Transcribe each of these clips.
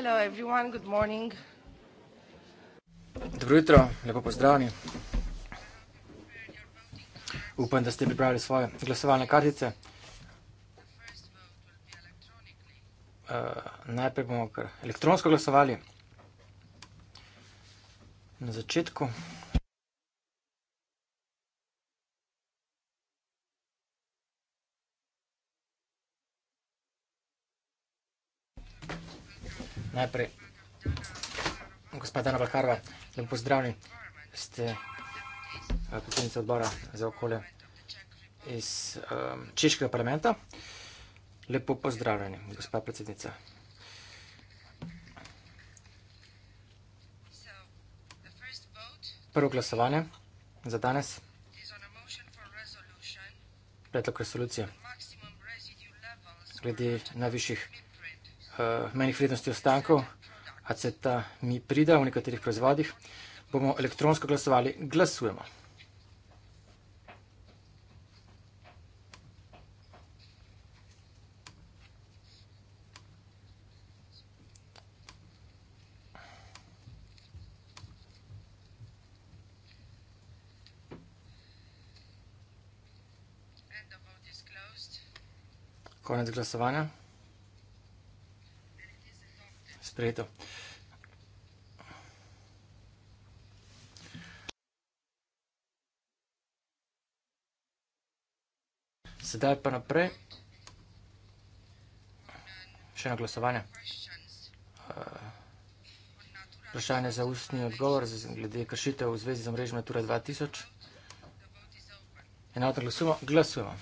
Hello everyone, good morning. Dobro jutro, lepo pozdravljeni. Upam, da ste pripravili svoje glasovalne kartice. Eh, najprej bomo kar elektronsko glasovali. Na začetku. Najprej, gospod Dana Balkarva, lepo pozdravljen, ste eh, predsednica odbora za okolje iz um, Češkega parlamenta. Lepo pozdravljeni, gospod predsednica. Prvo glasovanje za danes. Predlog resolucije glede najvišjih uh, eh, menih vrednosti ostankov, aceta mi prida v nekaterih proizvodih, bomo elektronsko glasovali, glasujemo. Konec glasovanja sprejeto. Sedaj pa naprej. Še na glasovanje. Eh, vprašanje za ustni odgovor glede kršitev v zvezi z omrežjem Natura 2000. Enotno glasujemo? Glasujemo.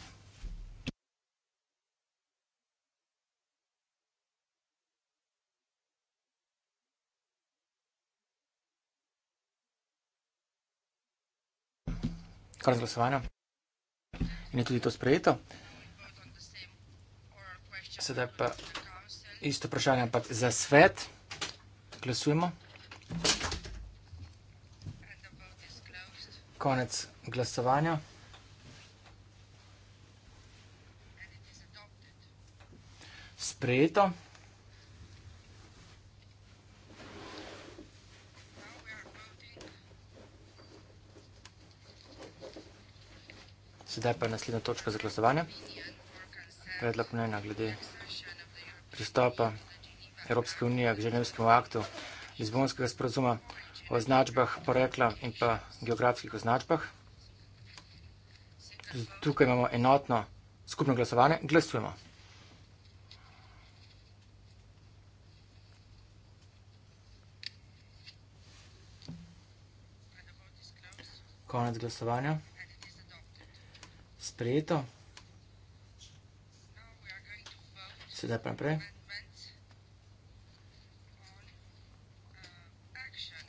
kar z glasovanjem. In je tudi to sprejeto. Sedaj pa isto vprašanje, ampak za svet glasujemo. Konec glasovanja. Sprejeto. Sedaj pa je naslednja točka za glasovanje. Predlog mnenja glede pristopa Evropske unije k ženevskemu aktu Lizbonskega sporozuma o označbah porekla in pa geografskih označbah. Tukaj imamo enotno skupno glasovanje. Glasujemo. Konec glasovanja. Sprejeto. Sedaj pa naprej.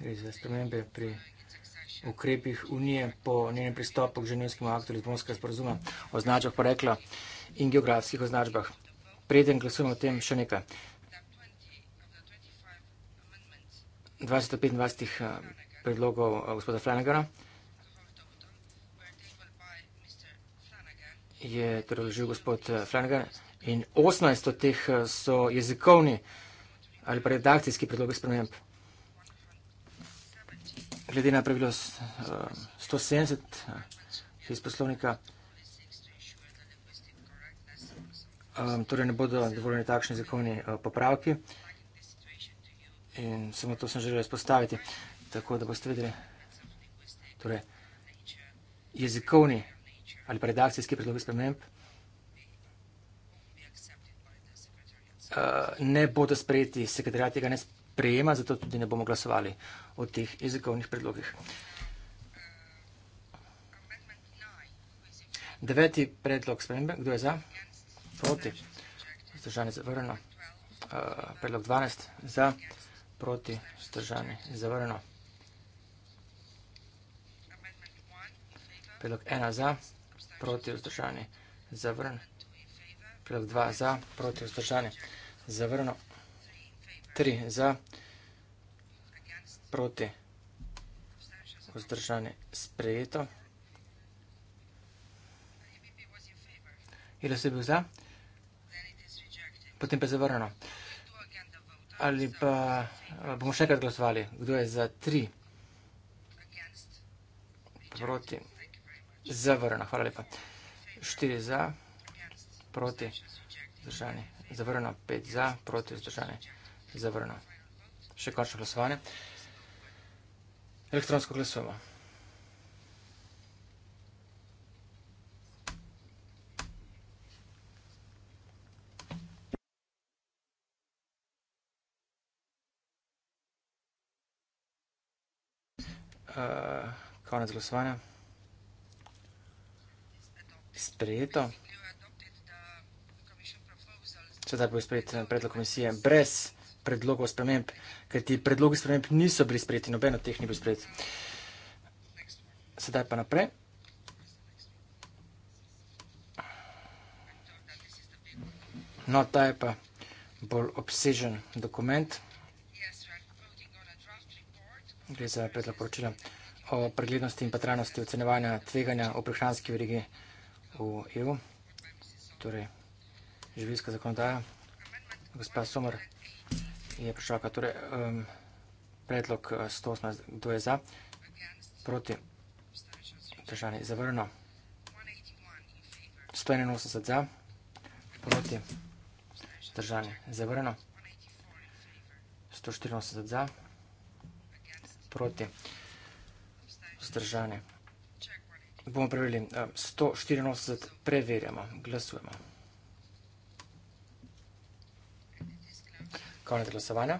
Gre za spremembe pri ukrepih Unije po njenem pristopu k ženevskemu aktu Lizbonskega sporazuma o označbah porekla in geografskih označbah. Preden glasujemo o tem še nekaj. 25 eh, predlogov eh, gospoda Flanagana je trožil torej gospod eh, Franger in 18 od teh eh, so jezikovni ali pa redakcijski predlogi sprememb. Glede na pravilo 170 eh, iz poslovnika, torej ne bodo dovoljeni takšni jezikovni popravki in samo to sem želel izpostaviti, tako da boste videli, torej jezikovni popravki, ali pa redakcijski predlogi sprememb eh, ne bodo sprejeti. Sekretarjat tega ne sprejema, zato tudi ne bomo glasovali o teh jezikovnih predlogih. Deveti predlog spremembe. Kdo je za? Proti. Zdržani zavrljeno. Eh, predlog 12. Za. Proti. Zdržani zavrljeno. Predlog 1. Za. Predlog 1 proti vzdržani, zavrn. Plus 2 za, proti vzdržani, zavrno. 3 za, proti vzdržani, sprejeto. Ili se je bil za, potem pa zavrno. Ali pa eh, bomo še enkrat glasovali, kdo je za 3 proti vzdržani. Zavrno. Hvala lepa. Štiri za, proti, zdržani. Zavrno. Pet za, proti, zdržani. Zavrno. Še končno glasovanje. Elektronsko glasujemo. Uh, konec glasovanja sprejeto. Sedaj bo sprejet eh, predlog komisije brez predlogov sprememb, ker ti predlogi sprememb niso bili sprejeti, nobeno teh ni bil sprejet. Sedaj pa naprej. No, ta je pa bolj obsežen dokument. Gre za predlog poročila o preglednosti in patranosti ocenevanja tveganja v prehranski verigi Hrvatske v EU, torej življenjska zakonodaja, gospa Somer je prišla, torej predlog 118, eh, kdo je za, proti, vprašanje je zavrno, 181 za, proti, vprašanje je zavrno, 184 za, proti, vzdržanje je zavrno bomo preverili. 184 eh, preverjamo. Glasujemo. Konec glasovanja.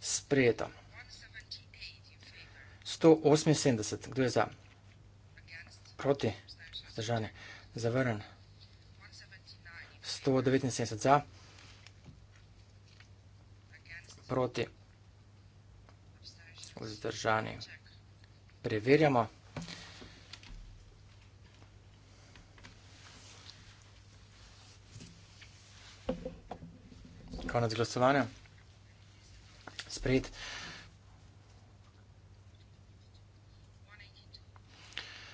Sprejeto. 178. Kdo je za? Proti? Zdržanje. Zavrn. 179 za. Proti? Zdržanje. Preverjamo. Preverjamo. konec glasovanja. Sprejet.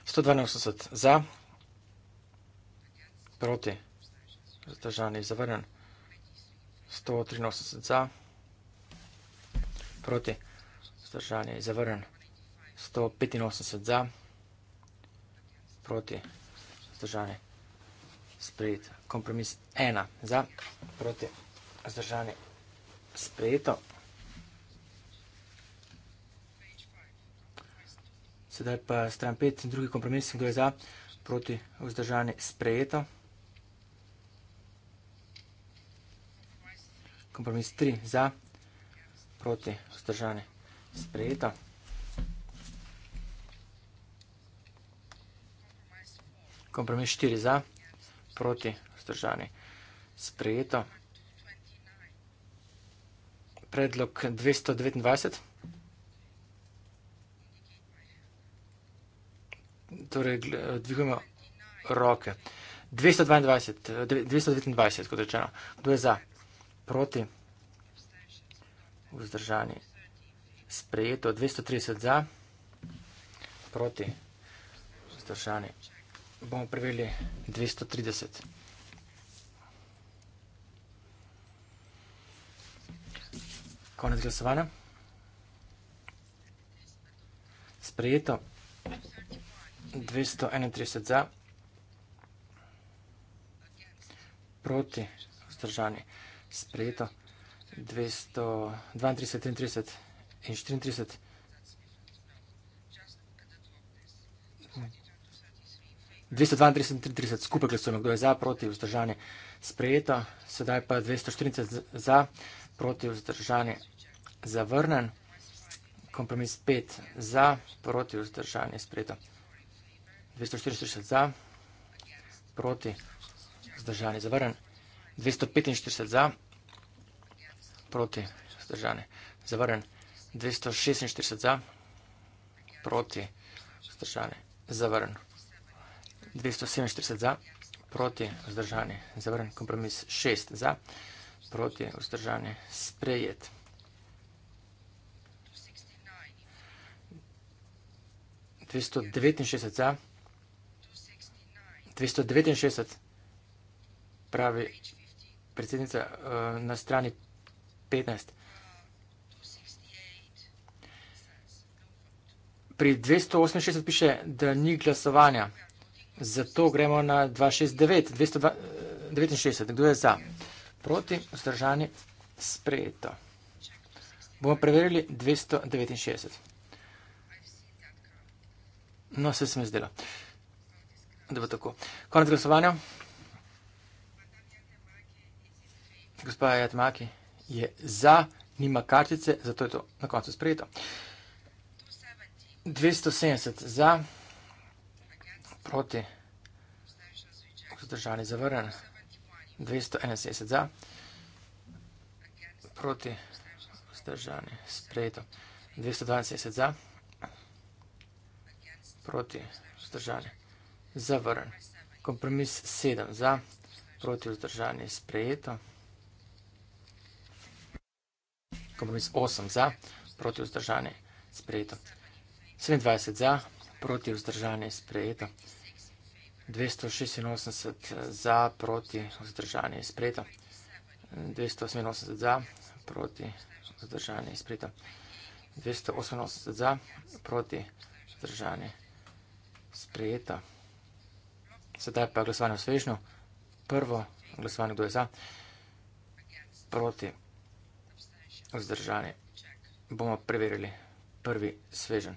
Sto dvanajst za, proti, zdržani, zavrnjen. Sto triinosemdeset za, proti, zdržani, zavrnjen. Sto petinosemdeset za, proti, zdržani, sprejet. Kompromis ena za, proti zdržani sprejeto. Sedaj pa stran 5, drugi kompromis, kdo je za, proti, vzdržani, sprejeto. Kompromis 3, za, proti, vzdržani, sprejeto. Kompromis 4, za, proti, vzdržani, sprejeto. Kompromis 4, za, proti, vzdržani, sprejeto predlog 229. Torej, dvigujemo roke. 222, 229, eh, kot rečeno. Kdo je za? Proti? Vzdržani. Sprejeto. 230 za. Proti? Vzdržani. Bomo preverili 230. Konec glasovanja. Sprejeto 231 za, proti vzdržani. Sprejeto 232, 33 in 34. Hm. 232 in 33 skupaj glasujemo, kdo je za, proti vzdržani. Sprejeto, sedaj pa 234 za proti vzdržani zavrnen. Kompromis 5 za, proti vzdržani spreto. 240 za, proti vzdržani zavrnen. 245 za, proti vzdržani zavrnen. 246 za, proti vzdržani zavrnen. 247 za, proti vzdržani zavrnen. Kompromis 6 za, proti vzdržani zavrnen proti vzdržanje sprejet. Dvesto devetinšestet za. Dvesto devetinšestet pravi predsednica eh, na strani petnaest. Pri dvesto osemšestet piše, da ni glasovanja. Zato gremo na dva šest eh, devet. Dvesto devetinšestet. Kdo je za? Dvesto devetinšestet proti, vzdržani, sprejeto. Bomo preverili 269. No, se sem izdelal, da bo tako. Konec glasovanja. Gospa Jatmaki je za, nima kartice, zato je to na koncu sprejeto. 270 za, proti, vzdržani, zavrnjeni. 271 za, proti vzdržanje sprejeto. 272 za, proti vzdržanje zavrn. Kompromis 7 za, proti vzdržanje sprejeto. Kompromis 8 za, proti vzdržanje sprejeto. 27 za, proti vzdržanje sprejeto. 286 za, proti, zdržani in sprejeto. 288 za, proti, zdržani in sprejeto. 288 za, proti, zdržani in sprejeto. Sedaj pa glasovanje v svežnju. Prvo glasovanje, kdo je za, proti, zdržani. Bomo preverili prvi svežen.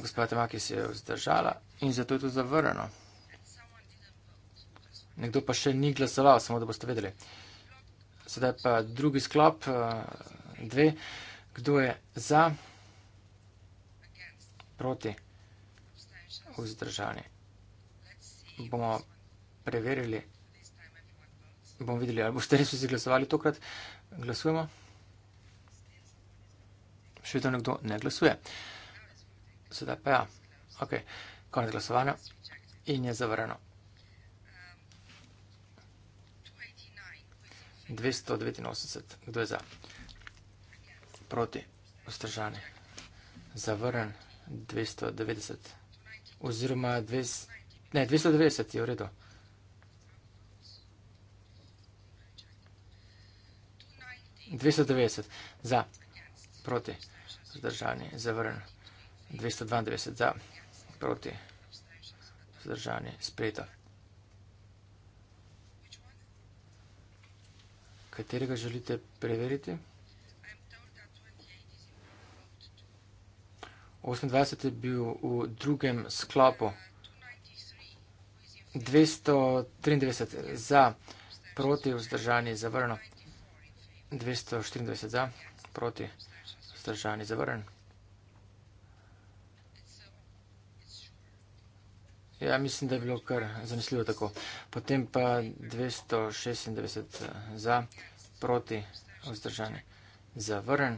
Gospa Temaki se je vzdržala in zato je to zavrano. Nekdo pa še ni glasoval, samo da boste vedeli. Sedaj pa drugi sklop, eh, dve. Kdo je za, proti, vzdržani? Bomo preverili, bomo videli, ali boste res vsi glasovali tokrat. Glasujemo. Še vedno nekdo ne glasuje. Glasujemo. Seveda pa ja. Ok, konec glasovanja in je zavrano. 289, kdo je za? Proti, ostržani. Zavrn, 290. Oziroma, dves, ne, 290 je v redu. Dvesto devetdeset za proti zdržani zavrnjen. 292 za, proti, vzdržanje, spreta. Katerega želite preveriti? 28 je bil v drugem sklopu. 293 za, proti, vzdržanje, zavrno. 294 za, proti, vzdržanje, zavrno. Ja, mislim, da je bilo kar zanesljivo tako. Potem pa 296 eh, za, proti, vzdržani, zavrn,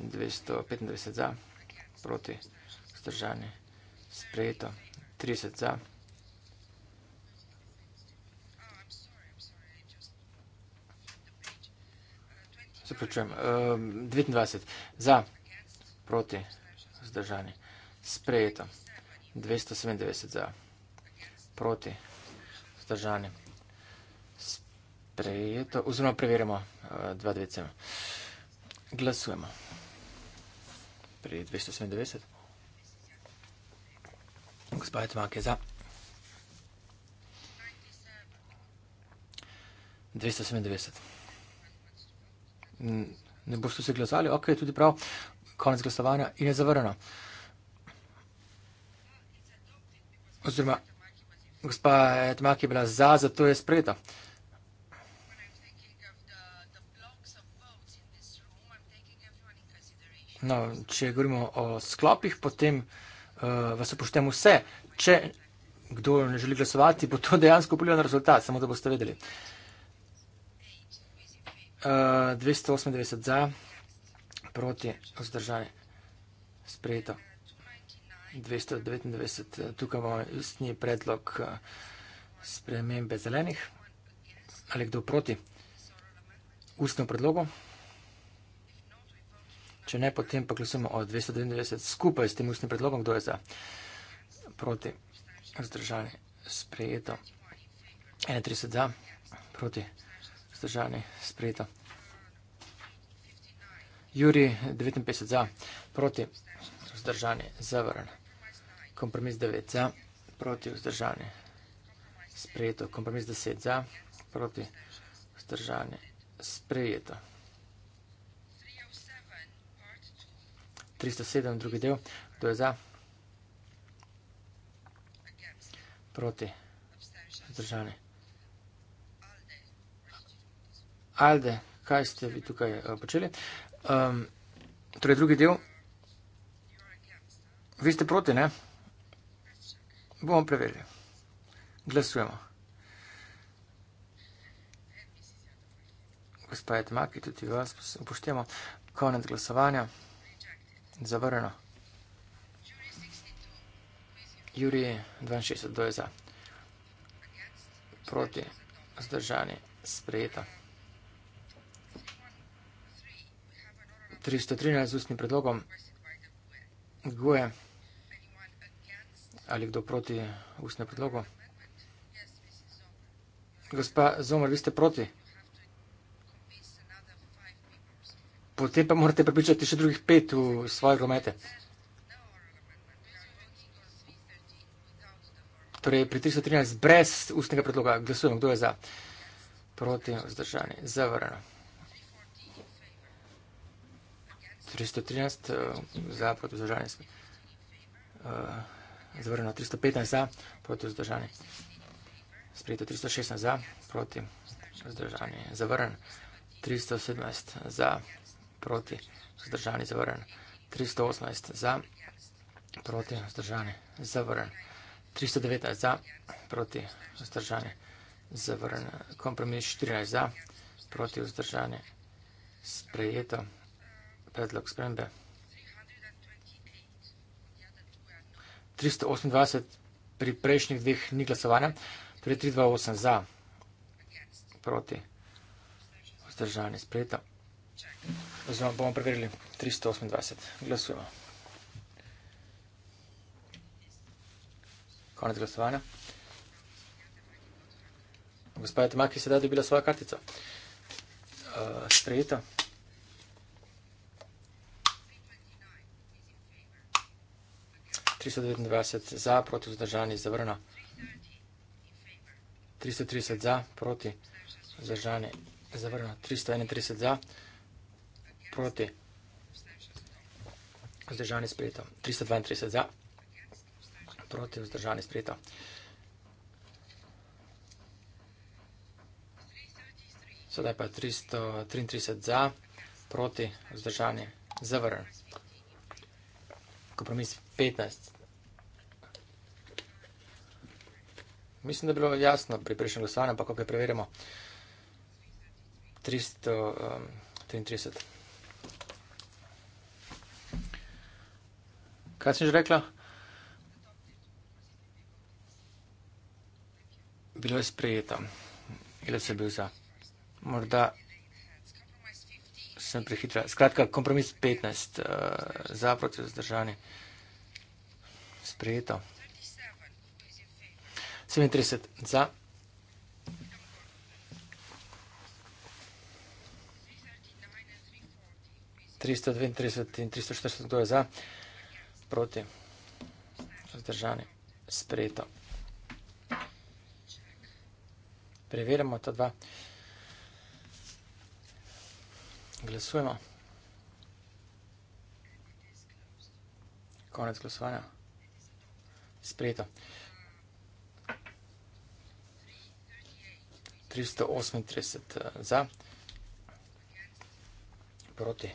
295 za, proti, vzdržani, sprejeto, 30 za. Zaključujem, 29 eh, za, proti, vzdržani, sprejeto. 297 za. Proti. Zdržani. Sprejeto. Oziroma preverimo uh, eh, 2 dvece. Glasujemo. Pri 297. Gospod Tomak je za. 297. Ne boste se glasovali? Ok, tudi prav. Konec glasovanja in je zavrnjeno. oziroma gospa Etmak je bila za, zato je spreta. No, če govorimo o sklopih, potem uh, vas upoštevamo vse. Če kdo ne želi glasovati, bo to dejansko vplivalo na rezultat, samo da boste vedeli. Uh, eh, 298 za, proti, vzdržanje, sprejeto. 299, eh, tukaj imamo istni predlog eh, spremembe zelenih. Ali kdo proti ustnem predlogu? Če ne, potem pa glasujemo o 299 skupaj s tem ustnim predlogom, kdo je za proti zdržani sprejeto. 31 za proti zdržani sprejeto. Juri 59 za proti zdržani zavrne kompromis 9 za, proti vzdržanje. Sprejeto. Kompromis 10 za, proti vzdržanje. Sprejeto. 307, drugi del. Kdo je za? Proti vzdržanje. Alde, kaj ste vi tukaj eh, počeli? Ehm, torej, drugi del. Vi ste proti, ne? Ne? Bomo preverili. Glasujemo. Gospa je tmaki, tudi vas upoštevamo. Konec glasovanja. Zavrjeno. Juri 62, kdo je za? Proti, zdržani, sprejeta. 313 z ustnim predlogom. Gue. Ali kdo proti ustne predlogu? Gospa Zomer, vi ste proti? Potem pa morate pripričati še drugih pet v svoje gromete. Torej, pri 313 brez ustnega predloga glasujemo, kdo je za. Proti vzdržani. Zavrano. 313 eh, za proti vzdržani. Eh, Zavrno 315 za, proti vzdržani. Sprejeto 316 za, proti vzdržani. Zavrn 317 za, proti vzdržani. Zavrn 318 za, proti vzdržani. Zavrn 319 za, proti vzdržani. Zavrn kompromis 14 za, proti vzdržani. Sprejeto predlog spremembe. 328 pri prejšnjih dveh ni glasovanja, torej 328 za, proti, vzdržanje sprejeta. Oziroma bomo preverili 328. Glasujemo. Konec glasovanja. Gospod Temaki je sedaj dobila svojo kartico. Uh, eh, sprejeta. 329 za, proti vzdržani, zavrna. 330 za, proti vzdržani, zavrna. 331 za, proti vzdržani, sprejeta. 332 za, proti vzdržani, sprejeta. 333 za, proti vzdržani, zavrna kompromis 15. Mislim, da je bilo jasno pri prejšnjem glasovanju, ampak ko ga preverimo, 333. Um, Kaj sem že rekla? Bilo je sprejeto, ali se je bil za. Morda sem prehitra. Skratka, kompromis 15 uh, eh, za proti vzdržanje. Sprejeto. 37 za. tristo dvaintrideset in tristo štirideset kdo je za proti vzdržani sprejeto preverjamo ta dva Glasujemo. Konec glasovanja. Sprejeto. 338 eh, za. Proti.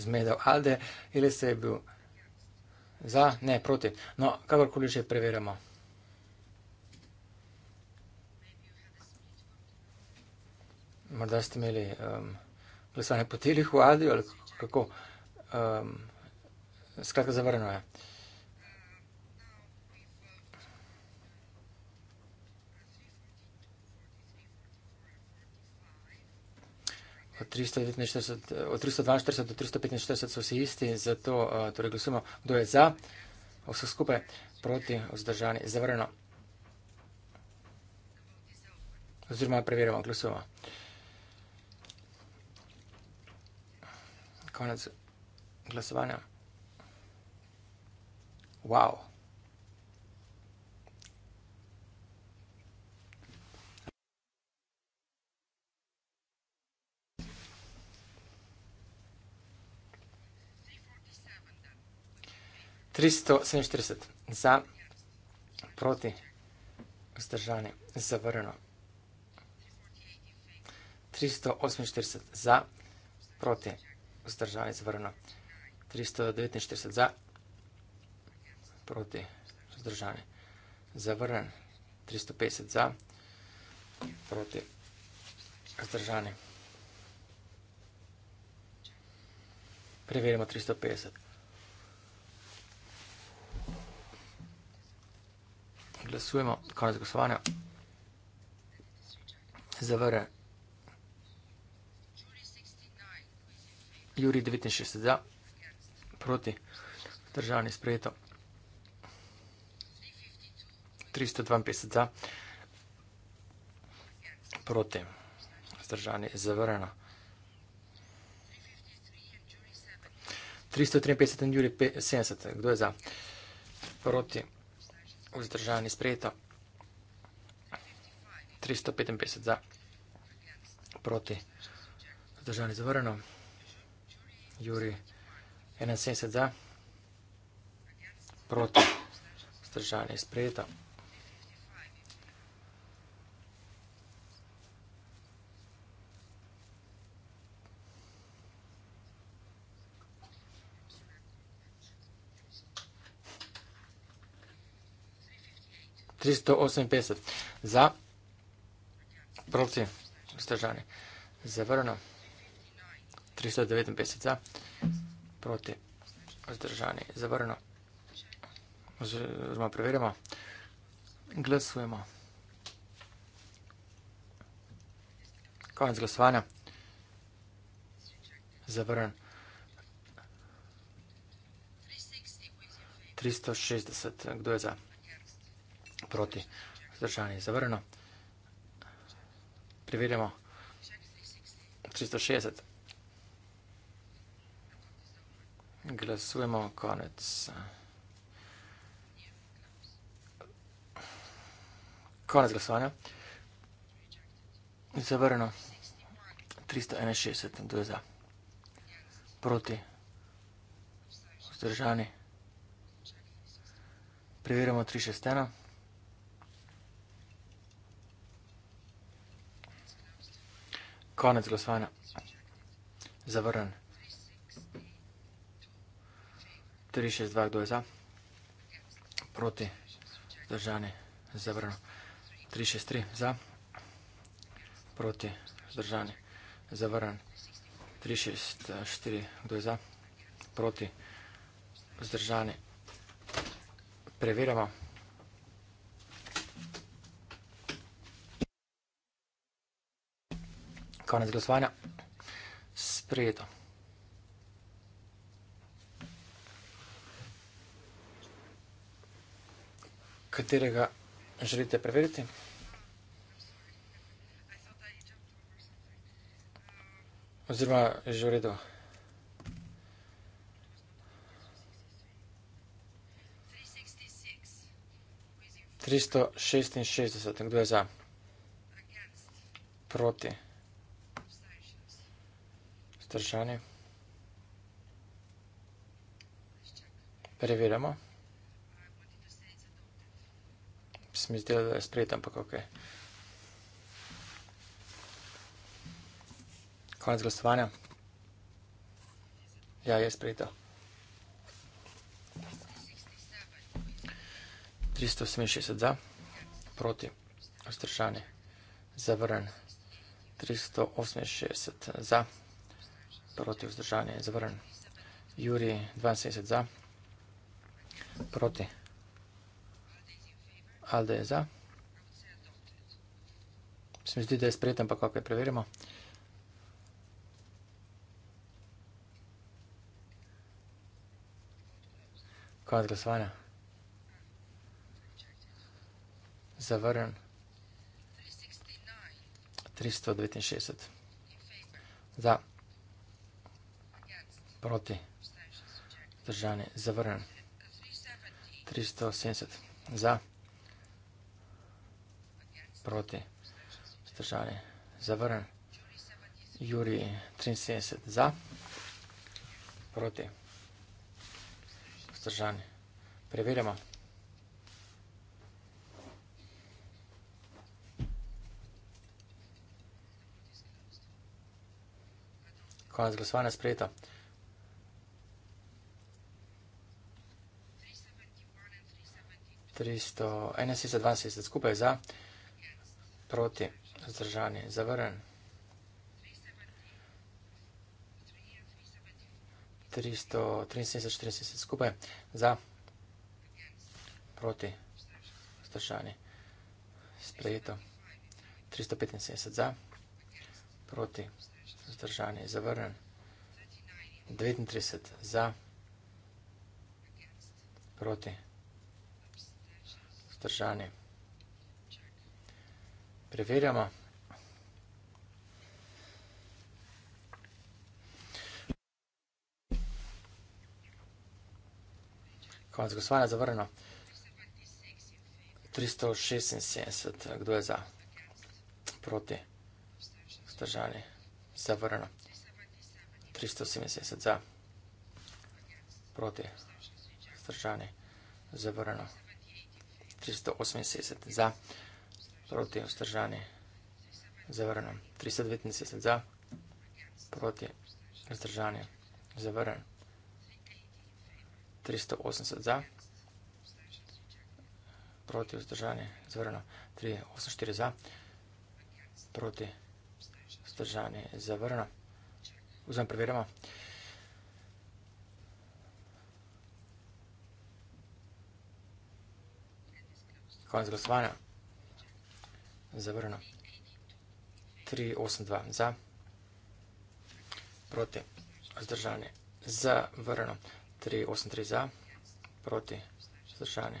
Zmedel Alde. Ili se je bil za? Ne, proti. No, kakorkoli že preverjamo. morda ste imeli um, glasovanje po telih v Adi ali kako. Um, skratka, zavrno je. Od 342 do 345 so vsi isti, zato uh, torej glasujemo, kdo je za, vse skupaj proti, vzdržani, zavrno. Oziroma preverjamo, glasujemo. konec glasovanja. Wow. Tristo sedemštirideset za, proti, vzdržani, zavrnjeno. Tristo oseminštirideset za, proti, vzdržani vzdržani zvrno. 349 za, proti vzdržani zavrnen, 350 za, proti vzdržani. Preverimo 350. Glasujemo, konec glasovanja. Zavrnen, Juri 69 za, proti državni sprejeto. 352 za, proti državni zavrjeno. 353 in Juri 70, kdo je za, proti vzdržani sprejeto. 355 za, proti vzdržani zavrjeno. 355 za, proti. Juri 71 za, proti stržanje sprejeta. Tristo osem petdeset za, proti, vzdržani, zavrno. 359 proti vzdržani zavrno. Oziroma preverjamo. Glasujemo. Konec glasovanja. Zavrn. 360. Kdo je za? Proti. Zdržanje je zavrno. Preverjamo. 360. Glasujemo konec. Konec glasovanja. Zavrno. 361, kdo je za? Proti. Vzdržani. Preverjamo 361. Konec glasovanja. Zavrn. 361. 3-6-2, kdo je za? Proti, zdržani, zabrano. 3-6-3, za? Proti, zdržani, zabrano. 3-6-4, kdo je za? Proti, zdržani. Preverjamo. Konec glasovanja. Sprejeto. katerega želite preveriti. Oziroma, že v redu. Tristo šestinšestdeset, kdo je za? Proti. Stržani. Preverjamo. se mi zdelo, da je sprejet, ampak ok. Konec glasovanja. Ja, je sprejet. 368 za, proti, vzdržani, zavrn. 368 za, proti, vzdržani, zavrn. Juri 72 za, proti. Aldeza. Se mi zdi, da je sprejet, ampak kako je, preverimo. Konec glasovanja. Zavrn. 369. Za. Proti. Zdržanje. Zavrn. 370. Za proti, vzdržali, zavrn, Juri 73 za, proti, vzdržani, preverjamo. Konec glasovanja sprejeto. Tristo, ena sista, dva sista, skupaj za. Proti. Zdržani. Zavrn. 373-40 skupaj. Za. Proti. Zdržani. Sprejeto. 375 za. Proti. Zdržani. Zavrn. 39 za. Proti. Zdržani. Zdržani preverjamo. Konec glasovanja zavrnjeno. 376, kdo je za? Proti. Zdržani. Zavrnjeno. 377 za. Proti. Zdržani. Zavrnjeno. 378 za. Proti vzdržanje. Zavrnem. 379 za. Proti vzdržanje. Zavrnem. 380 za. Proti vzdržanje. Zavrnem. 384 za. Proti vzdržanje. Zavrnem. Vzem preverjamo. Konec glasovanja zavrno. 3, 8, 2, za, proti, zdržanje, zavrno. 3, 8, 3, za, proti, zdržanje,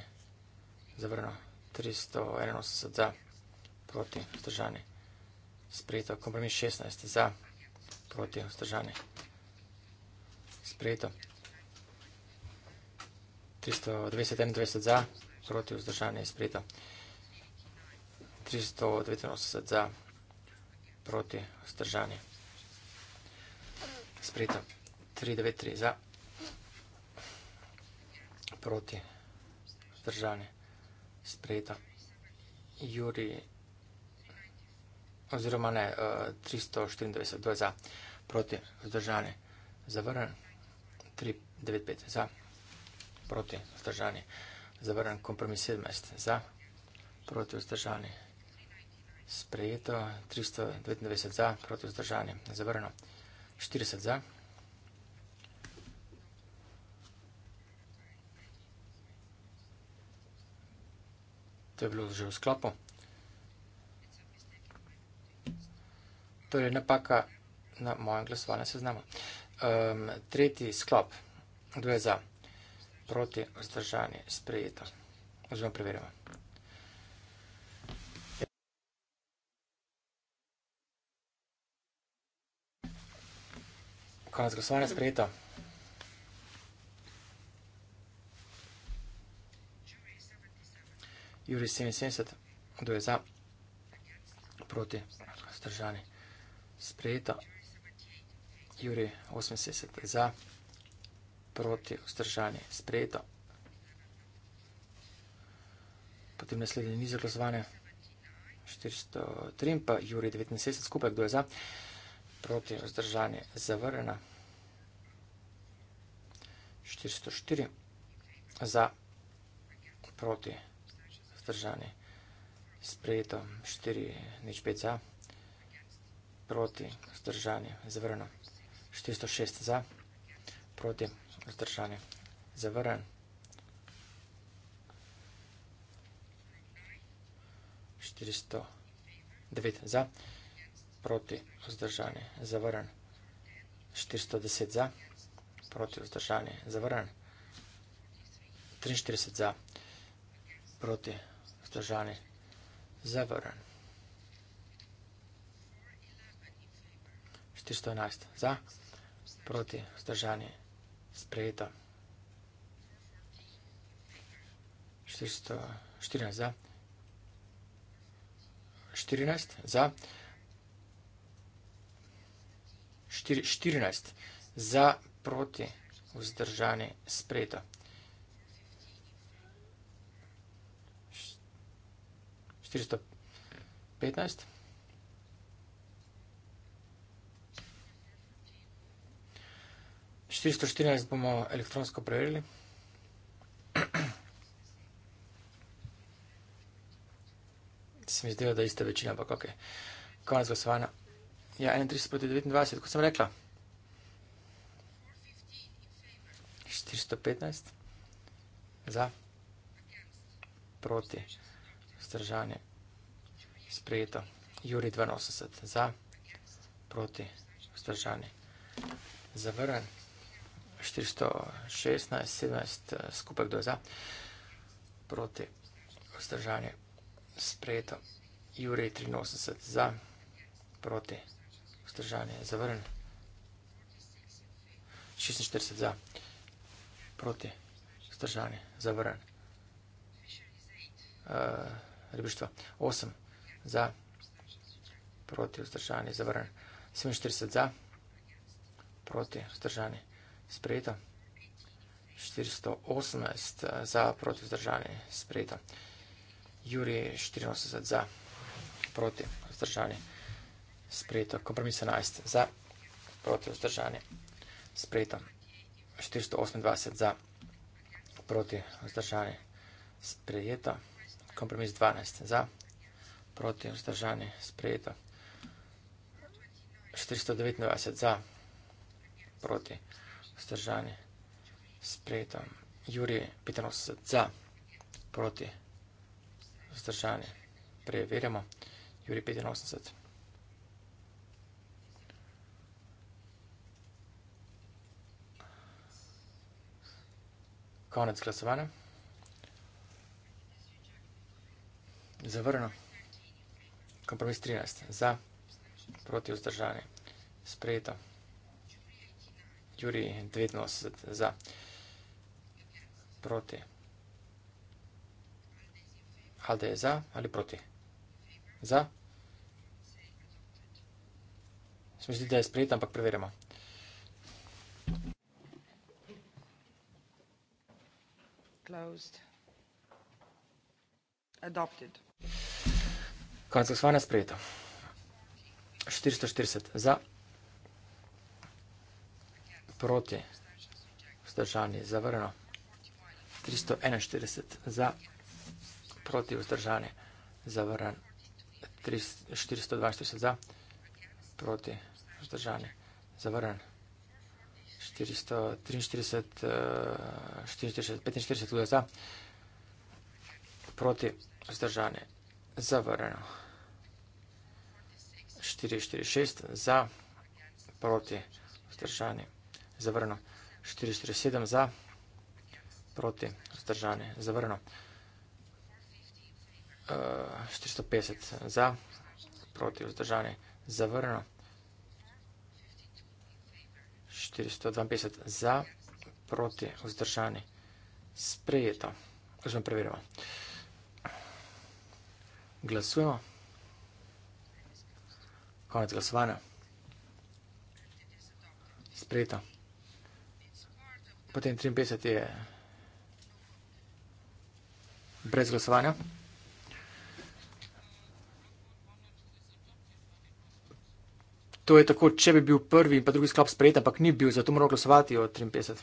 zavrno. 381 za, proti, zdržanje, sprejeto. Kompromis 16, za, proti, zdržanje, sprejeto. 391 za, proti, zdržanje, sprejeto. 389 za proti vzdržanje. Sprejeto. 393 za proti vzdržanje. Sprejeto. Juri oziroma ne, 394 eh, za proti vzdržanje. Zavrn. 395 za proti vzdržanje. Zavrn. Kompromis 17 za proti vzdržanje sprejeto, 399 za, proti vzdržanje, zavrno, 40 za. To je bilo že v sklopu. Torej, napaka na mojem glasovanju se znamo. Ehm, tretji sklop, kdo je za, proti vzdržanje, sprejeto. Zdaj vam preverimo. Konec glasovanja sprejeta. Juri 77, kdo je za? Proti, zdržani. Sprejeta. Juri 78, je za? Proti, zdržani. Sprejeta. Potem naslednji niz glasovanja. 403 in pa Juri 79, skupaj kdo je za? proti vzdržanje zavrjena. 404 za proti vzdržanje sprejeto. 4 nič 5 za proti vzdržanje zavrjeno. 406 za proti vzdržanje zavrjen. 409 za proti vzdržanje zavrjeno proti, vzdržani, zavrn. 410 za, proti, vzdržani, zavrn. 43 za, proti, vzdržani, zavrn. 411 za, proti, vzdržani, sprejeto. 414 za, 14 za, 14 za proti vzdržanje spreto. Štiristo štirinaest bomo elektronsko preverili. Se mi zdelo, da je ista večina, ampak ok. Konec glasovanja. Ja, 31 proti 29, kot sem rekla. 415 za proti vzdržanje sprejeto. Juri 82 za proti vzdržanje zavrnen. 416, 17 skupaj kdo je za proti vzdržanje sprejeto. Juri 83 za proti vzdržanje vzdržanje je zavrnjen. 46 za, proti vzdržanje je zavrnjen. Uh, ribištvo 8 za, proti vzdržanje je zavrnjen. 47 za, proti vzdržanje je sprejeto. 418 eh, za, proti vzdržanje je sprejeto. Juri 84 za, proti vzdržanje je sprejeto sprejeto, kompromis 11 za, proti vzdržanje, sprejeto 428 za, proti vzdržanje, sprejeto, kompromis 12 za, proti vzdržanje, sprejeto 429 za, proti vzdržanje, sprejeto, Juri 85 za, proti vzdržanje, preverjamo, Juri 85 za, konec glasovanja. Zavrno. Kompromis 13. Za. Proti vzdržanje. Sprejeto. Juri 82. Za. Proti. Halde je za ali proti? Za. Smisli, da je sprejeto, ampak preverjamo. closed. Adopted. Konec glasovanja sprejeto. 440 za, proti, vzdržani, zavrno. 341 za, proti, vzdržani, zavrn. 342 za, proti, vzdržani, zavrno. 443, 45 za, proti vzdržane, zavrneno. 446 za, proti vzdržane, zavrneno. 447 za, proti vzdržane, zavrneno. 450 za, proti vzdržane, zavrneno. 452 za, proti vzdržani. Sprejeto. Že preverimo. Glasujemo. Konec glasovanja. Sprejeto. Potem 53 je brez glasovanja. To je tako, če bi bil prvi in pa drugi sklop sprejet, ampak ni bil, zato moramo glasovati o 53.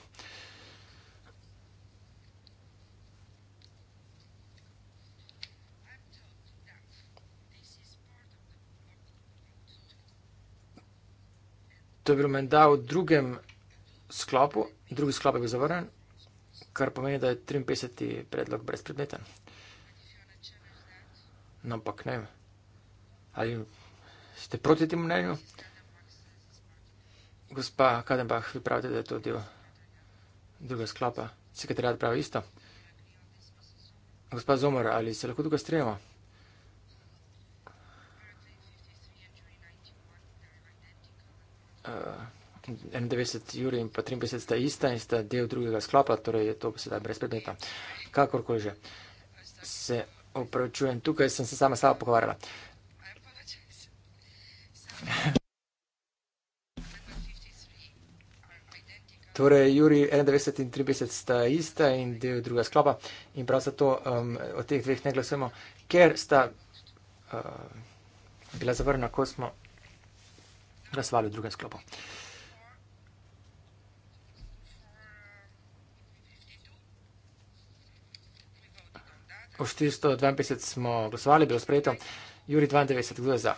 To je bilo menda v drugem sklopu, drugi sklop je bil zavrnen, kar pomeni, da je 53. predlog brezpredmeten. No, ampak ne vem, ali ste proti temu mnenju? gospa Kadenbach, vi pravite, da je to del druga sklopa, se kateri rad pravi isto. Gospa Zomor, ali se lahko tukaj strenjamo? Uh, 91 juri in pa 53 sta ista in sta del drugega sklopa, torej je to sedaj brez predmeta. Kakorkoli že. Se opravičujem, tukaj sem se sama sama pogovarjala. Torej, Juri 91 in 53 sta ista in del druga sklopa in prav zato um, o teh dveh ne glasujemo, ker sta uh, bila zavrna, ko smo glasovali v drugem sklopu. O 452 smo glasovali, bilo sprejeto. Juri 92, kdo je za?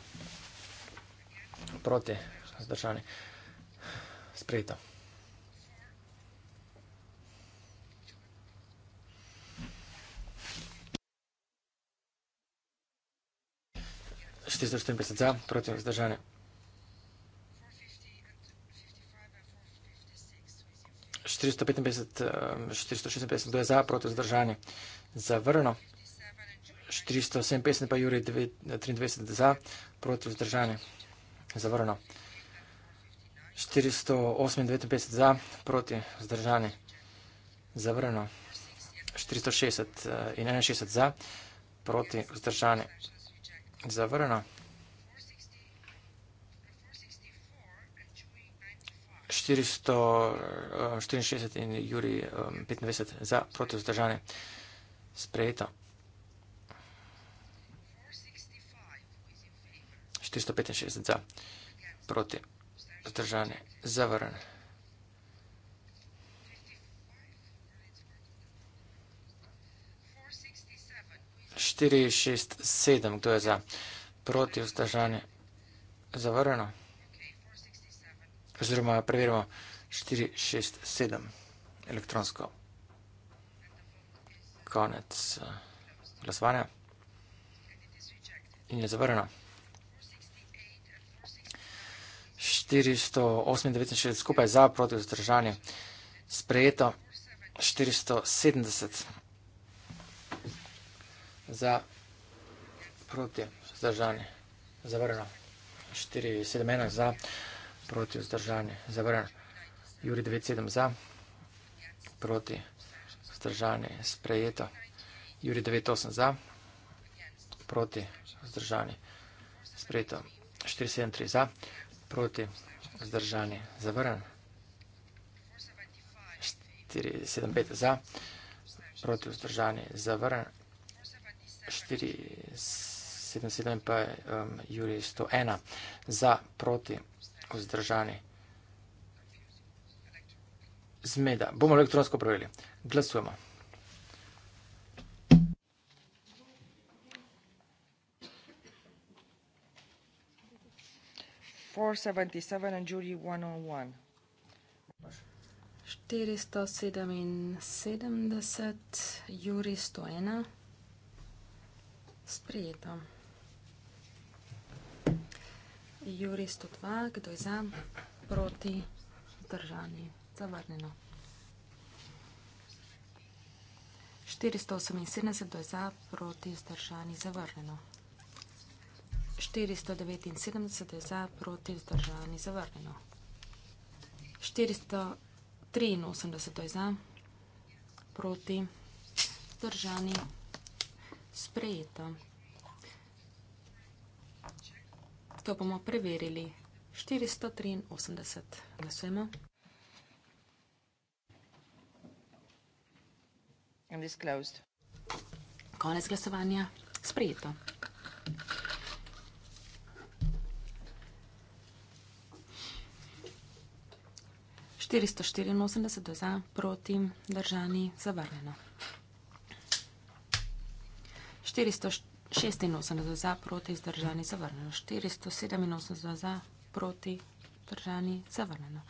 Proti, zdržani. Sprejeto. 450 za, proti vzdržanje. 456 do je za, proti vzdržanje. Zavrljeno. 457 je pa Juri, 23 eh, za, proti vzdržanje. Zavrljeno. 458 za, proti vzdržanje. Zavrljeno. 460 eh, in 61 za, proti vzdržanje. Zavrno. 464 eh, in Juri, 25 eh, za, proti vzdržani. Sprejeto. 465 za, proti vzdržani. Zavrnjen. 4, 6, 7. Kdo je za proti vzdržanje? Zavrjeno. Oziroma, preverimo 4, 6, 7. Elektronsko. Konec eh, glasovanja. In je zavrjeno. 468 skupaj za proti vzdržanje. Sprejeto 470 za proti vzdržanje zavrno. 4-7-1 za proti vzdržanje zavrno. Juri 9-7 za proti vzdržanje sprejeto. Juri 9-8 za proti vzdržanje sprejeto. 4-7-3 za proti vzdržanje zavrno. 4-7-5 za proti vzdržanje zavrno. 477 pa je um, Juri 101 za proti vzdržani zmeda. Bomo elektronsko pravili. Glasujemo. Four seventy seven and Judy one on oh one. Four seventy seven, Judy one sprejeto. Juri 102, kdo je za, proti, vzdržani, zavrnjeno. 478, kdo je za, proti, vzdržani, zavrnjeno. 479, kdo je za, proti, vzdržani, zavrnjeno. 483, kdo je za, proti, vzdržani, zavrnjeno sprejeta. To bomo preverili. 483. Glasujemo. Konec glasovanja. Sprejeto. Štiristo štirinosemdeset za, proti, držani, zavrnjeno. 486 za, proti zdržani, zavrnjeno. 487 za, proti zdržani, zavrnjeno.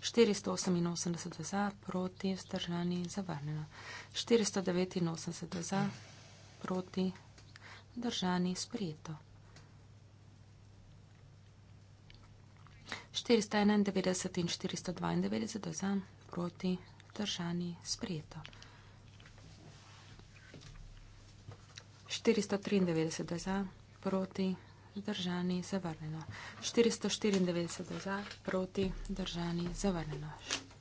488 za, proti zdržani, zavrnjeno. 489 za, proti zdržani, sprijeto. 491 in 492 za, proti zdržani, sprijeto. 493 za, proti, zdržani, zavrnjeno. 494 za, proti, zdržani, zavrnjeno.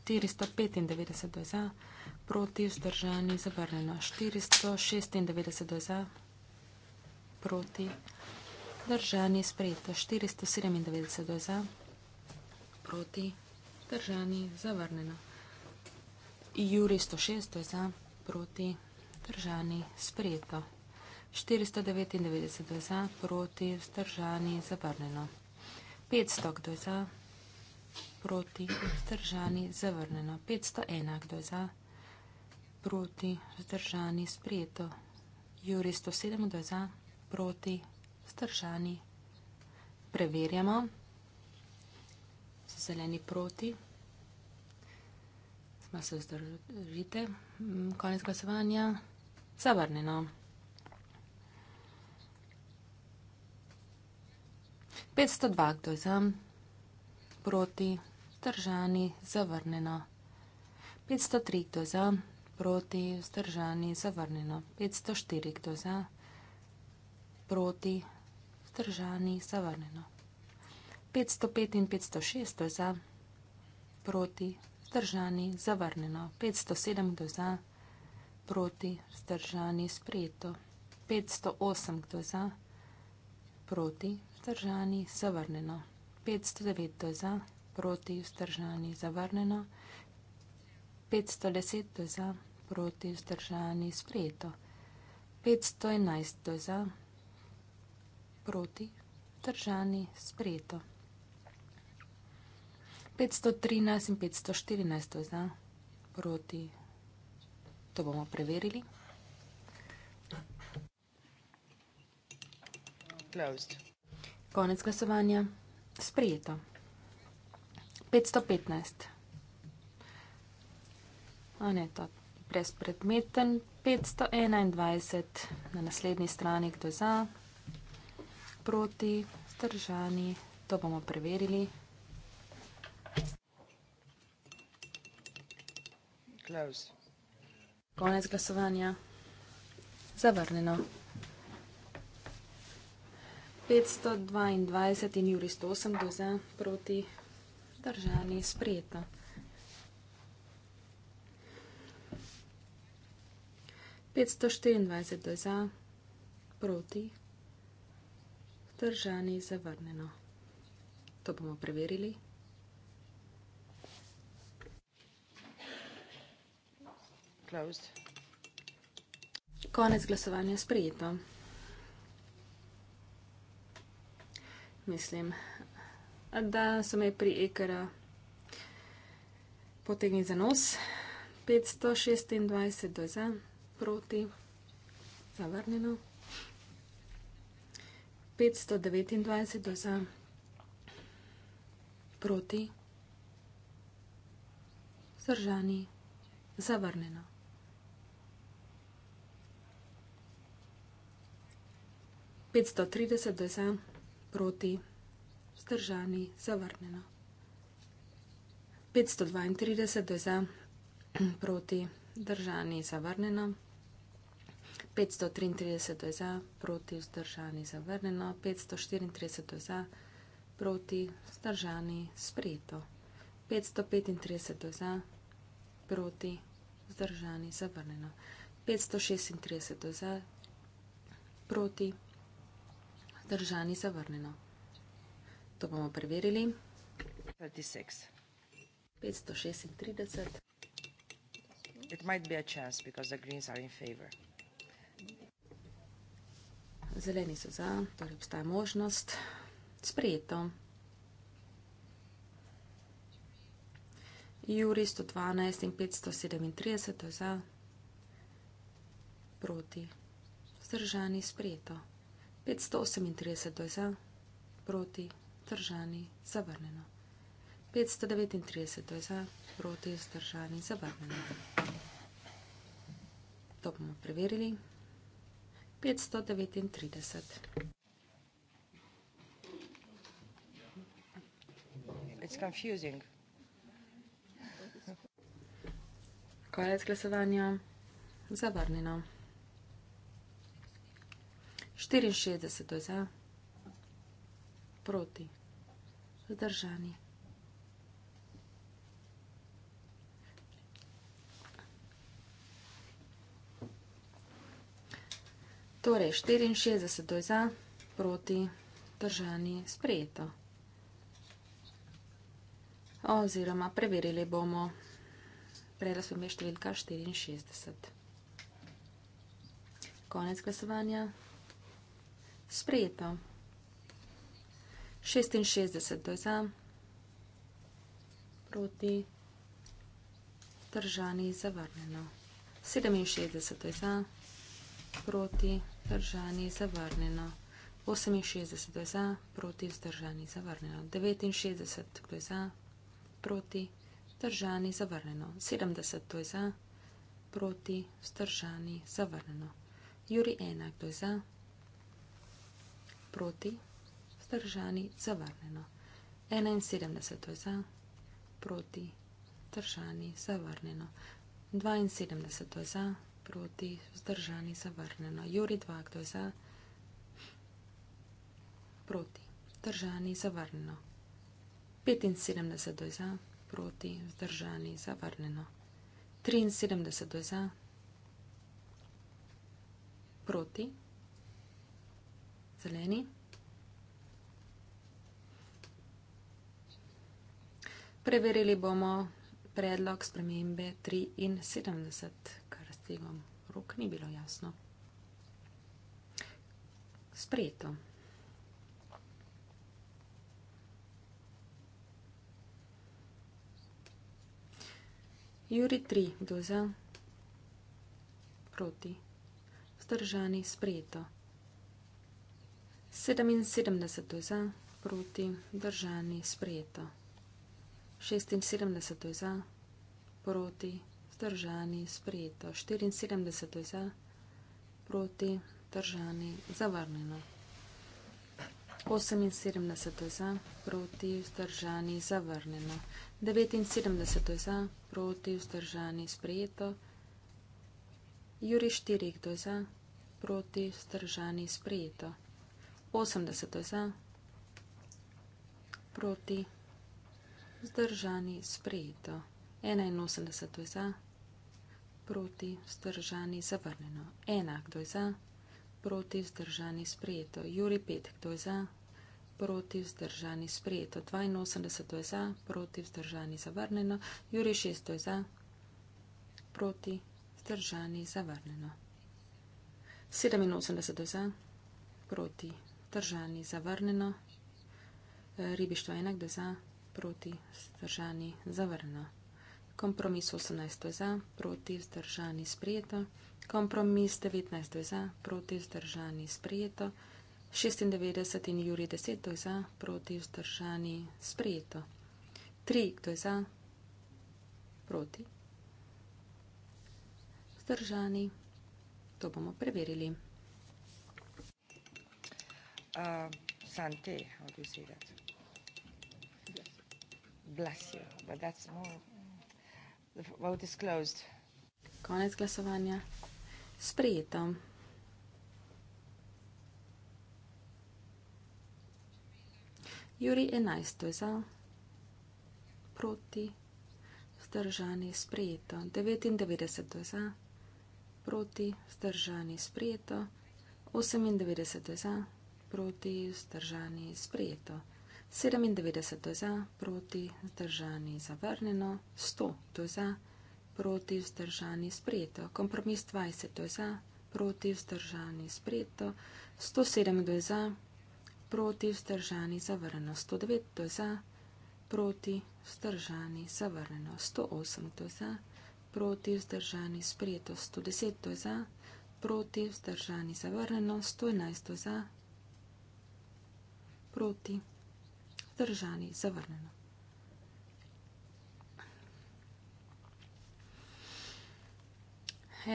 495 za, proti, zdržani, zavrnjeno. 496 za, proti, zdržani, sprejeto. 497 za, proti, zdržani, zavrnjeno. Juri 106 za, proti, zdržani, sprejeto. 499 kdo je za, proti, vzdržani, zavrnjeno. 500 kdo je za, proti, vzdržani, zavrnjeno. 501 kdo je za, proti, vzdržani, sprijeto. Juri 107 kdo je za, proti, vzdržani. Preverjamo. So zeleni proti. Zma se vzdržite. Mm, konec glasovanja. Zavrnjeno. 502, kdo je za, proti, vzdržani, zavrnjeno. 503, kdo je za, proti, vzdržani, zavrnjeno. 504, kdo je za, proti, vzdržani, zavrnjeno. 505 in 506, kdo je za, proti, vzdržani, zavrnjeno. 507, kdo je za, proti, vzdržani, sprejeto. 508, kdo je za, proti, vzdržani, zavrnjeno. 509 je za, proti vzdržani, zavrnjeno. 510 je za, proti vzdržani, sprejeto. 511 je za, proti vzdržani, sprejeto. 513 in 514 je za, proti, to bomo preverili. Closed. Konec glasovanja. Sprijeto. 515. A ne, to je brezpredmeten. 521 na naslednji strani, kdo za, proti, zdržani. To bomo preverili. Close. Konec glasovanja. Zavrneno. 522 in Juri 108 doza proti državi sprejeta. Petsto štiriindvajset do za, proti, držani zavrnjeno. To bomo preverili. Closed. Konec glasovanja sprejeto. mislim, da so me pri ekra potegnili za nos. 526 do za, proti, zavrnjeno. 529 do za, proti, zdržani, zavrnjeno. Pet sto trideset do zdaj proti, vzdržani, zavrnjeno. 532 za, proti, vzdržani, zavrnjeno. 533 za, proti, vzdržani, zavrnjeno. 534 za, proti, vzdržani, sprejeto. 535 za, proti, vzdržani, zavrnjeno. 536 za, proti, vzdržani, zavrnjeno držani zavrnjeno. To bomo preverili. 536. It might be a chance, because the greens are in favor. Zeleni so za, torej obstaja možnost. Sprejeto. Juri 112 in 537 za. Proti. Zdržani sprejeto. 538 za, proti, zdržani, zavrnjeno. 539 za, proti, zdržani, zavrnjeno. To bomo preverili. 539. It's confusing. Konec glasovanja. Zavrnjeno. 64 za, proti, zdržani. Torej, 64 za, proti, držani, sprejeto. Oziroma, preverili bomo, prejela smo me številka 64. Konec glasovanja. Sprejeto. 66 do za, proti, držani, zavrnjeno. 67 do za, proti, držani, zavrnjeno. 68 do za, proti, zdržani, zavrnjeno. 69 do za, proti, držani, zavrnjeno. 70 do za, proti, zdržani, zavrnjeno. Juri enak do za, proti, zdržani, zavrnjeno proti, vzdržani, zavrnjeno. 71 je za, proti, vzdržani, zavrnjeno. 72 je za, proti, vzdržani, zavrnjeno. Juri 2, kdo je za, proti, vzdržani, zavrnjeno. 75 je za, proti, vzdržani, zavrnjeno. 73 je za, proti, vzdržani, zavrnjeno zeleni. Preverili bomo predlog spremembe 73, kar s tegom rok ni bilo jasno. Sprejeto. Juri 3, doza proti. Zdržani sprejeto. 77 je za, proti, vzdržani, sprejeto. 76 je za, proti, vzdržani, sprejeto. 74 je za, proti, vzdržani, zavrnjeno. 78 je za, proti, vzdržani, zavrnjeno. 79 je za, proti, vzdržani, sprejeto. Juri 4 je za, proti, vzdržani, sprejeto. 80 za, proti, vzdržani, sprejeto. 81 za, proti, vzdržani, zavrnjeno. Enak do za, proti, vzdržani, sprejeto. Juri 5, kdo je za, proti, vzdržani, sprejeto. 82 za, proti, vzdržani, zavrnjeno. Juri 6, za, proti, vzdržani, zavrnjeno. 87 za, proti, vzdržani, zavrnjeno vzdržani, zavrneno. Ribištvo enak do za, proti, vzdržani, zavrneno. Kompromis 18 do za, proti, vzdržani, sprijeto. Kompromis 19 do za, proti, vzdržani, sprijeto. 96 in Juri 10 do za, proti, vzdržani, sprijeto. 3 do za, proti, vzdržani. To bomo preverili. Uh, santé, how do you say that? Bless you, but that's more. The vote is closed. Konec glasovanja. Sprejeto. Juri 11 je za, proti, vzdržani, sprejeto. 99 je za, proti, vzdržani, sprejeto. 98 je za, proti, vzdržani, sprejeto. 97 za, proti, vzdržani, zavrnjeno. 100 za, proti, vzdržani, sprejeto. Kompromis 20 za, proti, vzdržani, sprejeto. 107 za, proti, vzdržani, zavrnjeno. 109 za, proti, vzdržani, zavrnjeno. 108 za, proti, vzdržani, sprejeto. 110 za, proti, vzdržani, zavrnjeno. 111 za, proti, vzdržani, zavrnjeno proti, vzdržani, zavrnjeno.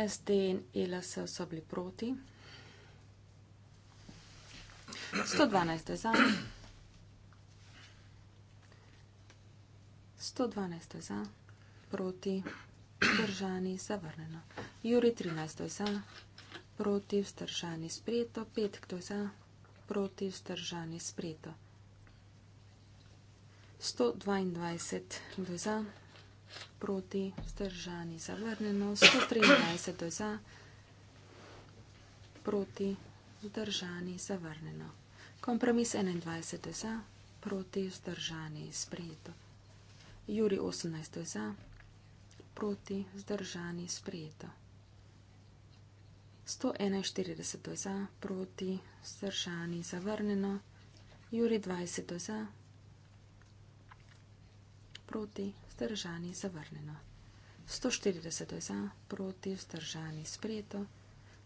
SD in ELS so bili proti. 112 je za. 112 je za, proti, vzdržani, zavrnjeno. Juri 13 je za, proti, vzdržani, sprijeto, 5 kdo je za proti vzdržani spreto. 122 do za, proti vzdržani zavrneno, 123 do za, proti vzdržani zavrneno. Kompromis 21 do za, proti vzdržani spreto. Juri 18 do za, proti vzdržani spreto. 141 za, proti, vzdržani, zavrnjeno, Juri 20 za, proti, vzdržani, zavrnjeno, 140 za, proti, vzdržani, sprejeto,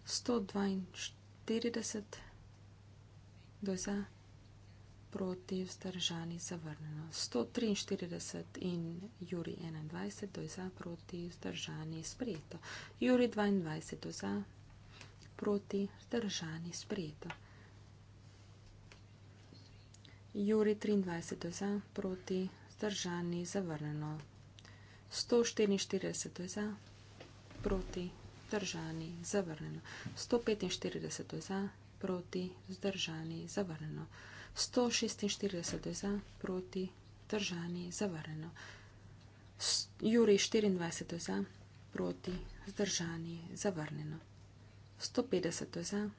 142 za, proti, vzdržani, zavrnjeno, 143 in Juri 21 za, proti, vzdržani, sprejeto, Juri 22 za, proti, vzdržani, zavrnjeno, proti zdržani sprejeto. Juri 23 za proti zdržani zavrnjeno. 144 za proti zdržani zavrnjeno. 145 za proti zdržani zavrnjeno. 146 za proti zdržani zavrnjeno. Juri 24 za proti zdržani zavrnjeno. 150 za,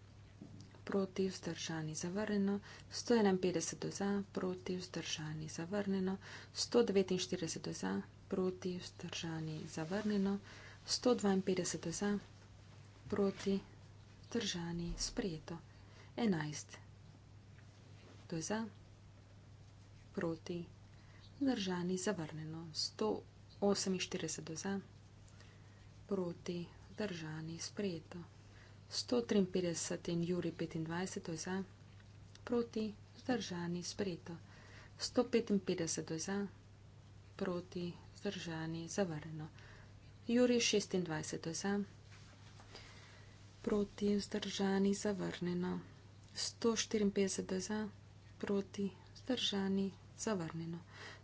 proti vzdržani zavrnjeno, 151 za, proti vzdržani zavrnjeno, 149 za, proti vzdržani zavrnjeno, 152 za, proti vzdržani sprejeto, 11 za, proti vzdržani zavrnjeno, 148 za, proti vzdržani sprejeto. 153 in Juri 25 za, proti, zdržani, sprejeto. 155 za, proti, zdržani, zavrnjeno. Juri 26 za, proti, zdržani, zavrnjeno. 154 za, proti, zdržani, zavrnjeno.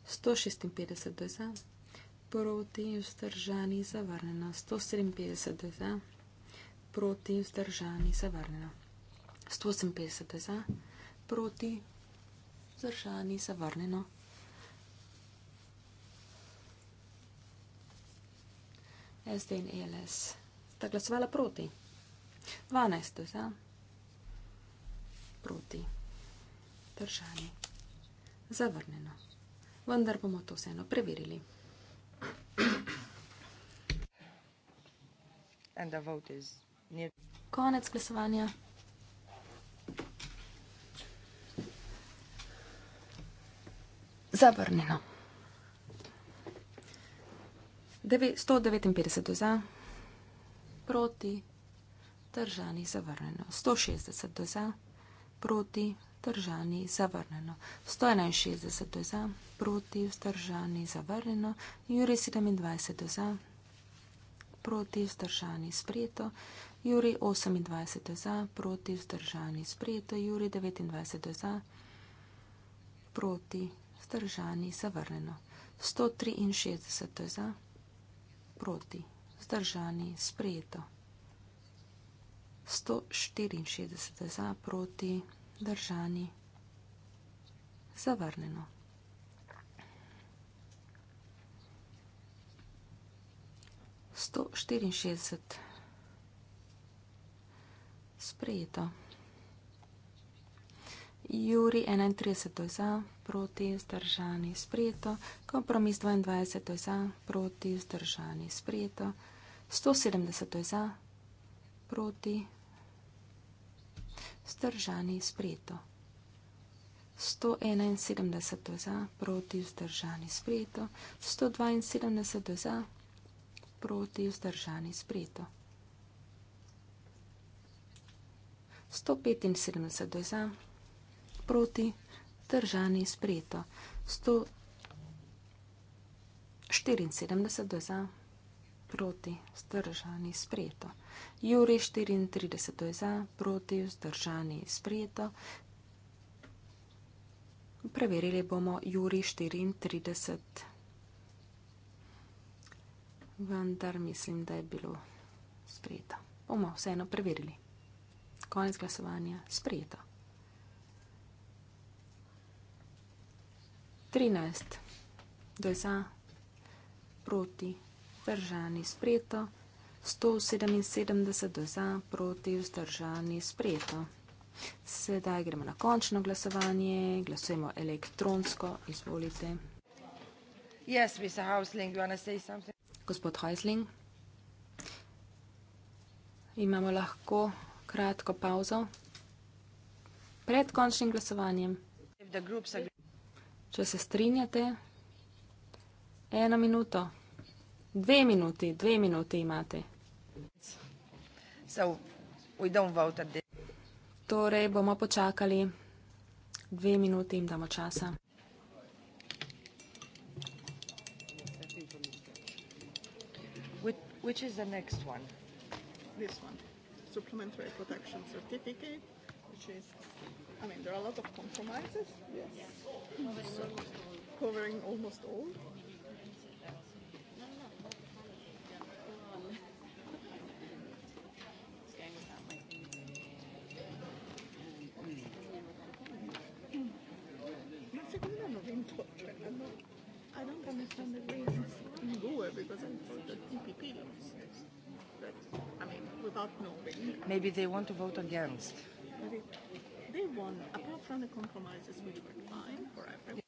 156 za, proti, zdržani, zavrnjeno. 157 za, proti, zdržani, zavrnjeno proti, zdržani, se vrnila. 158 za, proti, zdržani, se vrnila. SD in e LS sta glasovala proti. 12 za, proti, zdržani, zavrnjeno. Vendar bomo to vseeno preverili. And the vote is... Ne. Konec glasovanja. Zavrnjeno. 159 do za, proti, držani zavrnjeno. 160 do za, proti, držani zavrnjeno. 161 do za, proti, vzdržani zavrnjeno. Juri 27 do za, proti, vzdržani sprejeto. Juri 28 za, proti vzdržani sprejeto, Juri 29 za, proti vzdržani zavrnjeno. 163 za, proti vzdržani sprejeto. 164 za, proti vzdržani zavrnjeno. Sto štiriinšestdeset sprejeto. Juri 31, to je za, proti, zdržani, sprejeto. Kompromis 22, to je za, proti, zdržani, sprejeto. 170, to je za, proti, zdržani, sprejeto. 171, to je za, proti, zdržani, sprejeto. 172, to je za, proti, zdržani, sprejeto. 173, to je za, proti, zdržani, sprejeto. 175 za, proti, držani sprejeto. 174 za, proti, zdržani sprejeto. Juri 34 za, proti, zdržani sprejeto. Preverili bomo Juri 34. Vendar mislim, da je bilo sprejeto. Bomo vseeno preverili. Konec glasovanja. Sprejeto. 13. Do za, proti, vzdržani, sprejeto. 177. Do za, proti, vzdržani, sprejeto. Sedaj gremo na končno glasovanje. Glasujemo elektronsko. Izvolite. Yes, Mr. Hausling, you want to say something? Gospod Hausling, imamo lahko kratko pauzo pred končnim glasovanjem. Če se strinjate, eno minuto, dve minuti, dve minuti imate. Torej bomo počakali, dve minuti jim damo časa. Which is the next one? This one supplementary protection certificate, which is, I mean, there are a lot of compromises, yes, so covering almost all. I don't understand the reasons in Goa because it's the TPP that's I mean, without knowing. Maybe they want to vote against. They, they won, apart from the compromises, which were fine for everyone.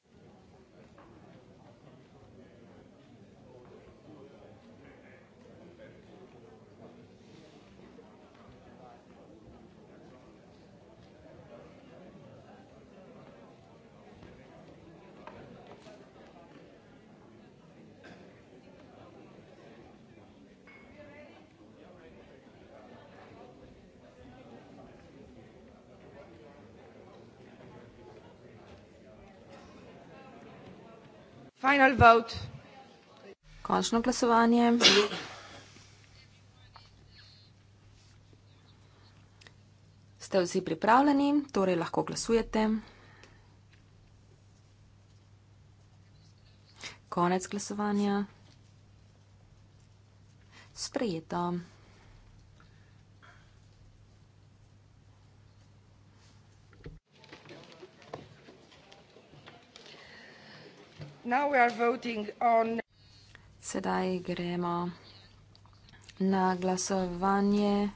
Final vote. Končno glasovanje. Ste vsi pripravljeni, torej lahko glasujete. Konec glasovanja. Sprejeto. Now we are voting on... Sedaj gremo na glasovanje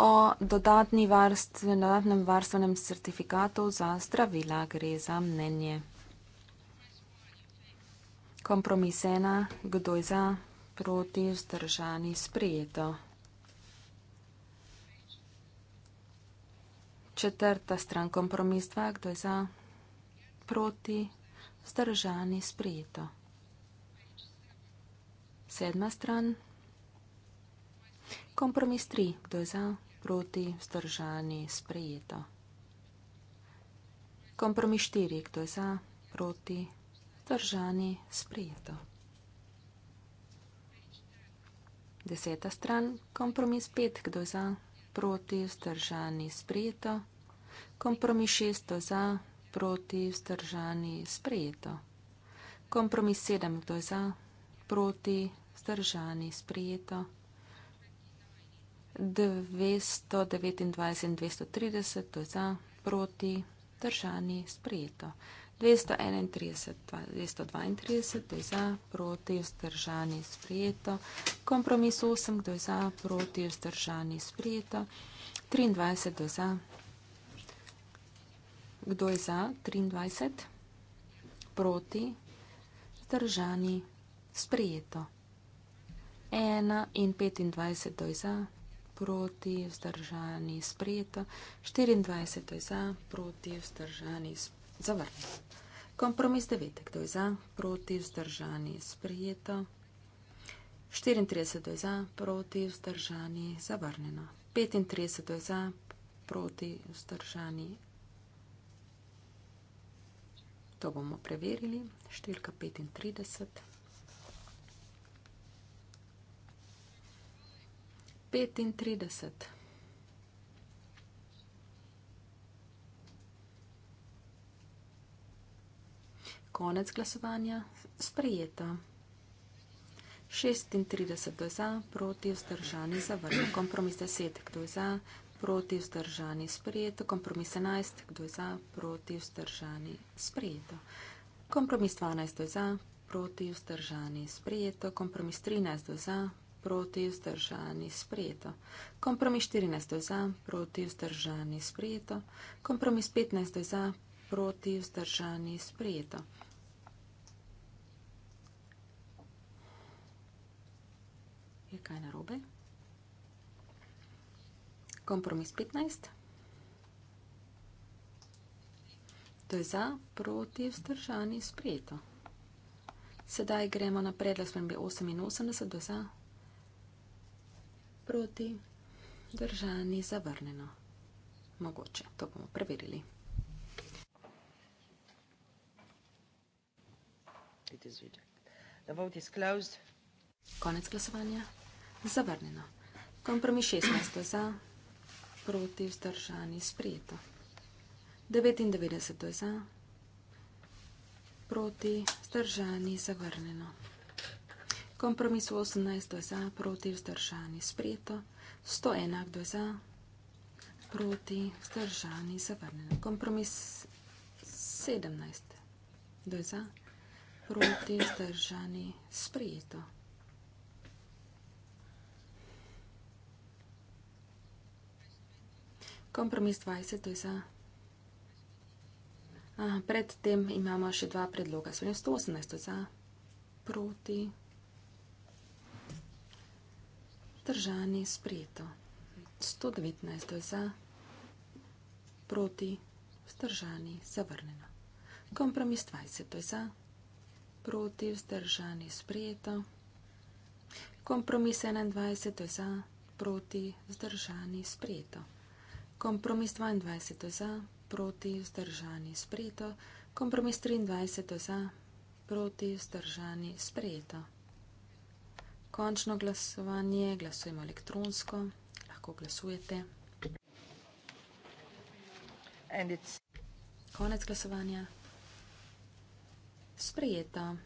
o dodatni varstv, dodatnem varstvenem certifikatu za zdravila. Gre za mnenje. Kompromisena, kdo je za, proti, vzdržani, sprijeto. Četrta stran kompromis 2, kdo je za, proti, vzdržani. Zdržani, sprejeto. Sedma stran. Kompromis 3. Kdo je za? Proti, vzdržani, sprejeto. Kompromis 4. Kdo je za? Proti, vzdržani, sprejeto. Deseta stran. Kompromis 5. Kdo je za? Proti, vzdržani, sprejeto. Kompromis 6. Kdo je za? proti, vzdržani, sprejeto. Kompromis sedem, kdo je za, proti, vzdržani, sprejeto. 229 in 230, to je za, proti, vzdržani, sprejeto. 231, 232, to je za, proti, vzdržani, sprejeto. Kompromis osem, kdo je za, proti, vzdržani, sprejeto. 23 do za, Kdo je za? 23. Proti. Zdržani. Sprijeto. 1 in 25. Kdo je za? Proti. Zdržani. Sprijeto. 24. Kdo je za? Proti. Zdržani. Zavrnjeno. Kompromis 9. Kdo je za? Proti. Zdržani. Sprijeto. 34. Kdo je za? Proti. Zdržani. Zavrnjeno. 35. Kdo je za? Proti. Zdržani. To bomo preverili. Številka 35. 35. Konec glasovanja. Sprejeta. 36 do za, proti, vzdržani, zavrljen. Kompromis 10, kdo je za, proti, vzdržani, sprejeto. Kompromis 11, kdo je za, proti, vzdržani, sprejeto. Kompromis 12, kdo je za, proti, vzdržani, sprejeto. Kompromis 13, kdo je za, proti, vzdržani, sprejeto. Kompromis 14, kdo je za, proti, vzdržani, sprejeto. Kompromis 15, kdo je za, proti, vzdržani, sprejeto. Je kaj narobe? kompromis 15. To je za, proti, vzdržani, sprejeto. Sedaj gremo na predlog spremembe 88, to je za, proti, vzdržani, zavrnjeno. Mogoče, to bomo preverili. Konec glasovanja, zavrnjeno. Kompromis 16, to je za, proti, vzdržani, zavrnjeno proti vzdržani sprejeto. 99 je za, proti vzdržani zavrnjeno. Kompromis 18 je za, proti vzdržani sprejeto. 101 je za, proti vzdržani zavrnjeno. Kompromis 17 je za, proti vzdržani sprejeto. kompromis 20, to je za. Predtem imamo še dva predloga. Sonja 118, to je za. Proti. Držani sprejeto. 119, to je za. Proti. Vzdržani, zavrnjeno. Kompromis 20, to je za. Proti, vzdržani, sprejeto. Kompromis 21, to je za. Proti, vzdržani, sprejeto kompromis 22 za, proti vzdržani sprejeto, kompromis 23 za, proti vzdržani sprejeto. Končno glasovanje glasujemo elektronsko, lahko glasujete. Konec glasovanja. Sprejeto.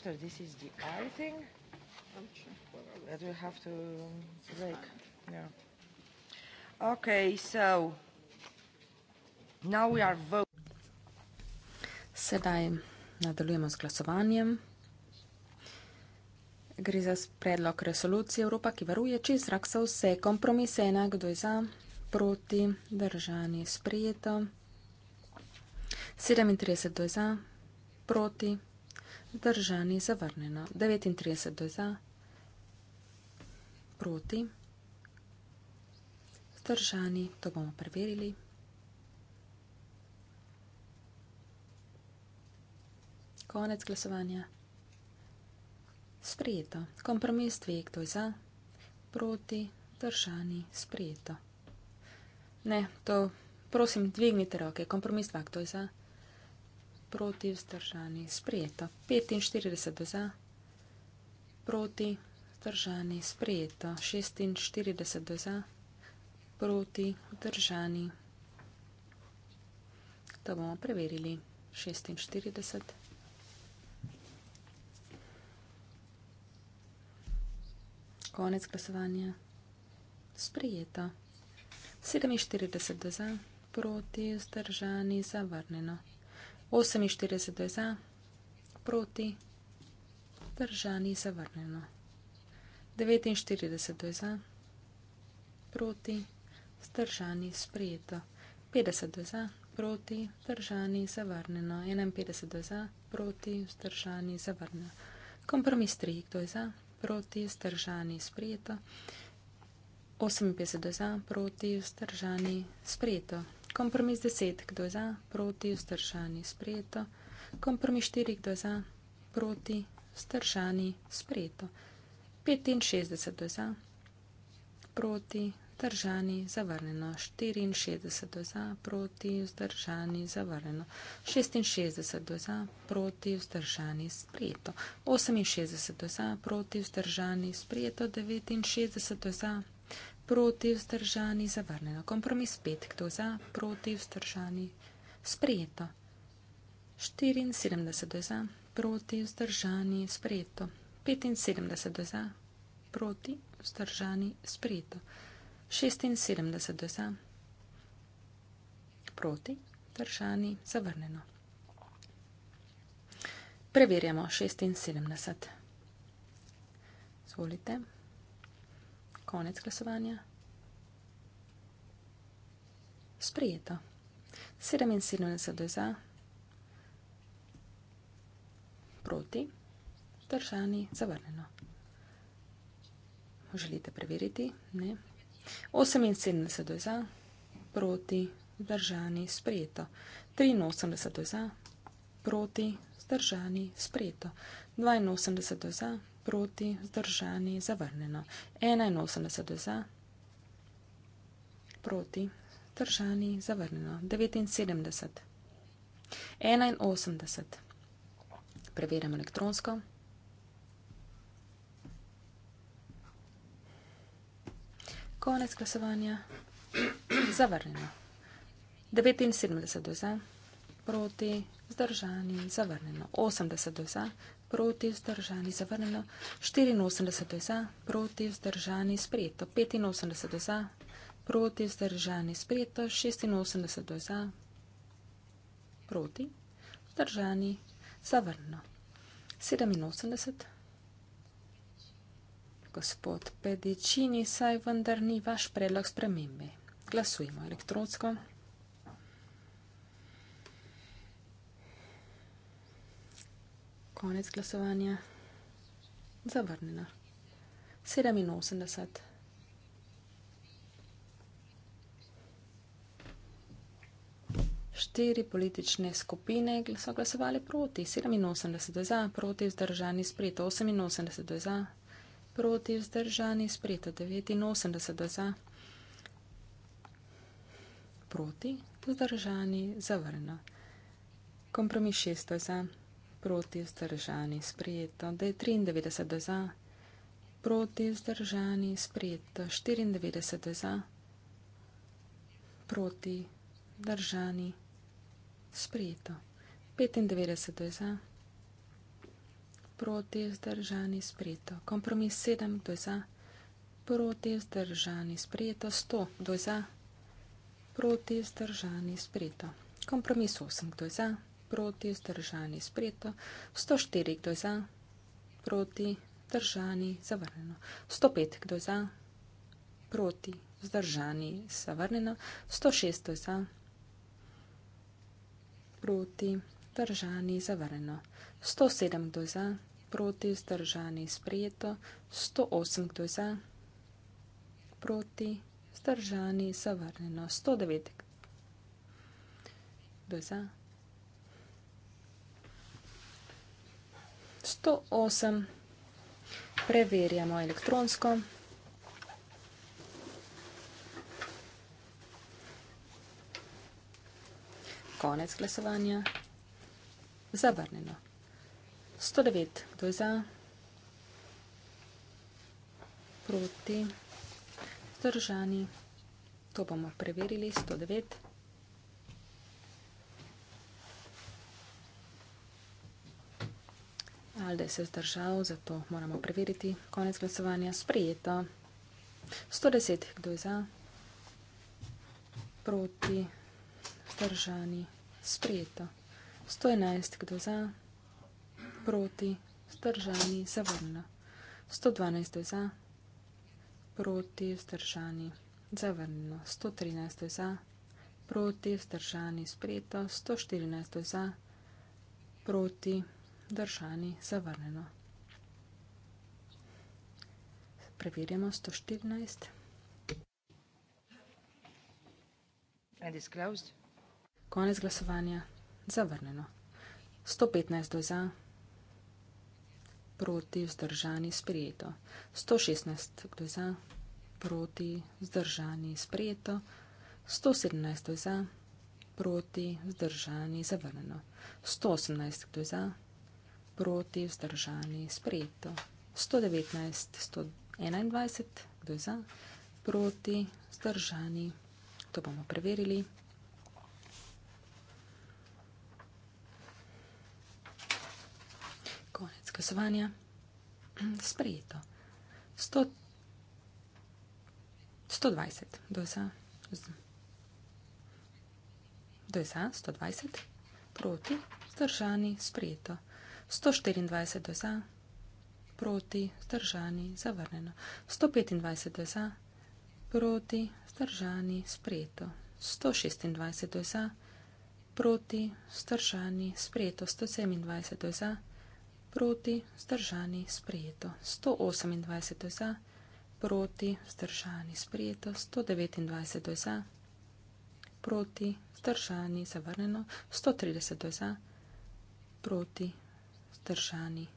after this is the I thing. That we have to break. Yeah. Okay, so now we are vote. Sedaj nadaljujemo z glasovanjem. Gre za predlog resolucije Evropa, ki varuje čist zrak za vse kompromise. Enak, kdo je za, proti, držanje sprejeto. 37 do za, proti, Zdržani, zavrnjeno. 39 do za. Proti. Zdržani, to bomo preverili. Konec glasovanja. Sprejeto. Kompromis dveh, kdo je za, proti, držani, sprejeto. Ne, to prosim, dvignite roke. Kompromis dva, kdo je za proti vzdržani, sprejeto. 45 za, proti vzdržani, sprejeto. 46 za, proti vzdržani. To bomo preverili. 46. Konec glasovanja. Sprijeto. 47 za, proti, zdržani, zavrneno. 48 je za, proti, držani zavrnjeno. 49 je za, proti, zdržani sprejeto. 50 je za, proti, zdržani zavrnjeno. 51 je za, proti, zdržani zavrnjeno. Kompromis 3, kdo je za, proti, zdržani sprejeto. 58 je za, proti, zdržani sprejeto. Kompromis 10, kdo je za, proti, vzdržani, sprejeto. Kompromis 4, kdo je za, proti, vzdržani, sprejeto. 65, kdo je za, proti, vzdržani, zavrnjeno. 64, kdo je za, proti, vzdržani, zavrnjeno. 66, kdo je za, proti, vzdržani, sprejeto. 68, kdo je za, proti, vzdržani, sprejeto. 69, kdo je za proti vzdržani, zavrnjeno. Kompromis pet, kdo za, proti vzdržani, sprejeto. 74 za, proti vzdržani, sprejeto. 75 za, proti vzdržani, sprejeto. 76 za, proti vzdržani, zavrnjeno. Preverjamo 76. Izvolite. Konec glasovanja. Sprijeto. 77 za, proti, držani, zavrnjeno. Želite preveriti? Ne. 78 za, proti, držani, sprijeto. 83 za, proti, držani, sprijeto. 82 za, proti proti, vzdržani, zavrnjeno. 81 za, proti, vzdržani, zavrnjeno. 79, 81. Preverjamo elektronsko. Konec glasovanja. Zavrnjeno. 79 do za, proti, zdržani, zavrnjeno. 80 do za, proti vzdržani, zavrnjeno 84 za, proti vzdržani, sprejeto 85 za, proti vzdržani, sprejeto 86 za, proti vzdržani, zavrnjeno 87. Gospod Pedičini, saj vendar ni vaš predlog spremembe. Glasujemo elektronsko. konec glasovanja zavrnjena. 87. Štiri politične skupine so glasovali proti, 87 za, proti vzdržani sprit, 88 za, proti vzdržani sprit, 89 za, proti vzdržani zavrna. Kompromis 600 za proti vzdržani sprejeto, da je 93 za, proti vzdržani sprejeto, 94 za, proti vzdržani sprejeto, 95 za, proti vzdržani sprejeto, kompromis 7 do za, proti vzdržani sprejeto, 100 do za, proti vzdržani sprejeto, kompromis 8 do za, proti, vzdržani, spreto, 104, kdo je za, proti, vzdržani, zavrnjeno, 105, kdo je za, proti, vzdržani, zavrnjeno, 106, kdo je za, proti, vzdržani, zavrnjeno, 107, kdo je za, proti, vzdržani, spreto, 108, kdo je za, proti, vzdržani, zavrnjeno, 109, kdo je za, proti, vzdržani, zavrnjeno, 109, kdo je za, 108. Preverjamo elektronsko. Konec glasovanja. Zavrneno. 109. Kdo je za? Proti. Zdržani. To bomo preverili. 109. 109. ali da se je zdržal, zato moramo preveriti. Konec glasovanja, sprijeto. 110, kdo je za? Proti, zdržani, sprijeto. 111, kdo je za? Proti, zdržani, zavrnjeno. 112, kdo je za? Proti, zdržani, zavrnjeno. 113, kdo je za? Proti, zdržani, sprijeto. 114, kdo je za? Proti, zdržani, sprijeto držani zavrneno. Preverjamo 114. And it's closed. Konec glasovanja. Zavrneno. 115 do za. Proti vzdržani sprejeto. 116 do za. Proti vzdržani sprejeto. 117 do za. Proti vzdržani zavrneno. 118 do za. Proti vzdržani sprejeto proti, vzdržani, sprejeto. 119, 121, kdo je za, proti, vzdržani. To bomo preverili. Konec glasovanja. Sprejeto. 120, kdo je za, kdo je za, 120, proti, vzdržani, sprejeto. 124 je za, proti, zdržani, zavrnjeno. 125 je za, proti, zdržani, sprejeto. 126 je za, proti, zdržani, sprejeto. 127 je za, proti, zdržani, sprejeto. 128 je za, proti, zdržani, sprejeto. 129 je za, proti, zdržani, zavrnjeno. 130 je za, proti, zdržani vzdržani.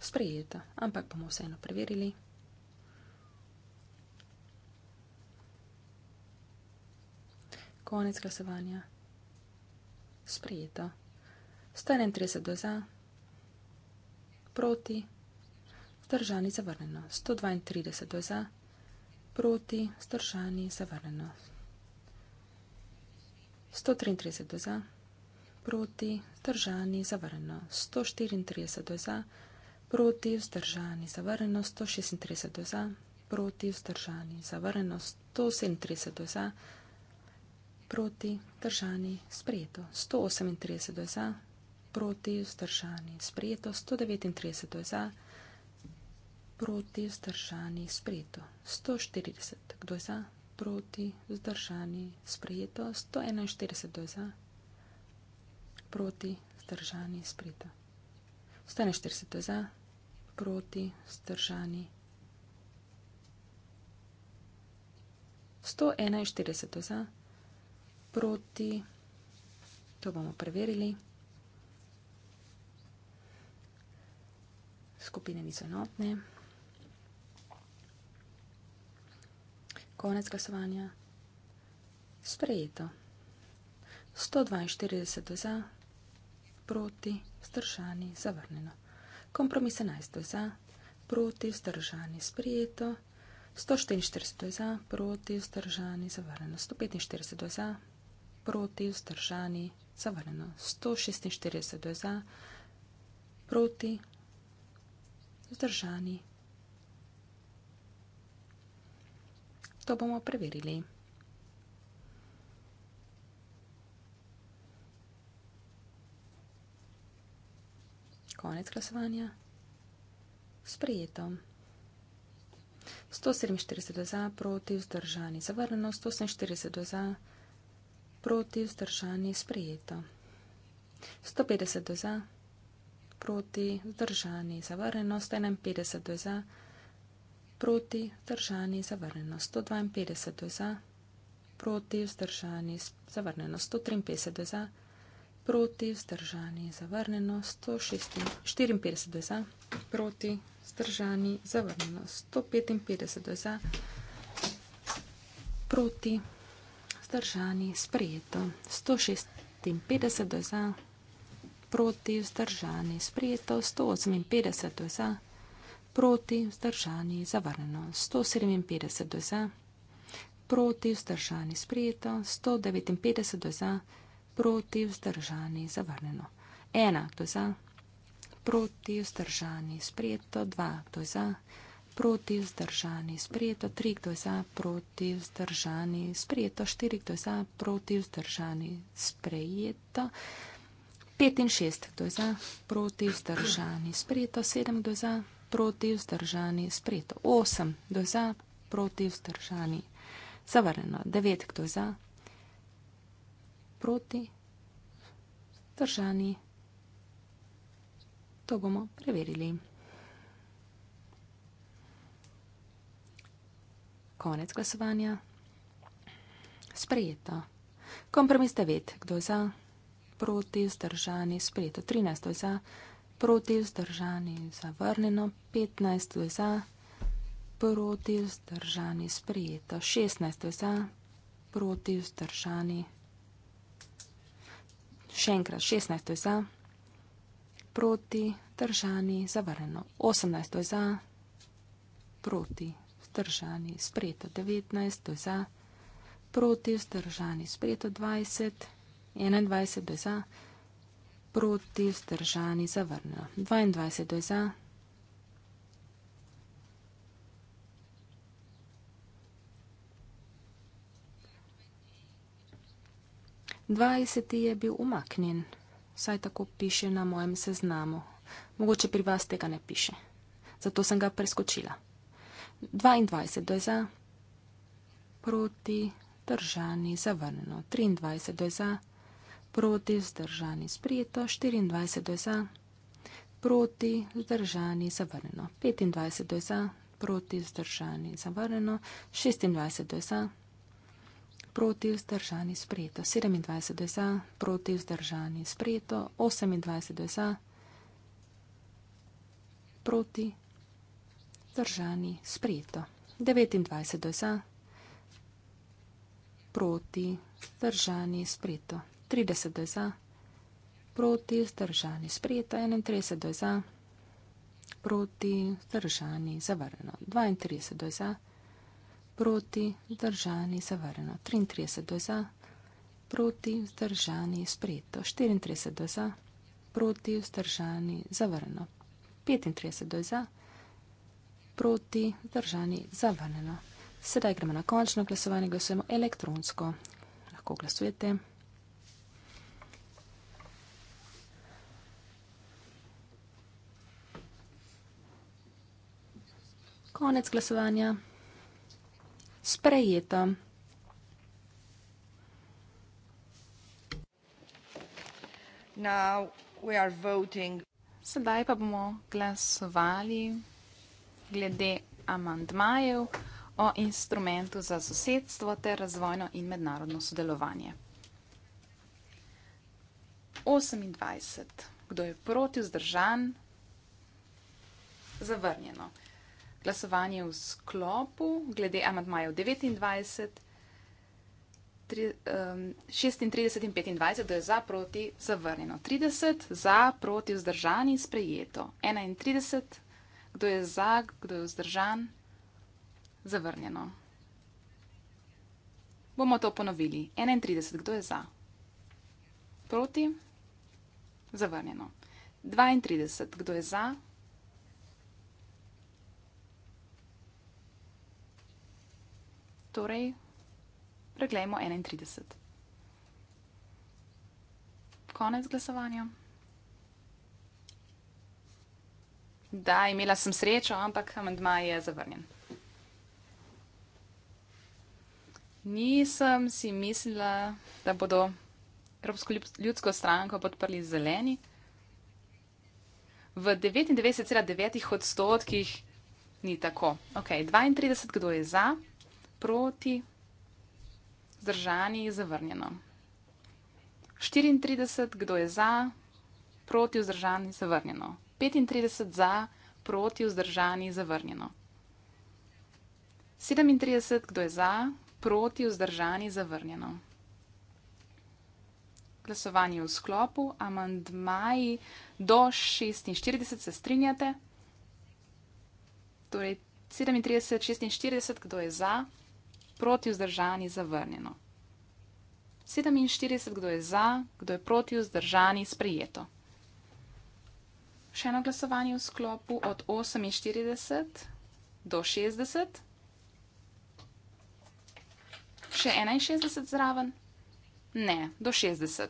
Sprejeta, ampak bomo vseeno preverili. Konec glasovanja. Sprejeta. 131 do za, proti, vzdržani zavrnjeno. 132 do za, proti, vzdržani zavrnjeno. 133 do za proti, zdržani, zavrnjeno 134 do za, proti, zdržani, zavrnjeno 136 do za, proti, zdržani, zavrnjeno 137 do za, proti, zdržani, sprejeto 138 do za, proti, zdržani, sprejeto 139 do za, proti, zdržani, sprejeto 140 do za, proti, zdržani, sprejeto 141 do za proti, zdržani, spreta. Staneš 40 za, proti, zdržani. 141 za, proti, to bomo preverili. Skupine niso enotne. Konec glasovanja. Sprejeto. 142 za proti, vzdržani, zavrnjeno. Kompromis 11 je za, proti, vzdržani, sprijeto. 144 je za, proti, vzdržani, zavrnjeno. 145 je za, proti, vzdržani, zavrnjeno. 146 je za, proti, vzdržani. To bomo preverili. Konec glasovanja. Sprejeto. 147 za, proti vzdržani, zavrnjeno. 148 za, proti vzdržani, sprejeto. 150 za, proti vzdržani, zavrnjeno. 151 za, proti vzdržani, zavrnjeno. 152 za, proti vzdržani, zavrnjeno. 153 za, proti vzdržani, zavrnjeno proti, vzdržani, zavrnjeno 154 za, proti, vzdržani, zavrnjeno 155 za, proti, vzdržani, sprejeto 156 za, proti, vzdržani, sprejeto 158 za, proti, vzdržani, zavrnjeno 157 za, proti, vzdržani, sprejeto 159 za, proti vzdržani zavrnjeno. Ena, to je za, proti vzdržani sprejeto, dva, to je za, proti vzdržani sprejeto, tri, to je za, proti vzdržani sprejeto, štiri, to je za, proti vzdržani sprejeto. 65, kdo je za, proti vzdržani sprejeto, 7, kdo je za, proti vzdržani sprejeto, 8, kdo je za, proti vzdržani zavrnjeno, 9, kdo je za, proti, držani. To bomo preverili. Konec glasovanja. Sprejeto. Kompromis 9. Kdo je za? Proti, zdržani, sprejeto. 13. Kdo je za? Proti, zdržani, zavrnjeno. 15. Kdo je za? Proti, zdržani, sprejeto. 16. Kdo je za? Proti, zdržani, sprejeto še enkrat 16 za, proti, držani, zavarjeno 18 za, proti, držani, sprejeto 19 za, proti, držani, sprejeto 20, 21 za, proti, držani, zavarjeno 22 za. 20. je bil umaknjen, saj tako piše na mojem seznamu. Mogoče pri vas tega ne piše. Zato sem ga preskočila. 22. je za, proti, držani, zavrnjeno. 23. je za, proti, zdržani, sprijeto. 24. je za, proti, zdržani, zavrnjeno. 25. je za, proti, zdržani, zavrnjeno. 26. je za proti vzdržani sprejeto, 27 za, proti vzdržani sprejeto, 28 za, proti vzdržani sprejeto, 29 za, proti vzdržani sprejeto, 30 za, proti vzdržani sprejeto, 31 za, proti vzdržani zavrnjeno, 32 za, proti vzdržani sprejeto proti, vzdržani, zavrnjeno. 33 do za, proti, vzdržani, sprejeto. 34 do za, proti, vzdržani, zavrnjeno. 35 do za, proti, vzdržani, zavrnjeno. Sedaj gremo na končno glasovanje, glasujemo elektronsko. Lahko glasujete. Konec glasovanja sprejeta. Sedaj pa bomo glasovali glede amandmajev o instrumentu za sosedstvo ter razvojno in mednarodno sodelovanje. 28. Kdo je proti vzdržan? Zavrnjeno glasovanje v sklopu glede amadmajev 29, 36 in 25, da je za proti zavrnjeno. 30 za proti vzdržani sprejeto. 31, kdo je za, kdo je vzdržan, zavrnjeno. Bomo to ponovili. 31, kdo je za? Proti? Zavrnjeno. 32, kdo je za? Torej, preglejmo 31. Konec glasovanja. Da, imela sem srečo, ampak amendma je zavrnjen. Nisem si mislila, da bodo Evropsko ljudsko stranko podprli zeleni. V 99,9 odstotkih ni tako. Ok, 32, kdo je za? proti, vzdržani, zavrnjeno. 34, kdo je za, proti, vzdržani, zavrnjeno. 35 za, proti, vzdržani, zavrnjeno. 37, kdo je za, proti, vzdržani, zavrnjeno. Glasovanje v sklopu, amandmaji do 46 se strinjate. Torej 37, 46, kdo je za, proti vzdržani zavrnjeno. 47, kdo je za, kdo je proti vzdržani sprejeto. Še eno glasovanje v sklopu od 48 do 60. Še 61 zraven? Ne, do 60.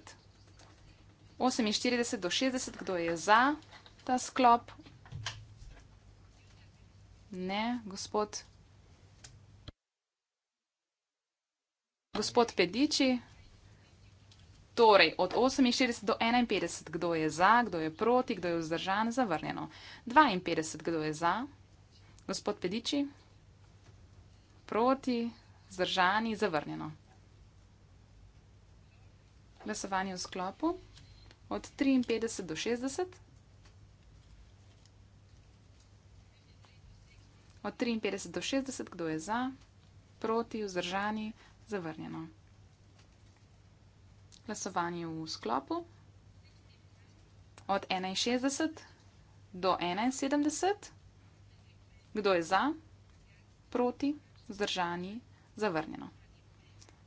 48 do 60, kdo je za ta sklop? Ne, gospod Gospod Pediči, torej od 48 do 51, kdo je za, kdo je proti, kdo je vzdržan, zavrnjeno. 52, kdo je za, gospod Pediči, proti, vzdržani, zavrnjeno. Glasovanje v sklopu od 53 do 60. Od 53 do 60, kdo je za, proti, vzdržani, zavrnjeno zavrnjeno. Glasovanje v sklopu od 61 do 71. Kdo je za, proti, zdržani, zavrnjeno.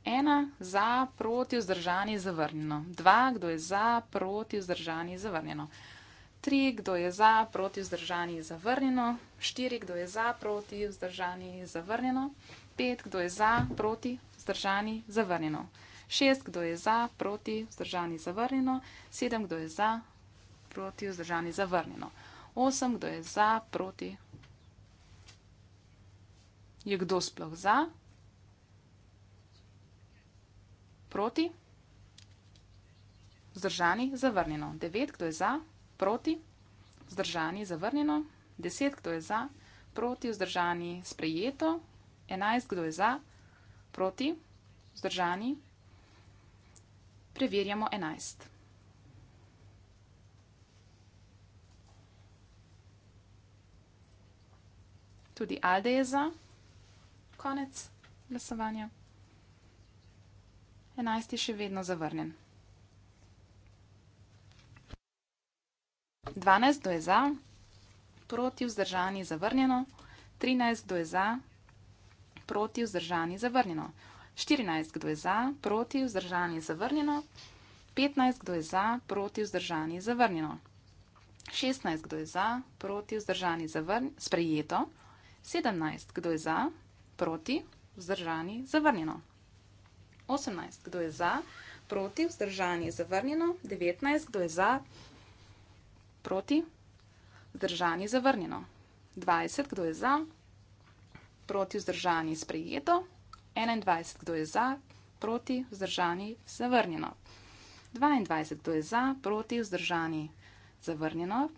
Ena za, proti, vzdržani, zavrnjeno. Dva, kdo je za, proti, vzdržani, zavrnjeno. Tri, kdo je za, proti, vzdržani, zavrnjeno. Štiri, kdo je za, proti, vzdržani, zavrnjeno. Pet, kdo je za, proti, vzdržani, zavrnjeno. Šest, kdo je za, proti, vzdržani, zavrnjeno. Sedem, kdo je za, proti, vzdržani, zavrnjeno. Osem, kdo je za, proti. Je kdo sploh za? Proti? Vzdržani, zavrnjeno. Devet, kdo je za, proti, vzdržani, zavrnjeno. Deset, kdo je za, proti, vzdržani, sprejeto. Enajst, kdo je za, proti proti, vzdržani. Preverjamo enajst. Tudi Alde je za. Konec glasovanja. Enajst je še vedno zavrnjen. Dvanajst do je za, proti vzdržani zavrnjeno, trinajst do je za, proti, vzdržani, zavrnjeno. 14, kdo je za, proti, vzdržani, zavrnjeno. 15, kdo je za, proti, vzdržani, zavrnjeno. 16, kdo je za, proti, vzdržani, zavrnjeno. Sprejeto. 17, kdo je za, proti, vzdržani, zavrnjeno. 18, kdo je za, proti, vzdržani, zavrnjeno. 19, kdo je za, proti, vzdržani, zavrnjeno. 20, kdo je za, proti vzdržani sprejeto, 21 kdo je za, proti vzdržani zavrnjeno, 22 kdo je za, proti vzdržani zavrnjeno,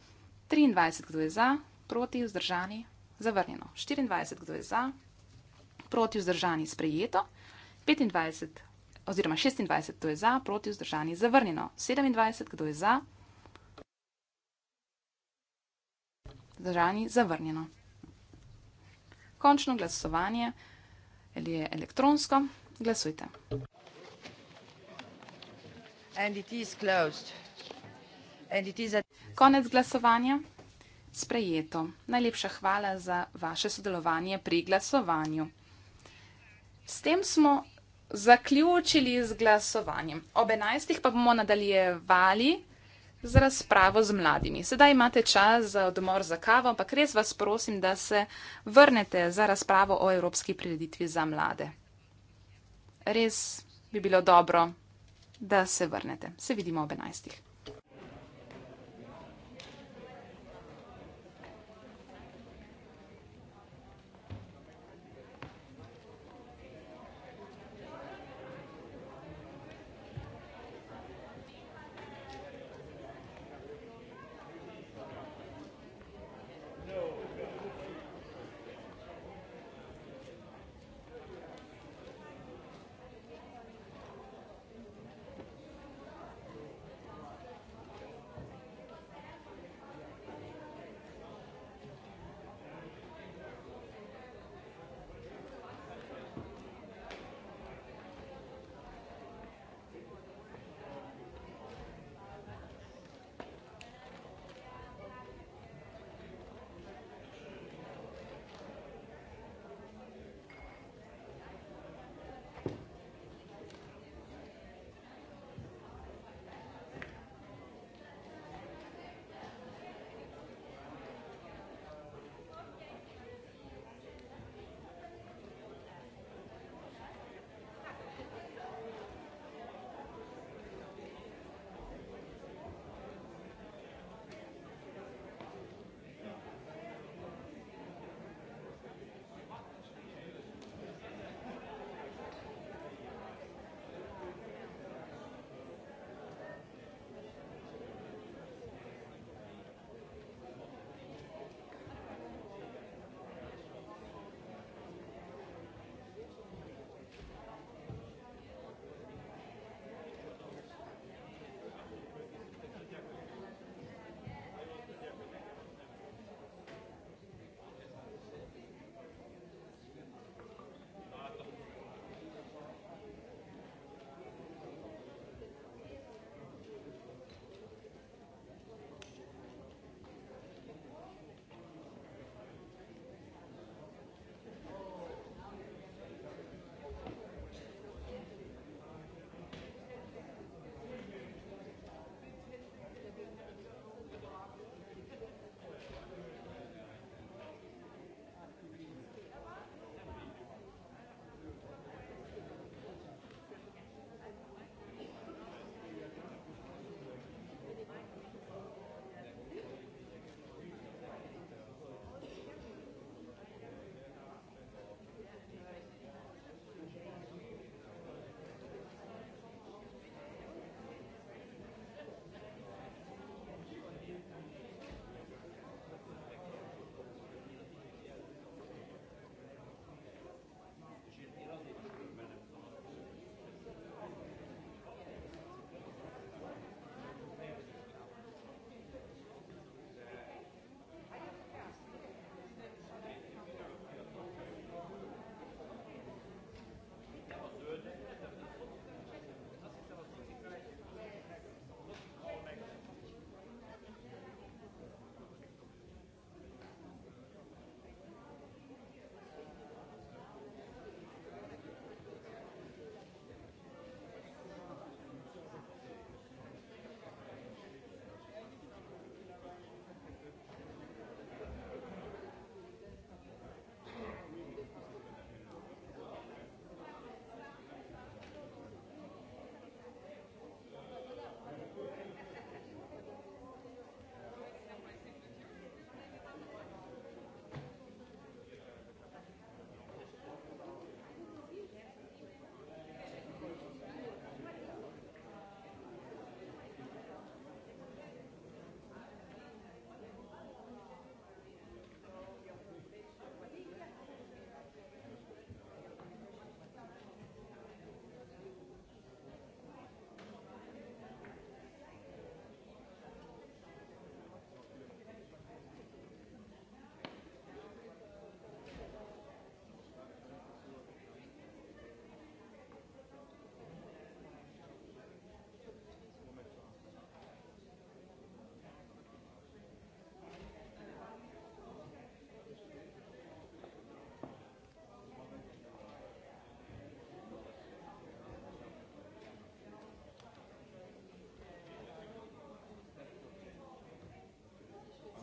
23 kdo je za, proti vzdržani zavrnjeno, 24 kdo je za, proti vzdržani sprejeto, 25 oziroma 26 kdo je za, proti vzdržani zavrnjeno, 27 kdo je za, Zdržani zavrnjeno končno glasovanje ali je elektronsko. Glasujte. Konec glasovanja. Sprejeto. Najlepša hvala za vaše sodelovanje pri glasovanju. S tem smo zaključili z glasovanjem. Ob 11. pa bomo nadaljevali z razpravo z mladimi. Sedaj imate čas za odmor za kavo, ampak res vas prosim, da se vrnete za razpravo o evropski prireditvi za mlade. Res bi bilo dobro, da se vrnete. Se vidimo ob enajstih.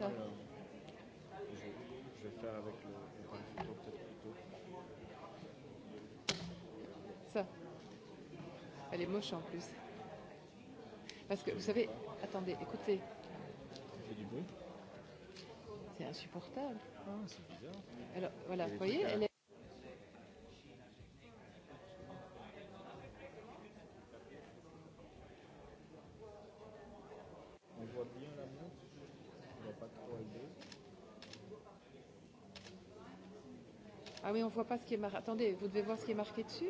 ça euh, je, je vais faire avec le, le point de photo peut-être plutôt. Ça. Elle est moche en plus. Parce que vous savez, pas. attendez, écoutez. Ça fait du bruit. C'est insupportable. Ah, c'est bizarre. Alors voilà, vous voyez, elle est. voit pas ce qui est marqué. Attendez, vous devez voir ce qui est marqué dessus.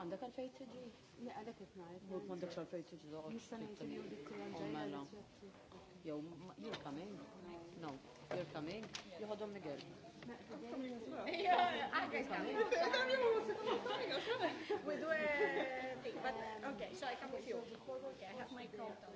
عندك 2000 جي لا انا كنت معاك ما عندكش 2000 جي لا مش انا انترفيو ديك لا يوم يور كامينغ نو يور كامينغ يهضوا من قال ايوه اكيد كان وي دو اوكي شو اي كم وذ يو اوكي اي هاف ماي كونتاكت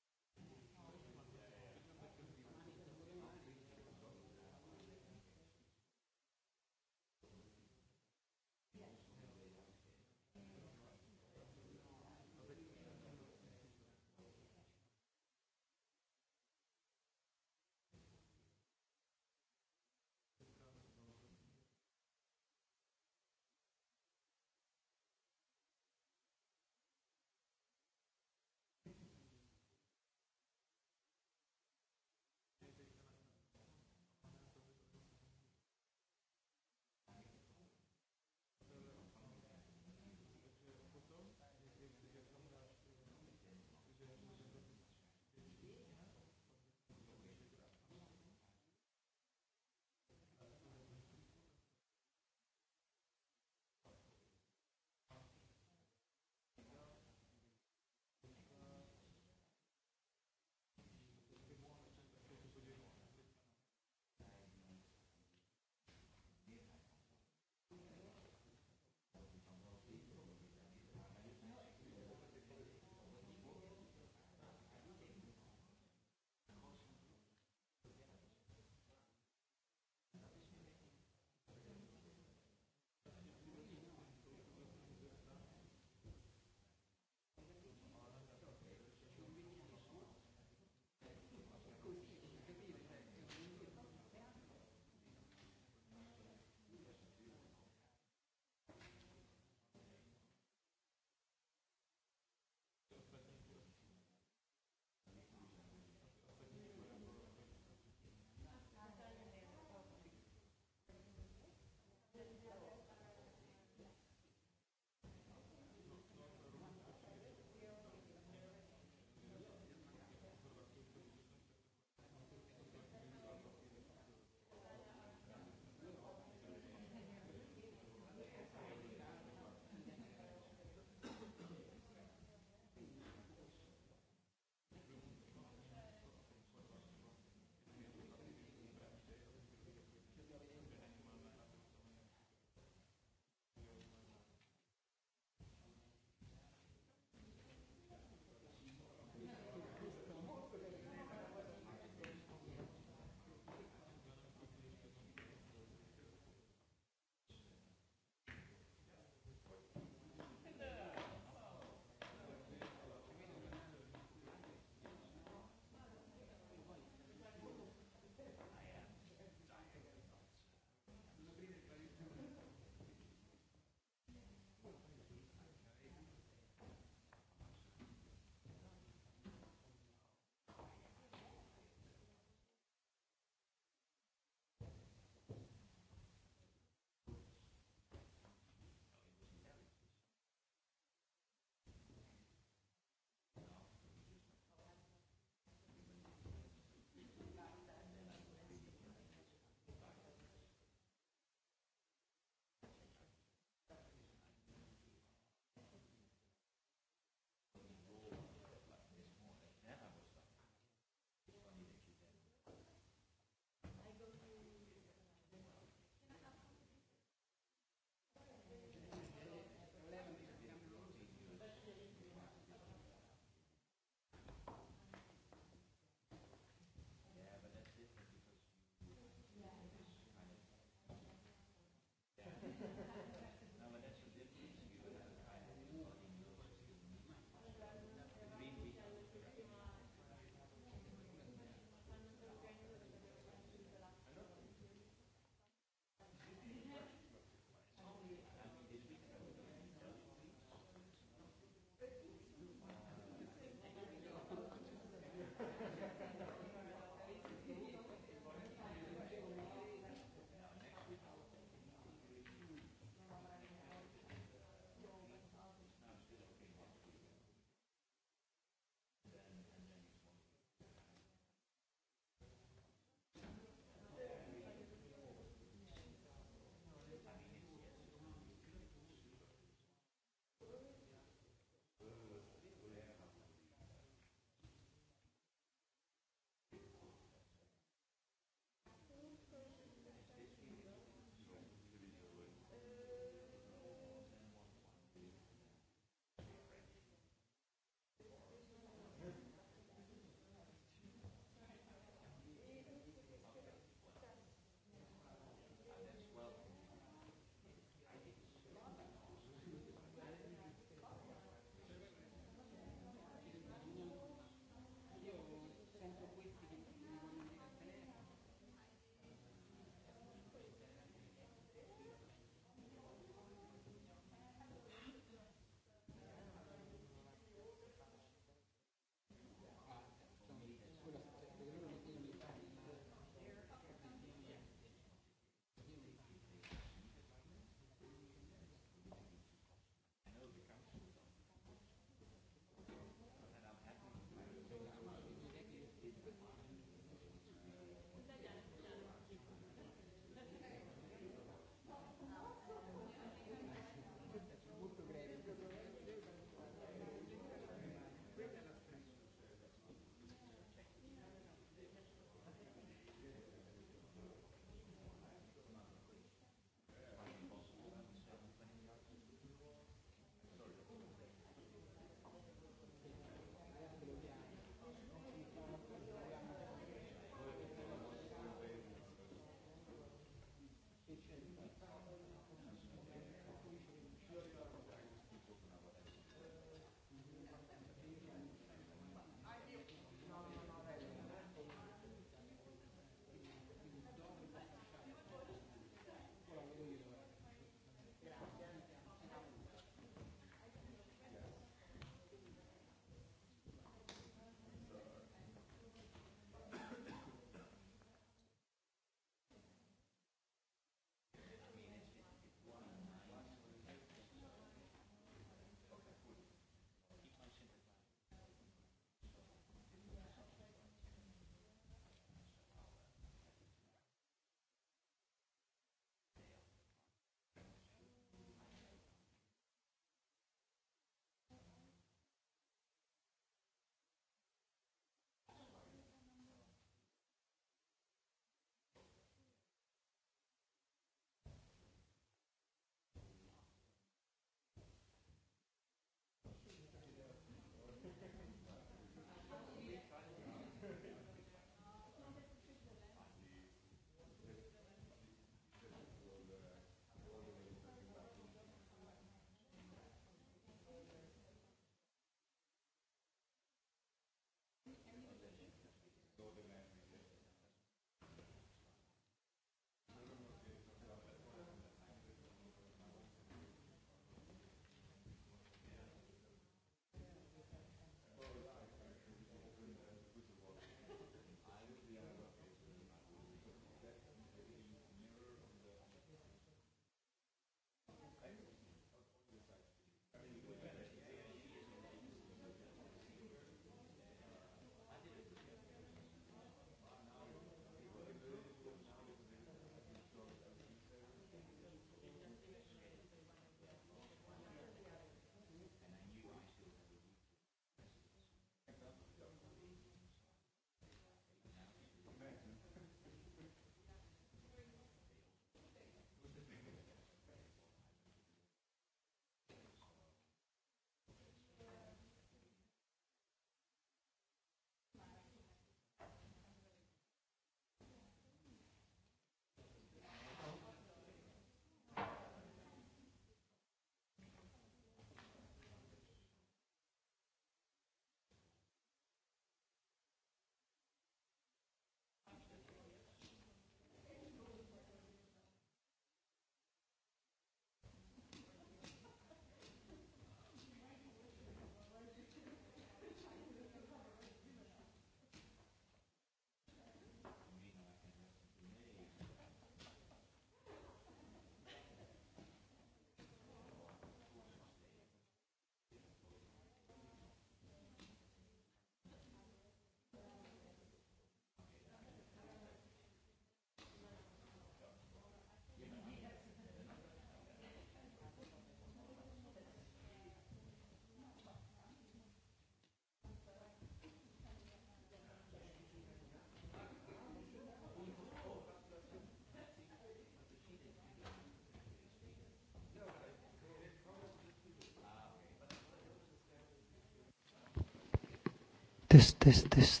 this this this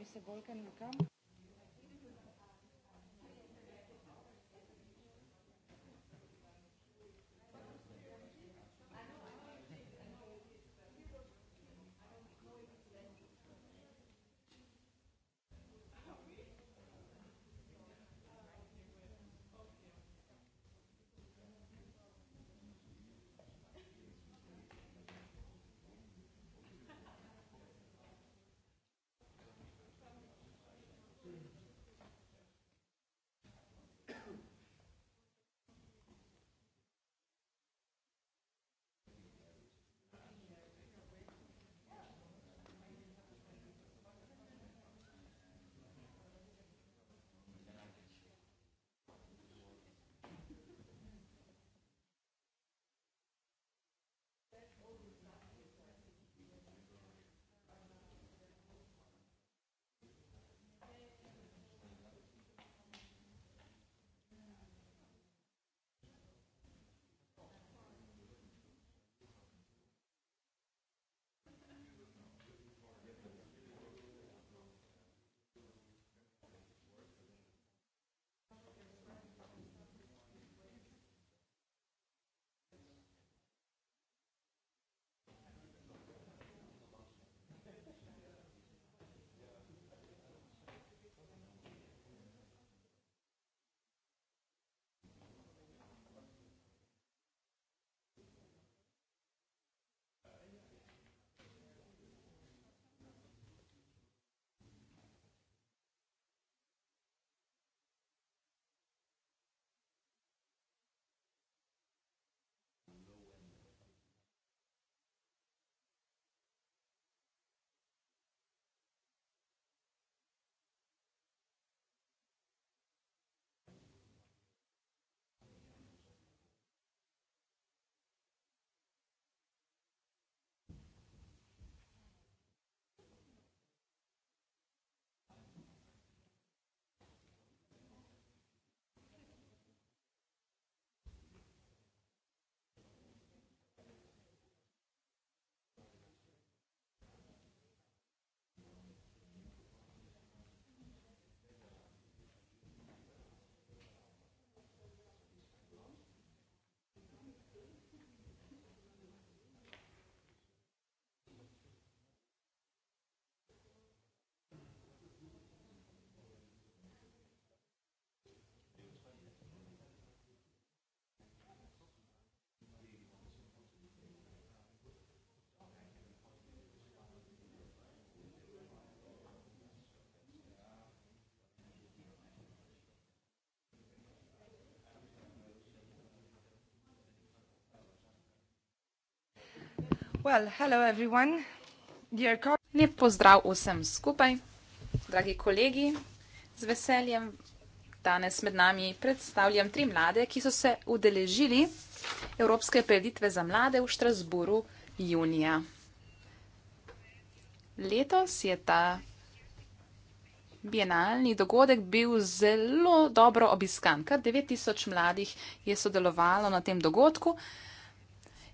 bi se bolj kaj nekam. Lep pozdrav vsem skupaj, dragi kolegi. Z veseljem danes med nami predstavljam tri mlade, ki so se udeležili Evropske preditve za mlade v Štrasburu junija. Letos je ta bienalni dogodek bil zelo dobro obiskan. Kar 9000 mladih je sodelovalo na tem dogodku.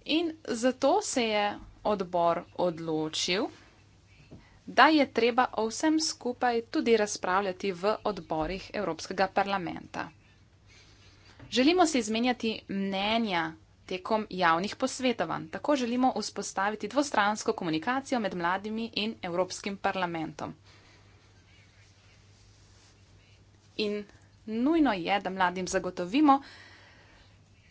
In zato se je odbor odločil, da je treba o vsem skupaj tudi razpravljati v odborih Evropskega parlamenta. Želimo se izmenjati mnenja tekom javnih posvetovanj. Tako želimo vzpostaviti dvostransko komunikacijo med mladimi in Evropskim parlamentom. In nujno je, da mladim zagotovimo,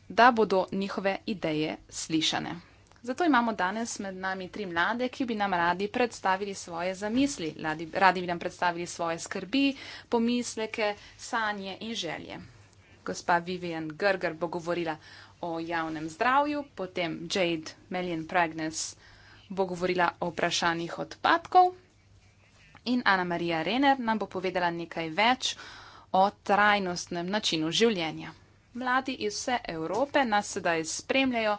da bodo njihove ideje slišane. Zato imamo danes med nami tri mlade, ki bi nam radi predstavili svoje zamisli, radi, radi bi nam predstavili svoje skrbi, pomisleke, sanje in želje. Gospa Vivian Grger bo govorila o javnem zdravju, potem Jade Melian Pregnes bo govorila o vprašanjih odpadkov in Ana Marija Renner nam bo povedala nekaj več o trajnostnem načinu življenja. Mladi iz vse Evrope nas sedaj spremljajo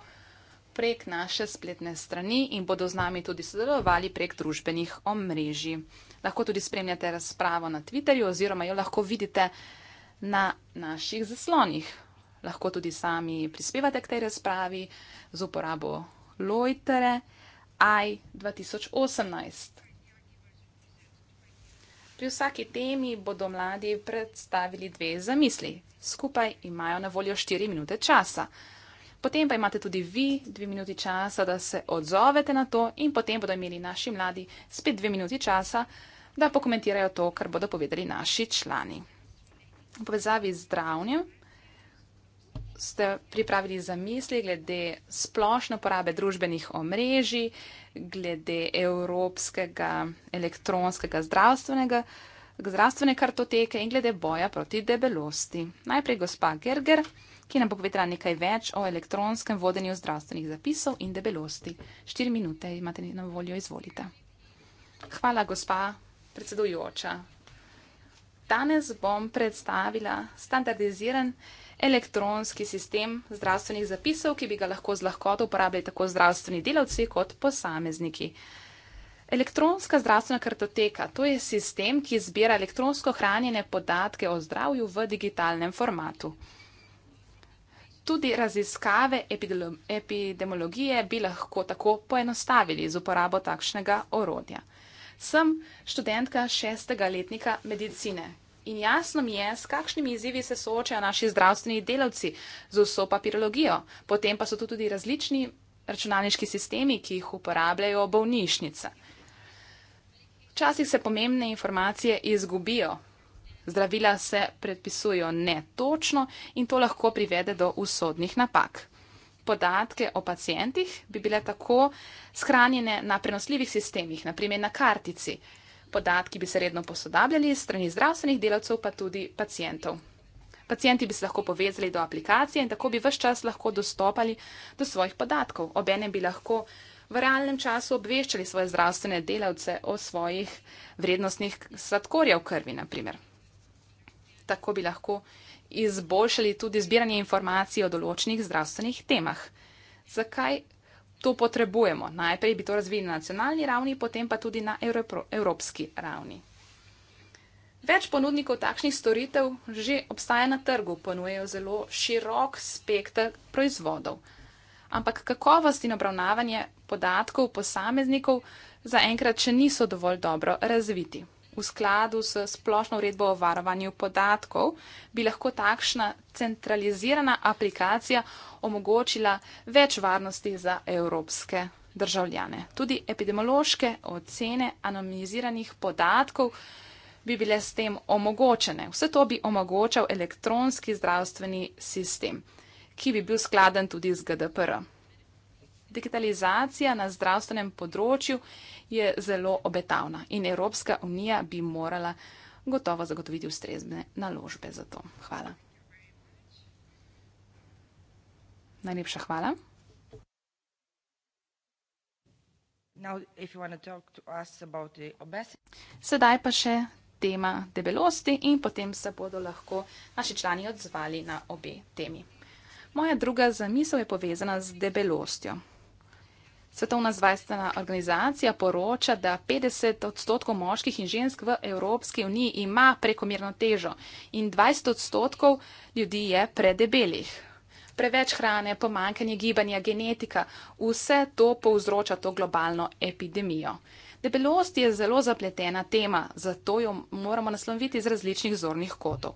prek naše spletne strani in bodo z nami tudi sodelovali prek družbenih omrežij. Lahko tudi spremljate razpravo na Twitterju oziroma jo lahko vidite na naših zaslonih. Lahko tudi sami prispevate k tej razpravi z uporabo Lojtere i2018. Pri vsaki temi bodo mladi predstavili dve zamisli. Skupaj imajo na voljo 4 minute časa. Potem pa imate tudi vi 2 minuti časa, da se odzovete na to, in potem bodo imeli naši mladi spet 2 minuti časa, da pokomentirajo to, kar bodo povedali naši člani. V povezavi z zdravljenjem ste pripravili za misli glede splošne porabe družbenih omrežij, glede evropskega elektronskega zdravstvenega, zdravstvene kartoteke in glede boja proti debelosti. Najprej gospa Gerger, ki nam bo povedala nekaj več o elektronskem vodenju zdravstvenih zapisov in debelosti. Štiri minute imate na voljo, izvolite. Hvala, gospa predsedujoča. Danes bom predstavila standardiziran elektronski sistem zdravstvenih zapisov, ki bi ga lahko z lahkoto uporabljali tako zdravstveni delavci kot posamezniki. Elektronska zdravstvena kartoteka, to je sistem, ki zbira elektronsko hranjene podatke o zdravju v digitalnem formatu. Tudi raziskave epidemiologije bi lahko tako poenostavili z uporabo takšnega orodja. Sem študentka šestega letnika medicine. In jasno mi je, s kakšnimi izzivi se soočajo naši zdravstveni delavci z vso papirologijo. Potem pa so tu tudi različni računalniški sistemi, ki jih uporabljajo bolnišnice. Včasih se pomembne informacije izgubijo. Zdravila se predpisujo netočno in to lahko privede do usodnih napak podatke o pacijentih bi bile tako shranjene na prenosljivih sistemih, naprimer na kartici. Podatki bi se redno posodabljali strani zdravstvenih delavcev, pa tudi pacijentov. Pacijenti bi se lahko povezali do aplikacije in tako bi vse čas lahko dostopali do svojih podatkov. Obenem bi lahko v realnem času obveščali svoje zdravstvene delavce o svojih vrednostnih sladkorjev krvi, naprimer. Tako bi lahko izboljšali tudi zbiranje informacij o določenih zdravstvenih temah. Zakaj to potrebujemo? Najprej bi to razvili na nacionalni ravni, potem pa tudi na evropski ravni. Več ponudnikov takšnih storitev že obstaja na trgu, ponujejo zelo širok spektr proizvodov. Ampak kakovost in obravnavanje podatkov posameznikov zaenkrat še niso dovolj dobro razviti v skladu s splošno uredbo o varovanju podatkov, bi lahko takšna centralizirana aplikacija omogočila več varnosti za evropske državljane. Tudi epidemiološke ocene anonimiziranih podatkov bi bile s tem omogočene. Vse to bi omogočal elektronski zdravstveni sistem, ki bi bil skladen tudi z GDPR. -om digitalizacija na zdravstvenem področju je zelo obetavna in Evropska unija bi morala gotovo zagotoviti ustrezne naložbe za to. Hvala. Najlepša hvala. Sedaj pa še tema debelosti in potem se bodo lahko naši člani odzvali na obe temi. Moja druga zamisel je povezana z debelostjo. Svetovna zdravstvena organizacija poroča, da 50 odstotkov moških in žensk v Evropski uniji ima prekomerno težo in 20 odstotkov ljudi je predebelih. Preveč hrane, pomankanje gibanja, genetika, vse to povzroča to globalno epidemijo. Debelost je zelo zapletena tema, zato jo moramo nasloviti iz različnih zornih kotov.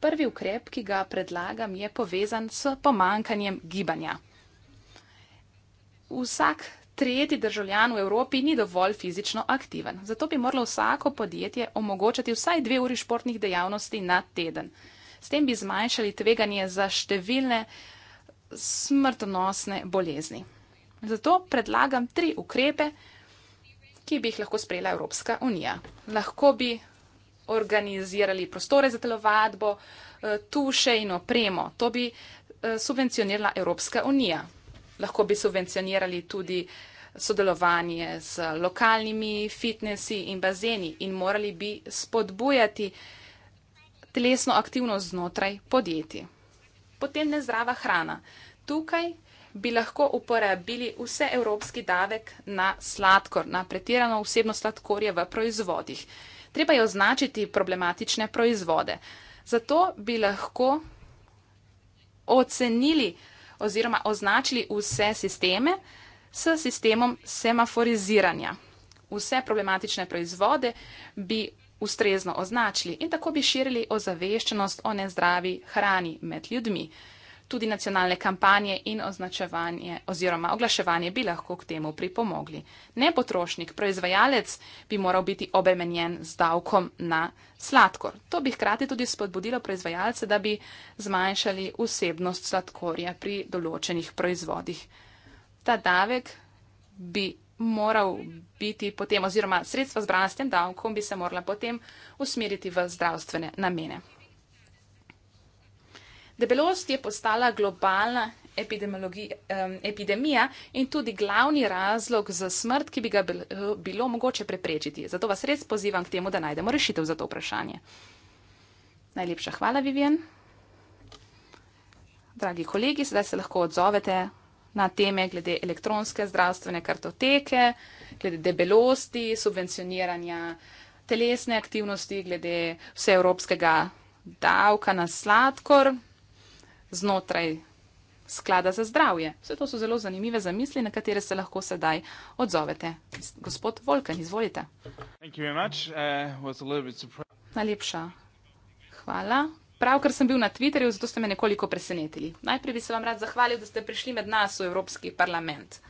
Prvi ukrep, ki ga predlagam, je povezan s pomankanjem gibanja. Vsak tretji državljan v Evropi ni dovolj fizično aktiven. Zato bi moralo vsako podjetje omogočati vsaj dve uri športnih dejavnosti na teden. S tem bi zmanjšali tveganje za številne smrtonosne bolezni. Zato predlagam tri ukrepe, ki bi jih lahko sprejela Evropska unija. Lahko bi organizirali prostore za telovadbo, eh, tuše in opremo. To bi eh, subvencionirala Evropska unija lahko bi subvencionirali tudi sodelovanje z lokalnimi fitnessi in bazeni in morali bi spodbujati telesno aktivnost znotraj podjetij. Potem nezdrava hrana. Tukaj bi lahko uporabili vse evropski davek na sladkor, na pretirano vsebno sladkorje v proizvodih. Treba je označiti problematične proizvode. Zato bi lahko ocenili, oziroma označili vse sisteme s sistemom semaforiziranja. Vse problematične proizvode bi ustrezno označili in tako bi širili ozaveščenost o nezdravi hrani med ljudmi tudi nacionalne kampanje in označevanje oziroma oglaševanje bi lahko k temu pripomogli. Ne potrošnik, proizvajalec bi moral biti obremenjen z davkom na sladkor. To bi hkrati tudi spodbudilo proizvajalce, da bi zmanjšali vsebnost sladkorja pri določenih proizvodih. Ta davek bi moral biti potem oziroma sredstva zbrana s tem davkom bi se morala potem usmeriti v zdravstvene namene. Debelost je postala globalna um, epidemija in tudi glavni razlog za smrt, ki bi ga bilo, bilo mogoče preprečiti. Zato vas res pozivam k temu, da najdemo rešitev za to vprašanje. Najlepša hvala, Vivien. Dragi kolegi, sedaj se lahko odzovete na teme glede elektronske zdravstvene kartoteke, glede debelosti, subvencioniranja telesne aktivnosti, glede vseevropskega davka na sladkor znotraj sklada za zdravje. Vse to so zelo zanimive zamisli, na katere se lahko sedaj odzovete. Gospod Volkan, izvolite. Uh, Najlepša hvala. Pravkar sem bil na Twitterju, zato ste me nekoliko presenetili. Najprej bi se vam rad zahvalil, da ste prišli med nas v Evropski parlament.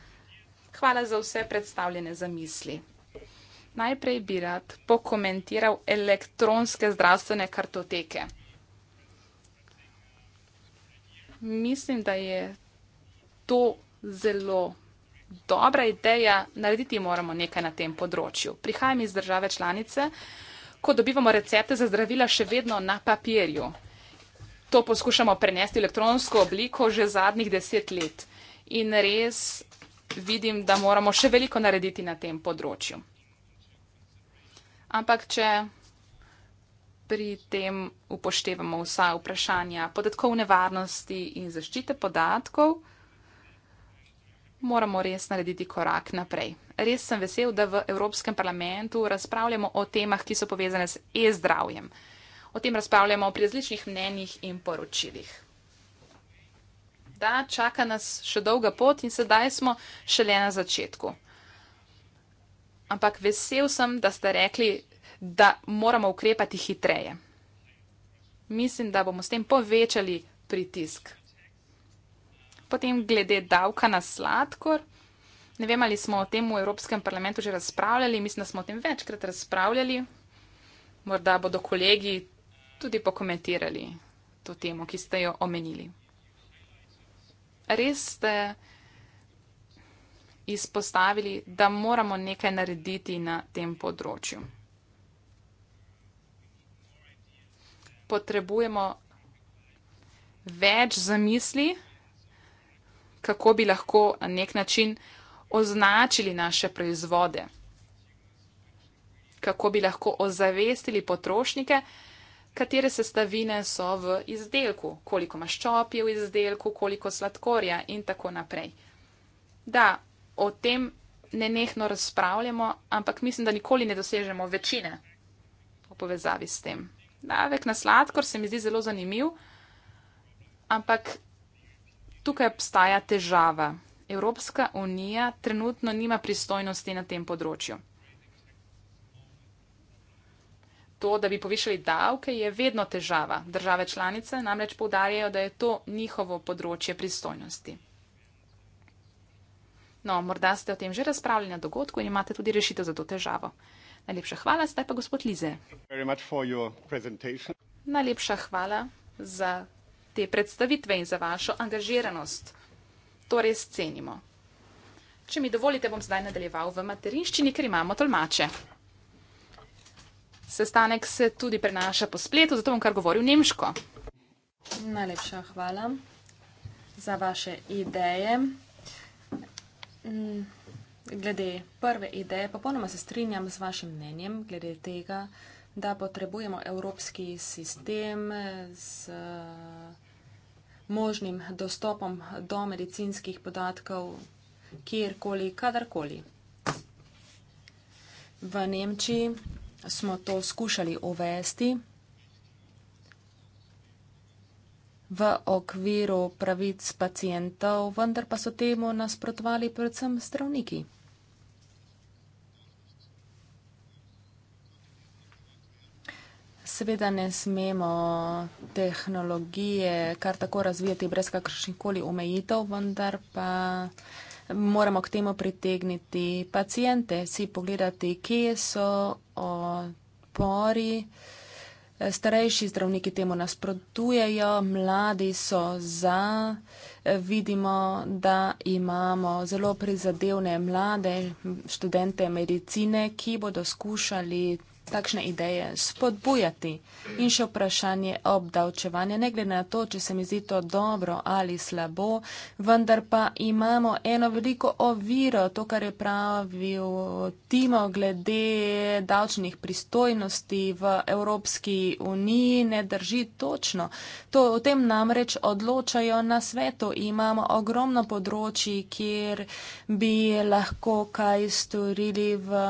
Hvala za vse predstavljene zamisli. Najprej bi rad pokomentiral elektronske zdravstvene kartoteke mislim, da je to zelo dobra ideja. Narediti moramo nekaj na tem področju. Prihajam iz države članice, ko dobivamo recepte za zdravila še vedno na papirju. To poskušamo prenesti v elektronsko obliko že zadnjih deset let. In res vidim, da moramo še veliko narediti na tem področju. Ampak, če pri tem upoštevamo vsa vprašanja podatkovne varnosti in zaščite podatkov, moramo res narediti korak naprej. Res sem vesel, da v Evropskem parlamentu razpravljamo o temah, ki so povezane z e-zdravjem. O tem razpravljamo pri različnih mnenjih in poročilih. Da, čaka nas še dolga pot in sedaj smo šele na začetku. Ampak vesel sem, da ste rekli, da moramo ukrepati hitreje. Mislim, da bomo s tem povečali pritisk. Potem glede davka na sladkor. Ne vem, ali smo o tem v Evropskem parlamentu že razpravljali. Mislim, da smo o tem večkrat razpravljali. Morda bodo kolegi tudi pokomentirali to temo, ki ste jo omenili. Res ste izpostavili, da moramo nekaj narediti na tem področju. potrebujemo več zamisli, kako bi lahko na nek način označili naše proizvode, kako bi lahko ozavestili potrošnike, katere sestavine so v izdelku, koliko maščob je v izdelku, koliko sladkorja in tako naprej. Da, o tem ne nehno razpravljamo, ampak mislim, da nikoli ne dosežemo večine v povezavi s tem. Davek na sladkor se mi zdi zelo zanimiv, ampak tukaj obstaja težava. Evropska unija trenutno nima pristojnosti na tem področju. To, da bi povišali davke, je vedno težava. Države članice namreč povdarjajo, da je to njihovo področje pristojnosti. No, morda ste o tem že razpravljali na dogodku in imate tudi rešitev za to težavo. Najlepša hvala, zdaj pa gospod Lize. Najlepša hvala za te predstavitve in za vašo angažiranost. To res cenimo. Če mi dovolite, bom zdaj nadaljeval v materinščini, ker imamo tolmače. Sestanek se tudi prenaša po spletu, zato bom kar govoril nemško. Najlepša hvala za vaše ideje. Mm, glede prve ideje, popolnoma se strinjam z vašim mnenjem glede tega, da potrebujemo evropski sistem z možnim dostopom do medicinskih podatkov kjerkoli, kadarkoli. V Nemčiji smo to skušali uvesti. v okviru pravic pacijentov, vendar pa so temu nasprotovali predvsem zdravniki. Seveda ne smemo tehnologije kar tako razvijati brez kakršnih koli omejitev, vendar pa moramo k temu pritegniti pacijente, si pogledati, kje so odpori. Eh, starejši zdravniki temu nasprotujejo, mladi so za. Eh, vidimo, da imamo zelo prizadevne mlade študente medicine, ki bodo skušali takšne ideje spodbujati. In še vprašanje obdavčevanja, ne glede na to, če se mi zdi to dobro ali slabo, vendar pa imamo eno veliko oviro, to, kar je pravil Timo glede davčnih pristojnosti v Evropski uniji, ne drži točno. To, o tem namreč odločajo na svetu. Imamo ogromno področji, kjer bi lahko kaj storili v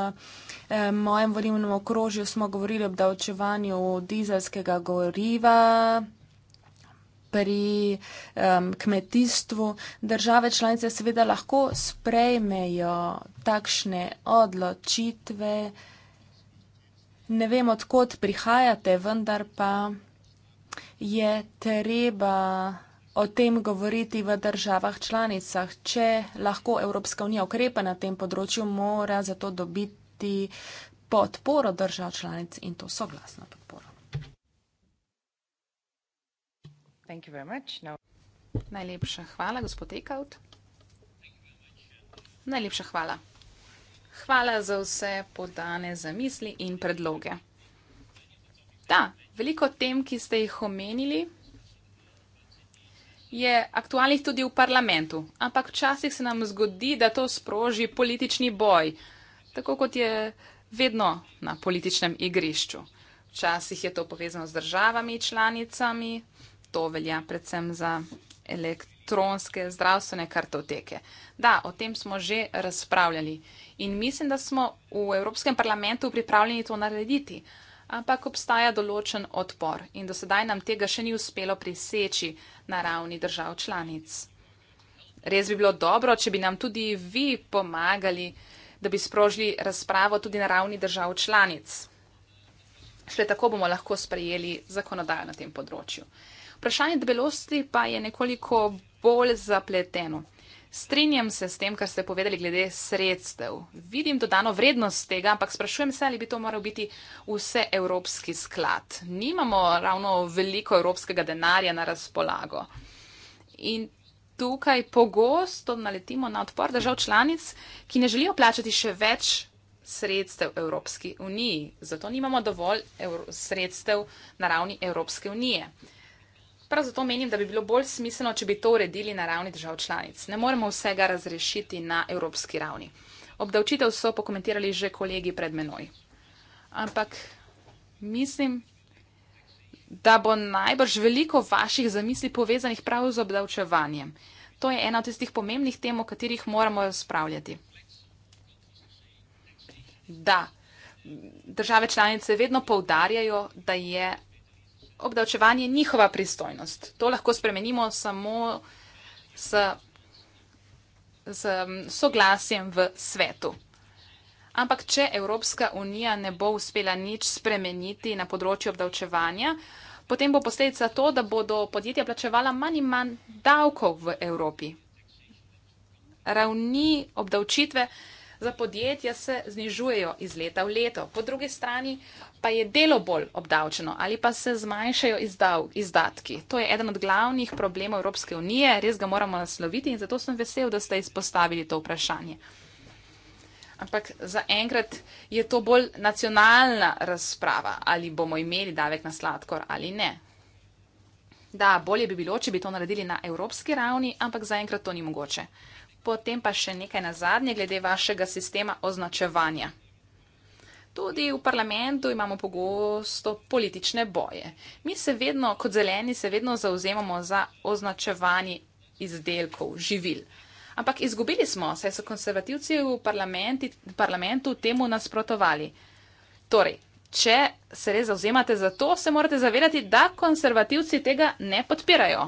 eh, mojem volilnem okrožju smo govorili o obdavčevanju dizelskega goriva pri um, kmetijstvu. Države članice seveda lahko sprejmejo takšne odločitve. Ne vem, odkot prihajate, vendar pa je treba o tem govoriti v državah članicah. Če lahko Evropska unija ukrepa na tem področju, mora zato dobiti dobiti podporo držav članic in to soglasno podporo. Najlepša hvala, gospod Ekaut. Najlepša hvala. Hvala za vse podane zamisli in predloge. Da, veliko tem, ki ste jih omenili, je aktualnih tudi v parlamentu, ampak včasih se nam zgodi, da to sproži politični boj tako kot je vedno na političnem igrišču. Včasih je to povezano z državami, članicami, to velja predvsem za elektronske zdravstvene kartoteke. Da, o tem smo že razpravljali in mislim, da smo v Evropskem parlamentu pripravljeni to narediti, ampak obstaja določen odpor in do sedaj nam tega še ni uspelo priseči na ravni držav članic. Res bi bilo dobro, če bi nam tudi vi pomagali da bi sprožili razpravo tudi na ravni držav članic. Šele tako bomo lahko sprejeli zakonodajo na tem področju. Vprašanje debelosti pa je nekoliko bolj zapleteno. Strinjam se s tem, kar ste povedali glede sredstev. Vidim dodano vrednost tega, ampak sprašujem se, ali bi to moral biti vse evropski sklad. Nimamo ravno veliko evropskega denarja na razpolago. In tukaj pogosto naletimo na odpor držav članic, ki ne želijo plačati še več sredstev Evropski uniji. Zato nimamo dovolj sredstev na ravni Evropske unije. Prav zato menim, da bi bilo bolj smiselno, če bi to uredili na ravni držav članic. Ne moremo vsega razrešiti na evropski ravni. Obdavčitev so pokomentirali že kolegi pred menoj. Ampak mislim, da bo najbrž veliko vaših zamisli povezanih prav z obdavčevanjem. To je ena od tistih pomembnih tem, o katerih moramo razpravljati. Da, države članice vedno povdarjajo, da je obdavčevanje njihova pristojnost. To lahko spremenimo samo s, s soglasjem v svetu. Ampak, če Evropska unija ne bo uspela nič spremeniti na področju obdavčevanja, potem bo posledica to, da bodo podjetja plačevala manj in manj davkov v Evropi. Ravni obdavčitve za podjetja se znižujejo iz leta v leto, po drugi strani pa je delo bolj obdavčeno ali pa se zmanjšajo izdav, izdatki. To je eden od glavnih problemov Evropske unije, res ga moramo nasloviti in zato sem vesel, da ste izpostavili to vprašanje. Ampak zaenkrat je to bolj nacionalna razprava, ali bomo imeli davek na sladkor ali ne. Da, bolje bi bilo, če bi to naredili na evropski ravni, ampak zaenkrat to ni mogoče. Potem pa še nekaj na zadnje, glede vašega sistema označevanja. Tudi v parlamentu imamo pogosto politične boje. Mi se vedno, kot zeleni, se vedno zauzemamo za označevanje izdelkov, živil. Ampak izgubili smo, saj so konservativci v parlamentu temu nasprotovali. Torej, če se res zauzemate za to, se morate zavedati, da konservativci tega ne podpirajo.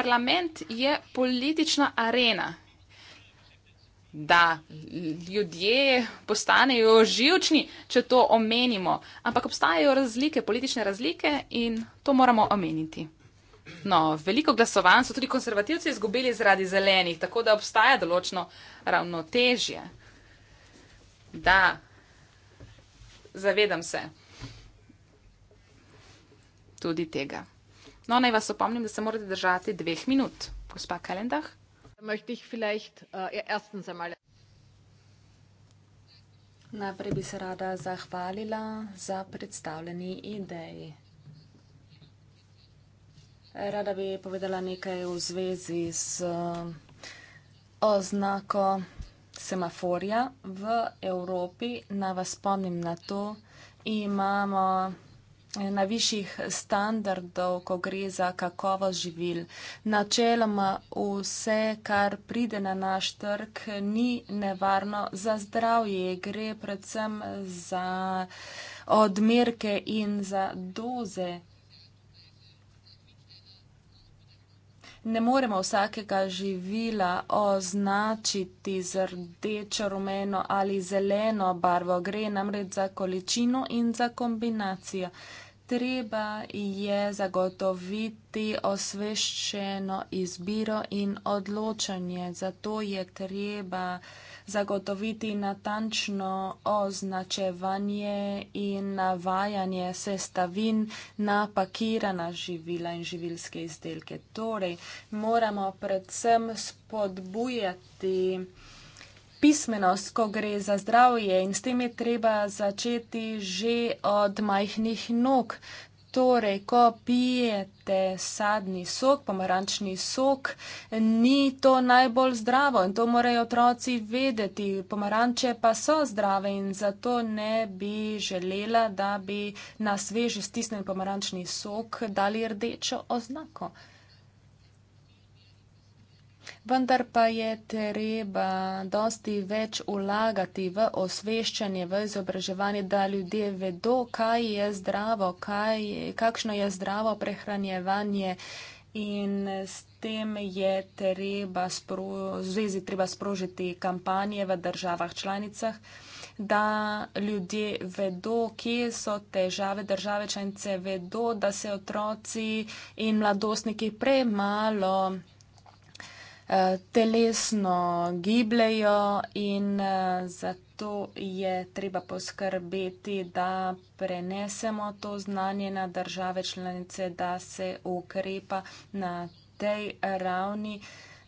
Parlament je politična arena. Da, ljudje postanejo živčni, če to omenimo, ampak obstajajo razlike, politične razlike in to moramo omeniti. No, veliko glasovanj so tudi konzervativci izgubili zaradi zelenih, tako da obstaja določeno ravnotežje. Da, zavedam se tudi tega. No, naj vas opomnim, da se morate držati dveh minut. Gospa Kalendah. Äh, Najprej bi se rada zahvalila za predstavljeni ideji. Rada bi povedala nekaj v zvezi s eh, oznako semaforja v Evropi. Naj vas spomnim na to. Imamo eh, na višjih standardov, ko gre za kakovost živil. Načeloma vse, kar pride na naš trg, ni nevarno za zdravje. Gre predvsem za odmerke in za doze ne moremo vsakega živila označiti z rdečo, rumeno ali zeleno barvo. Gre namreč za količino in za kombinacijo. Treba je zagotoviti osveščeno izbiro in odločanje. Zato je treba zagotoviti natančno označevanje in navajanje sestavin na pakirana živila in živilske izdelke. Torej, moramo predvsem spodbujati pismenost, ko gre za zdravje in s tem je treba začeti že od majhnih nog. Torej, ko pijete sadni sok, pomarančni sok, ni to najbolj zdravo in to morajo otroci vedeti. Pomaranče pa so zdrave in zato ne bi želela, da bi na sveže stisnen pomarančni sok dali rdečo oznako vendar pa je treba dosti več ulagati v osveščanje, v izobraževanje, da ljudje vedo, kaj je zdravo, kaj, kakšno je zdravo prehranjevanje. In s tem je treba, spro, v zvezi treba sprožiti kampanje v državah članicah, da ljudje vedo, kje so težave države članice, vedo, da se otroci in mladostniki premalo Eh, telesno gibljajo in eh, zato je treba poskrbeti, da prenesemo to znanje na države članice, da se ukrepa na tej ravni.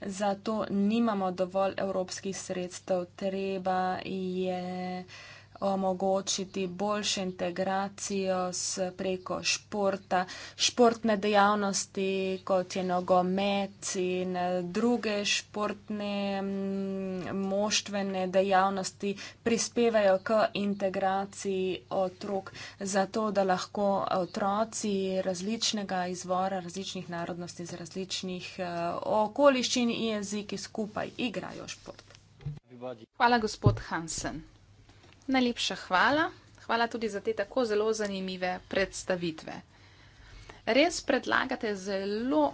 Zato nimamo dovolj evropskih sredstev, treba je omogočiti boljšo integracijo s preko športa, športne dejavnosti, kot je nogomet in eh, druge športne mm, moštvene dejavnosti, prispevajo k integraciji otrok, zato da lahko otroci različnega izvora, različnih narodnosti, z različnih eh, okoliščin in jeziki skupaj igrajo šport. Hvala, gospod Hansen. Najlepša hvala. Hvala tudi za te tako zelo zanimive predstavitve. Res predlagate zelo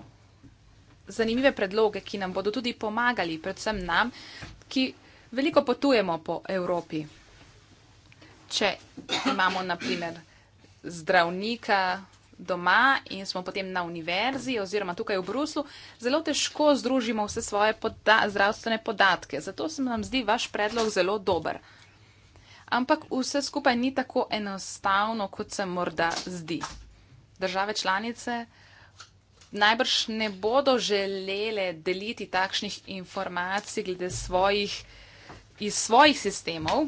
zanimive predloge, ki nam bodo tudi pomagali, predvsem nam, ki veliko potujemo po Evropi. Če imamo, naprimer, zdravnika doma in smo potem na univerzi oziroma tukaj v Bruslu, zelo težko združimo vse svoje poda zdravstvene podatke. Zato se nam zdi vaš predlog zelo dober ampak vse skupaj ni tako enostavno, kot se morda zdi. Države članice najbrž ne bodo želele deliti takšnih informacij glede svojih, iz svojih sistemov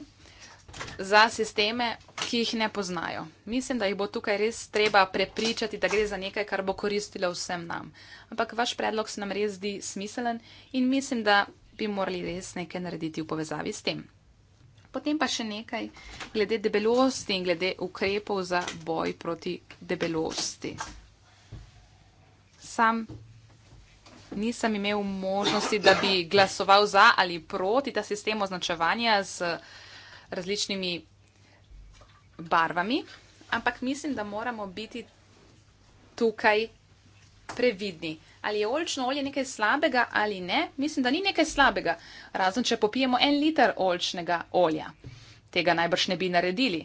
za sisteme, ki jih ne poznajo. Mislim, da jih bo tukaj res treba prepričati, da gre za nekaj, kar bo koristilo vsem nam. Ampak vaš predlog se nam res zdi smiselen in mislim, da bi morali res nekaj narediti v povezavi s tem. Potem pa še nekaj glede debelosti in glede ukrepov za boj proti debelosti. Sam nisem imel možnosti, da bi glasoval za ali proti ta sistem označevanja z različnimi barvami, ampak mislim, da moramo biti tukaj previdni. Uh, ali je olčno olje nekaj slabega ali ne, mislim, da ni nekaj slabega, razen če popijemo en liter olčnega olja. Tega najbrž ne bi naredili.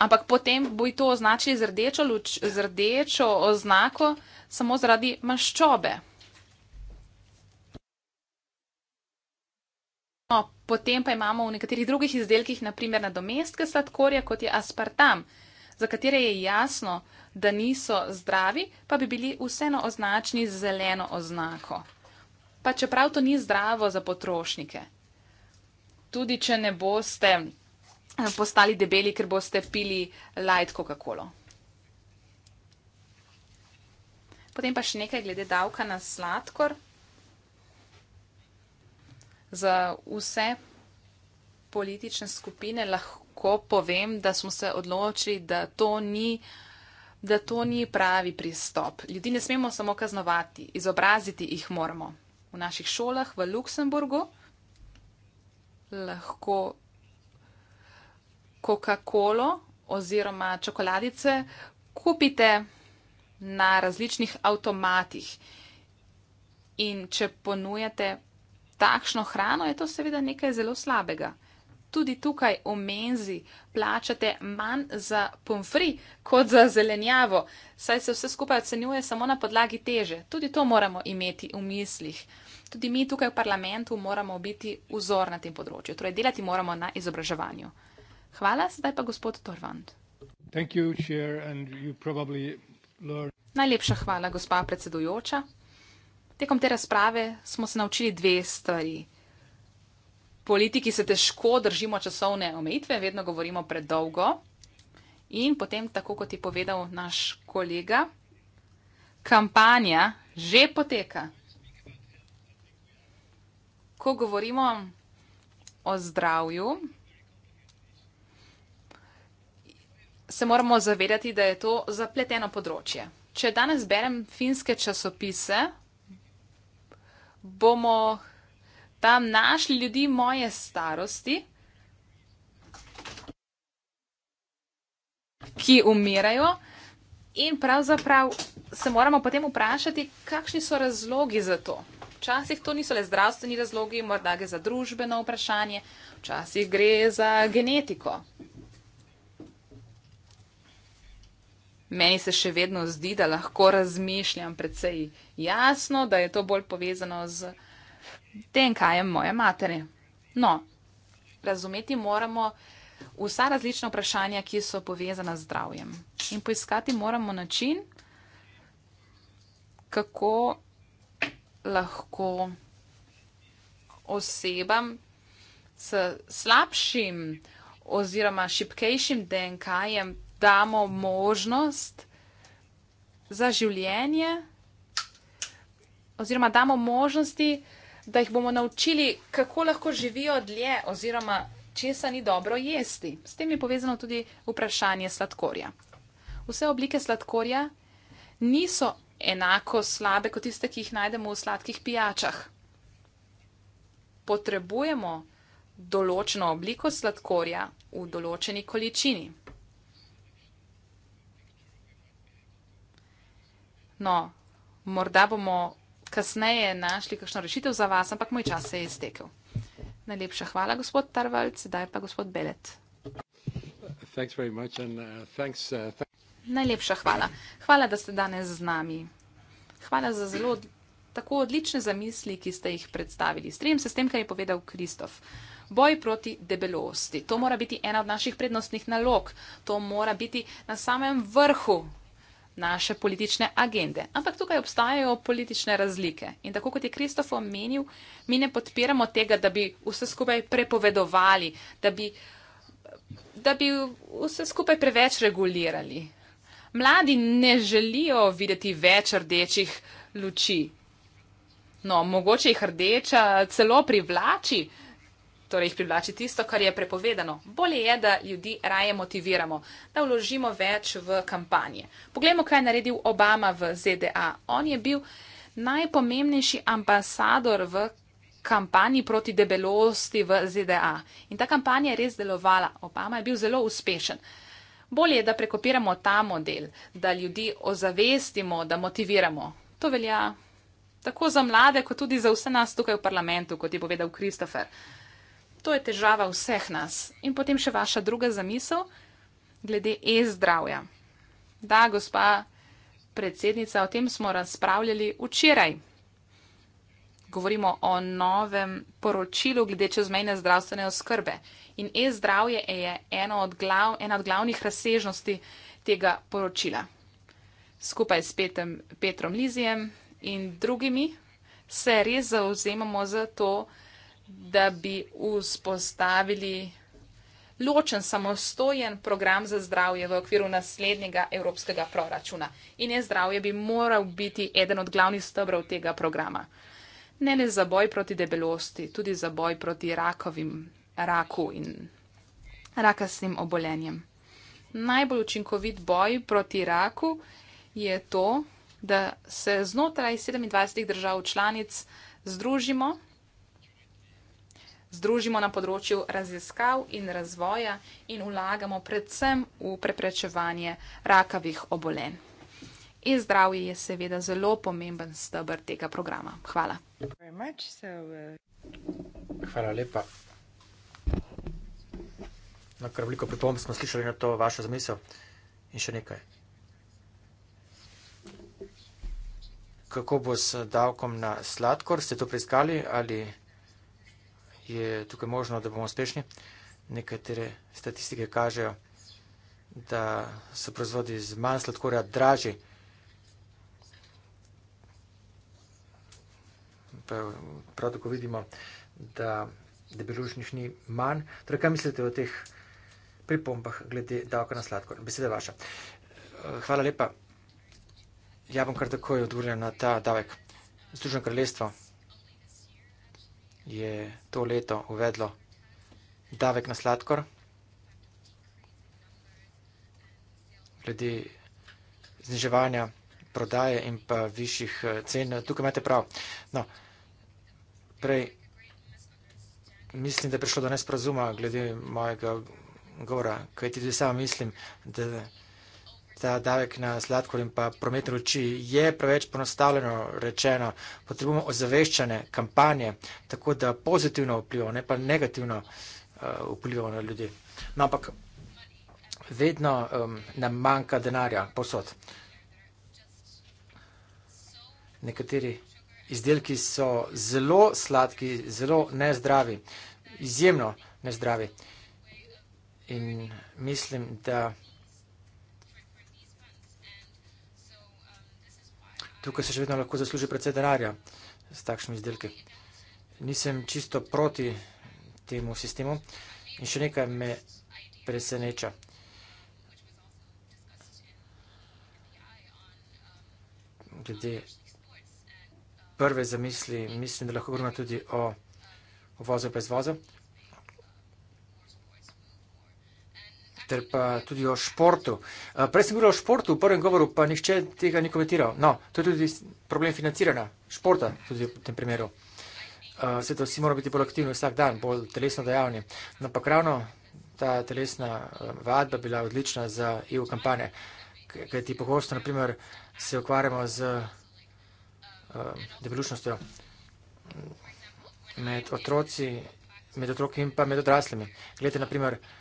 Ampak potem bo to označili z rdečo, luč, z rdečo oznako samo zaradi maščobe. No, potem pa imamo v nekaterih drugih izdelkih, naprimer na domestke sladkorja, kot je aspartam, za katere je jasno, da niso zdravi, pa bi bili vseeno označeni z zeleno oznako. Pa čeprav to ni zdravo za potrošnike. Tudi če ne boste eh, postali debeli, ker boste pili light Coca-Cola. Potem pa še nekaj glede davka na sladkor. Za vse politične skupine lahko povem, da smo se odločili, da to ni uh, da to ni pravi pristop. Ljudi ne smemo samo kaznovati, izobraziti jih moramo. V naših šolah v Luksemburgu lahko Coca-Colo oziroma čokoladice kupite na različnih avtomatih. In če ponujate takšno hrano, je to seveda nekaj zelo slabega tudi tukaj v menzi plačate manj za pomfri kot za zelenjavo, saj se vse skupaj ocenjuje samo na podlagi teže. Tudi to moramo imeti v mislih. Tudi mi tukaj v parlamentu moramo biti vzor na tem področju, torej delati moramo na izobraževanju. Hvala, zdaj pa gospod Torvand. Najlepša hvala, gospa predsedujoča. Tekom te razprave smo se naučili dve stvari politiki se težko držimo časovne omejitve, vedno govorimo predolgo. In potem, tako kot je povedal naš kolega, kampanja že poteka. Ko govorimo o zdravju, se moramo zavedati, da je to zapleteno področje. Če danes berem finske časopise, bomo tam našli ljudi moje starosti, ki umirajo, in pravzaprav se moramo potem vprašati, kakšni so razlogi za to. Včasih to niso le zdravstveni razlogi, morda gre za družbeno vprašanje, včasih gre za genetiko. Meni se še vedno zdi, da lahko razmišljam precej jasno, da je to bolj povezano z. DNK je moja matere. No, razumeti moramo vsa različna vprašanja, ki so povezana z zdravjem. In poiskati moramo način, kako lahko osebam s slabšim oziroma šipkejšim DNK damo možnost za življenje oziroma damo možnosti, da jih bomo naučili, kako lahko živijo dlje, oziroma česa ni dobro jesti. S tem je povezano tudi vprašanje sladkorja. Vse oblike sladkorja niso enako slabe kot tiste, ki jih najdemo v sladkih pijačah. Potrebujemo določeno obliko sladkorja v določeni količini. No, morda bomo kasneje našli kakšno rešitev za vas, ampak moj čas se je iztekel. Najlepša hvala, gospod Tarvalc, zdaj pa gospod Belet. Uh, uh, Najlepša hvala. Hvala, da ste danes z nami. Hvala za zelo tako odlične zamisli, ki ste jih predstavili. Strem se s tem, kar je povedal Kristof. Boj proti debelosti. To mora biti ena od naših prednostnih nalog. To mora biti na samem vrhu naše politične agende. Ampak tukaj obstajajo politične razlike. In tako kot je Kristof omenil, mi ne podpiramo tega, da bi vse skupaj prepovedovali, da bi, da bi vse skupaj preveč regulirali. Mladi ne želijo videti več rdečih luči. No, mogoče jih rdeča celo privlači, uh, torej jih privlači tisto, kar je prepovedano. Bolje je, da ljudi raje motiviramo, da vložimo več v kampanje. Poglejmo, kaj je naredil Obama v ZDA. On je bil najpomembnejši ambasador v kampanji proti debelosti v ZDA. In ta kampanja je res delovala. Obama je bil zelo uspešen. Bolje je, da prekopiramo ta model, da ljudi ozavestimo, da motiviramo. To velja tako za mlade, kot tudi za vse nas tukaj v parlamentu, kot je povedal Kristofer. To je težava vseh nas. In potem še vaša druga zamisel glede e-zdravja. Da, gospa predsednica, o tem smo razpravljali včeraj. Govorimo o novem poročilu glede čezmejne zdravstvene oskrbe. In e-zdravje je eno od glav, ena od glavnih razsežnosti tega poročila. Skupaj s Petem, Petrom Lizijem in drugimi se res zauzemamo za to, da da bi vzpostavili ločen samostojen program za zdravje v okviru naslednjega evropskega proračuna. In je zdravje bi moral biti eden od glavnih stebrov tega programa. Ne le za boj proti debelosti, tudi za boj proti rakovim raku in rakasnim obolenjem. Najbolj učinkovit boj proti raku je to, da se znotraj 27 držav članic združimo združimo na področju raziskav in razvoja in vlagamo predvsem v preprečevanje rakavih obolenj. In zdravje je seveda zelo pomemben stebr tega programa. Hvala. Hvala lepa. No, kar veliko pripomb smo slišali na to vašo zamisel in še nekaj. Kako bo s davkom na sladkor? Ste to preiskali ali? je tukaj možno, da bomo uspešni. Nekatere statistike kažejo, da so proizvodi z manj sladkorja dražji. Prav tako vidimo, da debelušnih ni manj. Torej, kaj mislite o teh pripombah glede davka na sladkor? Beseda vaša. Hvala lepa. Ja bom kar takoj odgovoril na ta davek. Združeno kraljestvo je to leto uvedlo davek na sladkor. Glede zniževanja prodaje in pa višjih eh, cen, eh, tukaj imate prav. No, prej mislim, da je prišlo do nesprazuma glede mojega govora, kajti tudi sam mislim, da je ta davek na sladkor in pa promet ruči je preveč ponostavljeno rečeno. Potrebujemo ozaveščane kampanje, tako da pozitivno vplivamo, ne pa negativno uh, eh, vplivamo na ljudi. No, ampak vedno um, nam manjka denarja posod. Nekateri izdelki so zelo sladki, zelo nezdravi, izjemno nezdravi. In mislim, da. tukaj se še vedno lahko zasluži predvsej denarja s takšnimi izdelki. Nisem čisto proti temu sistemu in še nekaj me preseneča. Glede prve zamisli, mislim, da lahko govorimo tudi o uvozu in prezvozu. ter pa tudi o športu. Prej sem govoril o športu, v prvem govoru pa nišče tega ni komentiral. No, to je tudi problem financiranja športa, tudi v tem primeru. Sveto, vsi moramo biti bolj aktivni vsak dan, bolj telesno dejavni. No, pa kravno ta telesna vadba bila odlična za EU kampanje, kaj ti pogosto, naprimer, se ukvarjamo z debelušnostjo med otroci, med otroki in pa med odraslimi. Gledajte, naprimer, vsega,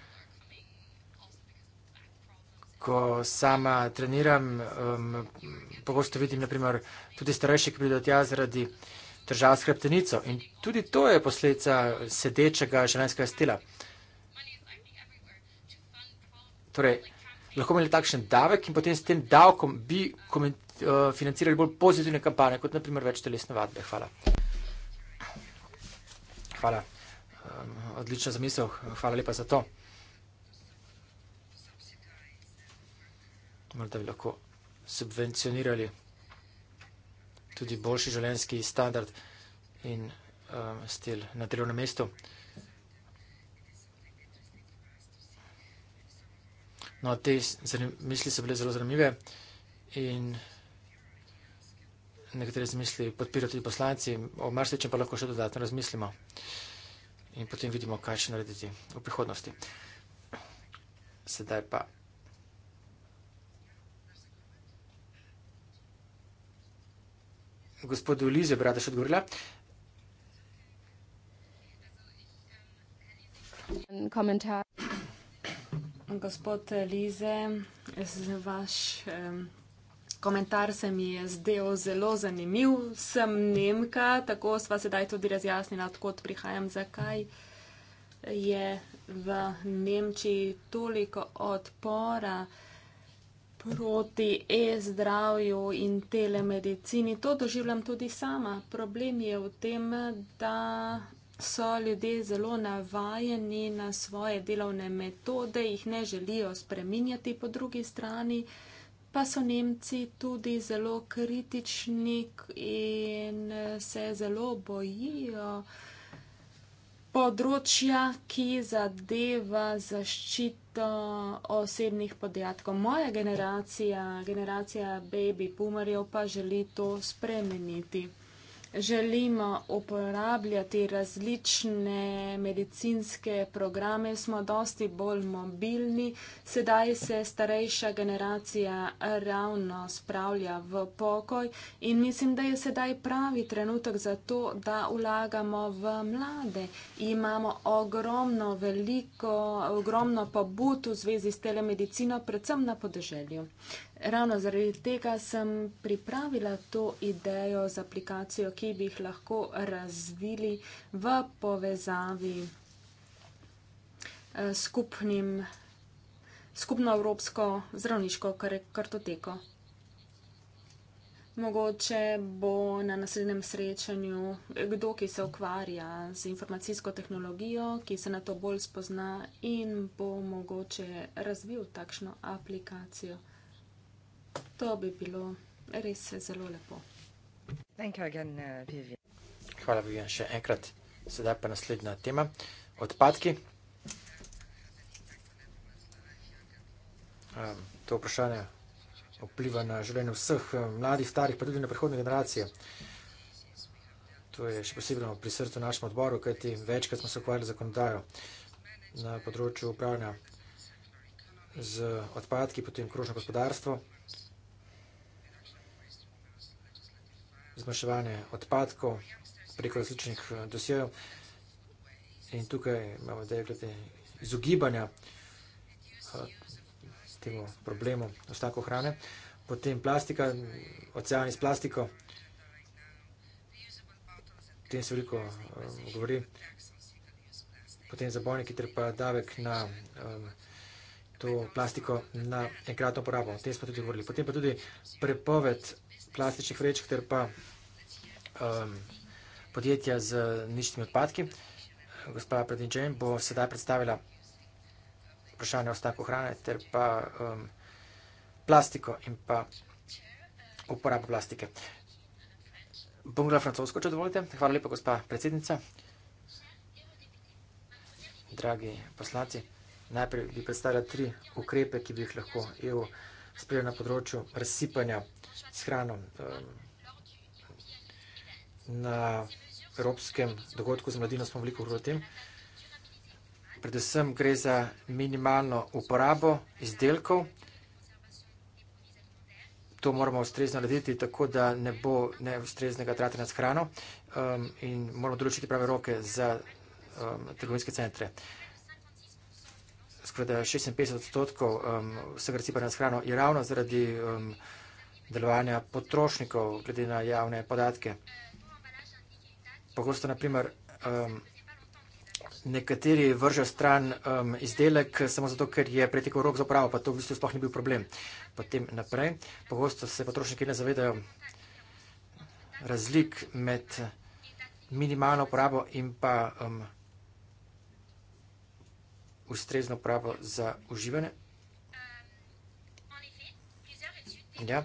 ko sama treniram, um, pogosto vidim naprimer tudi starejše, ki pridajo tja zaradi držav s hrbtenico. In tudi to je posledica sedečega ženskega stila. Torej, lahko imeli takšen davek in potem s tem davkom bi uh, financirali bolj pozitivne kampanje, kot naprimer več telesne vadbe. Hvala. Hvala. Um, odlična zamisel. Hvala lepa za to. morda bi lahko subvencionirali tudi boljši življenjski standard in um, stil na delovnem mestu. No, te misli so bile zelo zanimive in nekatere zmisli podpirajo tudi poslanci, o marsičem pa lahko še dodatno razmislimo in potem vidimo, kaj še narediti v prihodnosti. Sedaj pa gospodu Lize Bradeš odgovorila. Komentar. Gospod Lize, vaš komentar se mi je zdel zelo zanimiv. Sem Nemka, tako sva sedaj tudi razjasnila, odkot prihajam, zakaj je v Nemčiji toliko odpora proti e-zdravju in telemedicini. To doživljam tudi sama. Problem je v tem, da so ljudje zelo navajeni na svoje delovne metode, jih ne želijo spreminjati po drugi strani, pa so Nemci tudi zelo kritični in se zelo bojijo področja, ki zadeva zaščito osebnih podatkov. Moja generacija, generacija baby boomerjev, pa želi to spremeniti želimo uporabljati različne medicinske programe, smo dosti bolj mobilni. Sedaj se starejša generacija ravno spravlja v pokoj in mislim, da je sedaj pravi trenutek za to, da vlagamo v mlade. Imamo ogromno, veliko, ogromno pobud v zvezi s telemedicino, predvsem na podeželju ravno zaradi tega sem pripravila to idejo z aplikacijo, ki bi jih lahko razvili v povezavi eh, s skupnim, skupno evropsko zdravniško kartoteko. Mogoče bo na naslednjem srečanju eh, kdo, ki se ukvarja z informacijsko tehnologijo, ki se na to bolj spozna in bo mogoče razvil takšno aplikacijo. To bi bilo res zelo lepo. Again, uh, Hvala, Vivian, še enkrat. Sedaj pa naslednja tema. Odpadki. Um, to vprašanje vpliva na življenje vseh um, mladih, starih, pa tudi na prihodne generacije. To je še posebej pri srcu našem odboru, kajti večkrat smo se ukvarjali zakonodajo na področju upravljanja z odpadki, potem krožno gospodarstvo. zmanjševanje odpadkov preko različnih eh, dosjejev. In tukaj imamo zdaj glede izogibanja eh, temu problemu ostankov hrane. Potem plastika, oceani s plastiko, o tem se veliko uh, govori. Potem zabojniki ter pa davek na um, to plastiko na enkratno porabo. O tem smo tudi govorili. Potem pa tudi prepoved plastičnih vrečk ter pa um, podjetja z ničnimi odpadki. Gospa Predinčen bo sedaj predstavila vprašanje o stanku hrane ter pa um, plastiko in pa uporabo plastike. Bom gleda francosko, če dovolite. Hvala lepa, gospa predsednica. Dragi poslanci, najprej bi predstavila tri ukrepe, ki bi jih lahko EU predstavila spremljajo na področju razsipanja s hranom. Ehm, na evropskem dogodku z mladino smo veliko govorili o tem. Predvsem gre za minimalno uporabo izdelkov. To moramo ustrezno narediti tako, da ne bo neustreznega tratenja s hrano ehm, in moramo določiti prave roke za ehm, trgovinske centre skoraj 56 odstotkov um, vsega recipanja s hrano je ravno zaradi um, delovanja potrošnikov, glede na javne podatke. Pogosto, naprimer, um, nekateri vržejo stran um, izdelek samo zato, ker je pretekel rok za upravo, pa to v bistvu sploh ni bil problem. Potem naprej, pogosto se potrošniki ne zavedajo razlik med minimalno uporabo in pa um, ustrezno pravo za uživanje. Ja.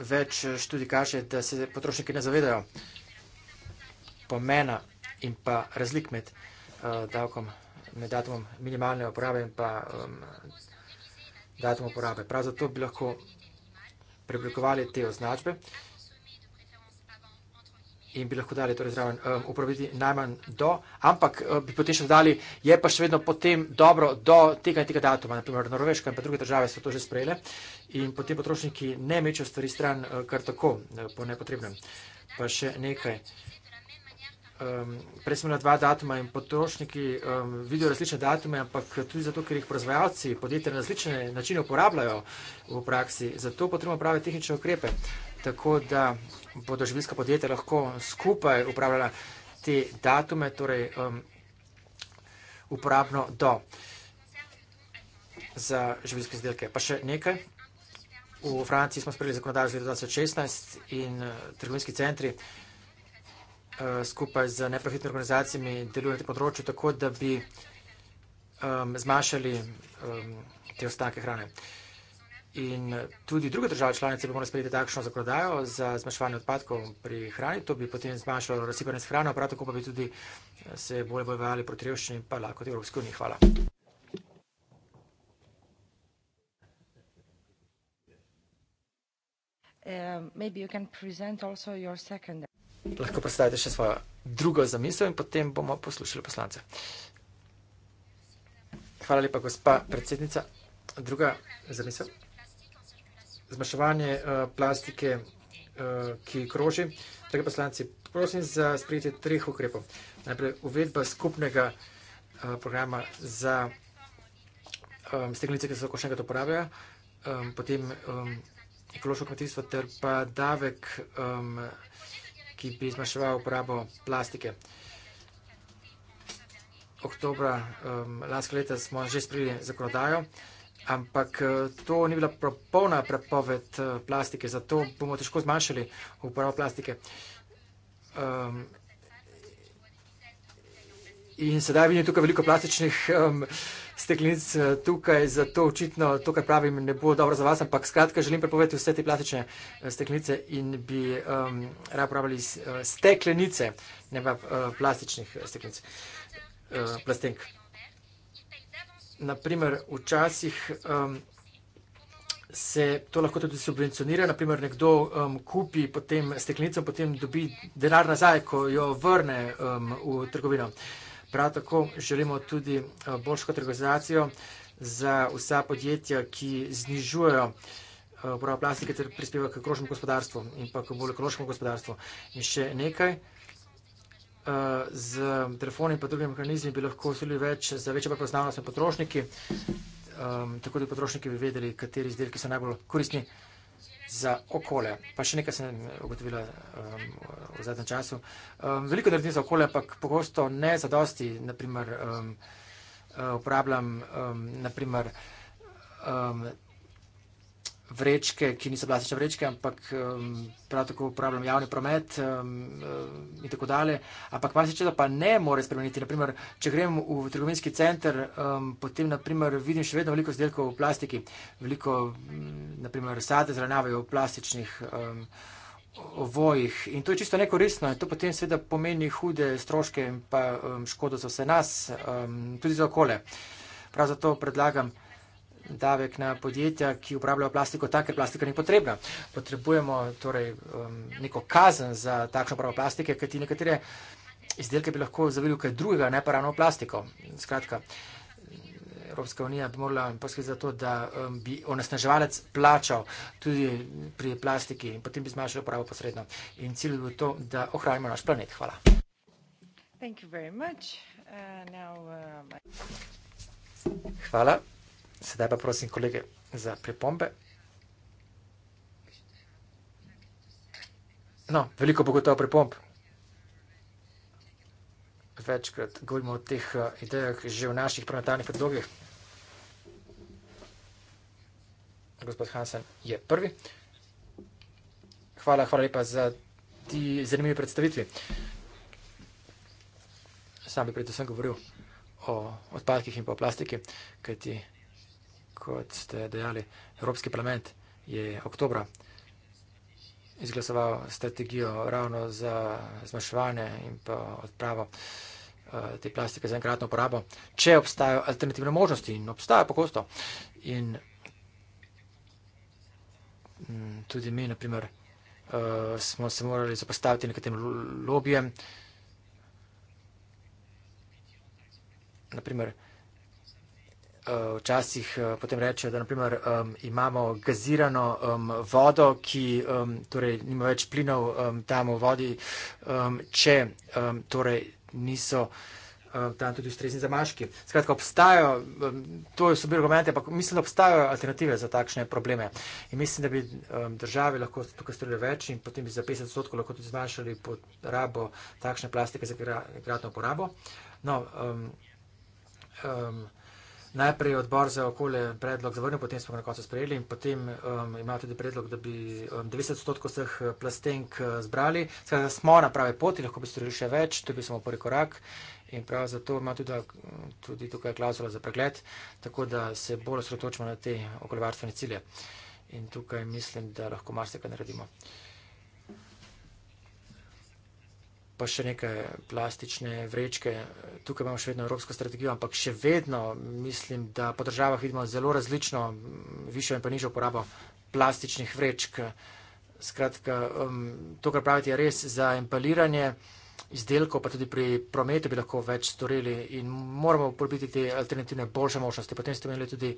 Več eh, študij kaže, da se potrošniki ne zavedajo pomena in pa razlik med uh, davkom, med datumom minimalne uporabe in pa um, datumom uporabe. Prav zato bi lahko preoblikovali te označbe. Uh, in bi lahko dali torej zraven um, uporabiti najmanj do, ampak um, bi potem še dodali, je pa še vedno potem dobro do tega in tega datuma, naprimer Norveška in pa druge države so to že sprejele in potem potrošniki ne mečejo stvari stran uh, kar tako uh, po nepotrebnem. Pa še nekaj. Um, prej smo na dva datuma in potrošniki um, vidijo različne datume, ampak tudi zato, ker jih proizvajalci podjetja na različne načine uporabljajo v praksi, zato potrebno prave tehnične ukrepe tako da bodo živilska podjetja lahko skupaj upravljala te datume, torej um, uporabno do za živilske izdelke. Pa še nekaj. V Franciji smo sprejeli zakonodajo z leta 2016 in uh, trgovinski centri uh, skupaj z neprofitnimi organizacijami delujejo na tem področju tako, da bi um, zmanjšali um, te ostanke hrane. Uh, In tudi druge države članice bi morali sprejeti takšno zakonodajo za zmanjševanje odpadkov pri hrani. To bi potem zmanjšalo razsipanje s hrano, prav tako pa bi tudi eh, se bolje bojevali proti revščini in pa lahko tudi Evropske unije. Hvala. Um, lahko predstavite še svojo drugo zamisel in potem bomo poslušali poslance. Hvala lepa, gospa predsednica. Druga zamisel? Hvala lepa, gospa predsednica zmaševanje eh, plastike, eh, ki kroži. Drage poslanci, prosim za sprejetje treh ukrepov. Najprej uvedba skupnega eh, programa za steklenice, ki se lahko še enkrat uporabljajo, potem ekološko kmetijstvo ter pa davek, ki bi zmaševal uporabo plastike. Oktobra lanskega leta smo že sprejeli zakonodajo ampak eh, to ni bila popolna prepoved eh, plastike, zato bomo težko zmanjšali uporabo plastike. Um, in sedaj vidim tukaj veliko plastičnih um, steklenic eh, tukaj, zato očitno to, kar pravim, ne bo dobro za vas, ampak skratka želim prepovedati vse te plastične steklenice in bi um, ehm, rad uporabljali steklenice, ne pa uh, plastičnih steklenic, uh, plastenk naprimer, včasih um, se to lahko tudi subvencionira, naprimer, nekdo um, kupi potem steklenico, potem dobi denar nazaj, ko jo vrne um, v trgovino. Prav tako želimo tudi uh, boljšo trgovizacijo za vsa podjetja, ki znižujejo uh, uporabo uh, plastike ter prispevajo k krožnemu gospodarstvu in pa k bolj ekološkemu gospodarstvu. In še nekaj. Eh, z telefoni in drugimi mehanizmi bi lahko služili več za večjo prepoznavnost med potrošniki, um, tako da bi potrošniki vedeli, kateri izdelki so najbolj koristni za okolje. Pa še nekaj sem ugotovila um, v zadnjem času. Um, veliko naredim za okolje, ampak pogosto ne za dosti. Naprimer, um, uh, eh, uporabljam um, naprimer, um, vrečke, ki niso plastične vrečke, ampak um, prav tako uporabljam javni promet um, um, in tako dalje. Ampak malo se čeda pa ne more spremeniti. Naprimer, če grem v trgovinski center, um, potem naprimer, vidim še vedno veliko izdelkov v plastiki. Veliko, um, mm, naprimer, sade zranjavajo v plastičnih um, ovojih in to je čisto nekoristno in to potem seveda pomeni hude stroške in pa um, škodo za vse nas, um, tudi za okole. Prav zato predlagam davek na podjetja, ki uporabljajo plastiko tako, ker plastika ni potrebna. Potrebujemo torej um, neko kazen za takšno pravo plastike, kajti nekatere izdelke bi lahko zavili v kaj drugega, ne pa ravno v plastiko. Skratka, Evropska unija bi morala poskrbeti za to, da um, bi onesnaževalec plačal tudi pri plastiki in potem bi zmanjšali uporabo posredno. In cilj bi bil to, da ohranimo naš planet. Hvala. Uh, uh, Hvala. Sedaj pa prosim kolege za pripombe. No, veliko bo gotovo pripomb. Večkrat govorimo o teh eh, idejah že v naših parlamentarnih predlogih. Gospod Hansen je prvi. Hvala, hvala lepa za ti zanimivi predstavitvi. Sam bi predvsem govoril o odpadkih in pa o plastiki, kajti kot ste dejali, Evropski parlament je oktobra izglasoval strategijo ravno za zmanjševanje in pa odpravo eh, te plastike za enkratno uporabo, če obstajajo alternativne možnosti in obstaja pogosto. In mm, tudi mi, naprimer, eh, smo se morali zapostaviti nekaterim lobijem. Naprimer, Eh, včasih eh, potem rečejo, da naprimer, um, imamo gazirano um, vodo, ki um, torej, nima več plinov um, tam v vodi, um, če um, torej, niso um, tam tudi ustrezni zamaški. Skratka, obstajajo, um, to so bili argumenti, ampak mislim, da obstajajo alternative za takšne probleme. In mislim, da bi um, države lahko tukaj storile več in potem bi za 50% lahko tudi zmanjšali porabo takšne plastike za gradno uporabo. No, um, um, najprej odbor za okolje predlog zavrnil, potem smo ga na koncu sprejeli in potem um, ima tudi predlog, da bi um, 90 odstotkov vseh uh, plastenk uh, zbrali. Skratka, smo na pravi poti, lahko bi storili še več, to bi samo prvi korak. In prav zato ima tudi, uh, tudi tukaj klauzula za pregled, tako da se bolj osredotočimo na te okoljevarstvene cilje. In tukaj mislim, da lahko marsikaj naredimo. pa še neke plastične vrečke. Tukaj imamo še vedno evropsko strategijo, ampak še vedno mislim, da po državah vidimo zelo različno, višjo in pa nižjo porabo plastičnih vrečk. Skratka, um, to, kar pravite, je res za empaliranje izdelkov, pa tudi pri prometu bi lahko več storili in moramo uporabiti te alternativne boljše možnosti. Potem ste imeli tudi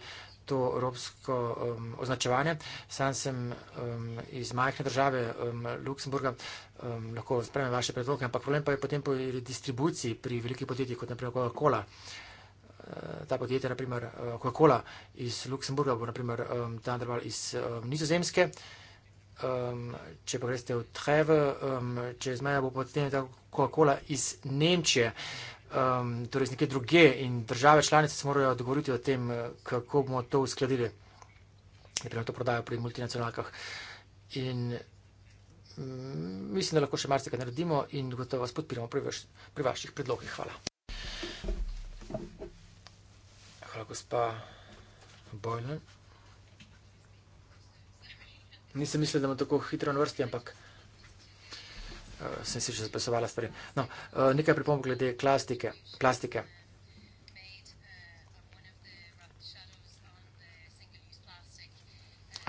to evropsko um, označevanje. Sam sem um, iz majhne države, um, Luksemburga, um, lahko spremem vaše predloge, ampak problem pa je potem po distribuciji pri velikih podjetjih, kot naprimer Coca-Cola. Uh, ta podjetja, naprimer uh, Coca-Cola iz Luksemburga, bo naprimer um, Thunderbolt iz um, Nizozemske um, če pa greste v Treve, um, ehm, čez meja bo potem ta Coca-Cola iz Nemčije, um, torej iz neke druge in države članice se morajo dogovoriti o tem, eh, kako bomo to uskladili, ker to prodajo pri multinacionalkah. In mm, mislim, da lahko še marsikaj naredimo in gotovo vas podpiramo pri, vaš, pri vaših predlogih. Hvala. Hvala, gospa Bojlen nisem mislil, da bom tako hitro na vrsti, ampak uh, sem si še zapisovala stvari. No, uh, nekaj pripomb glede plastike. plastike.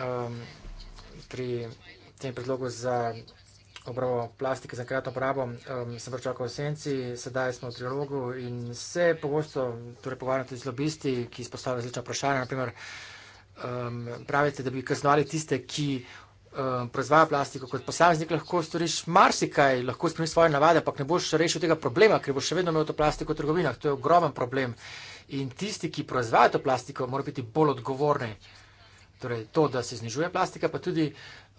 Um, pri tem predlogu za obravo plastike za kratno uporabo um, sem pričakal v senci, sedaj smo v trilogu in se pogosto torej pogovarjam tudi z lobisti, ki izpostavljajo različna vprašanja, naprimer, um, pravite, da bi kaznovali tiste, ki um, proizvajajo plastiko. Kot posameznik lahko storiš marsikaj, lahko spremeniš svoje navade, ampak ne boš rešil tega problema, ker boš še vedno imel to plastiko v trgovinah. To je ogromen problem. In tisti, ki proizvajajo to plastiko, morajo biti bolj odgovorni. Torej, to, da se znižuje plastika, pa tudi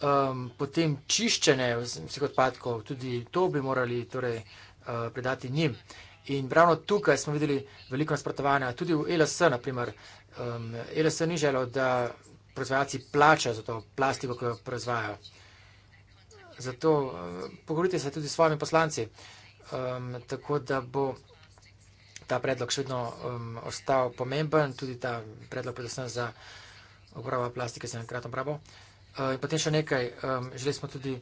um, potem čiščenje vseh odpadkov, tudi to bi morali torej, uh, predati njim. In ravno tukaj smo videli veliko nasprotovanja, tudi v LSE, naprimer, um, LSC ni želel, da proizvajalci plačajo za to plastiko, ki jo proizvajajo. Zato uh, pogovorite se tudi s svojimi poslanci, um, tako da bo ta predlog še vedno um, ostal pomemben, tudi ta predlog predvsem za uporabo plastike se enkrat obrabo. Uh, in potem še nekaj, um, želeli smo tudi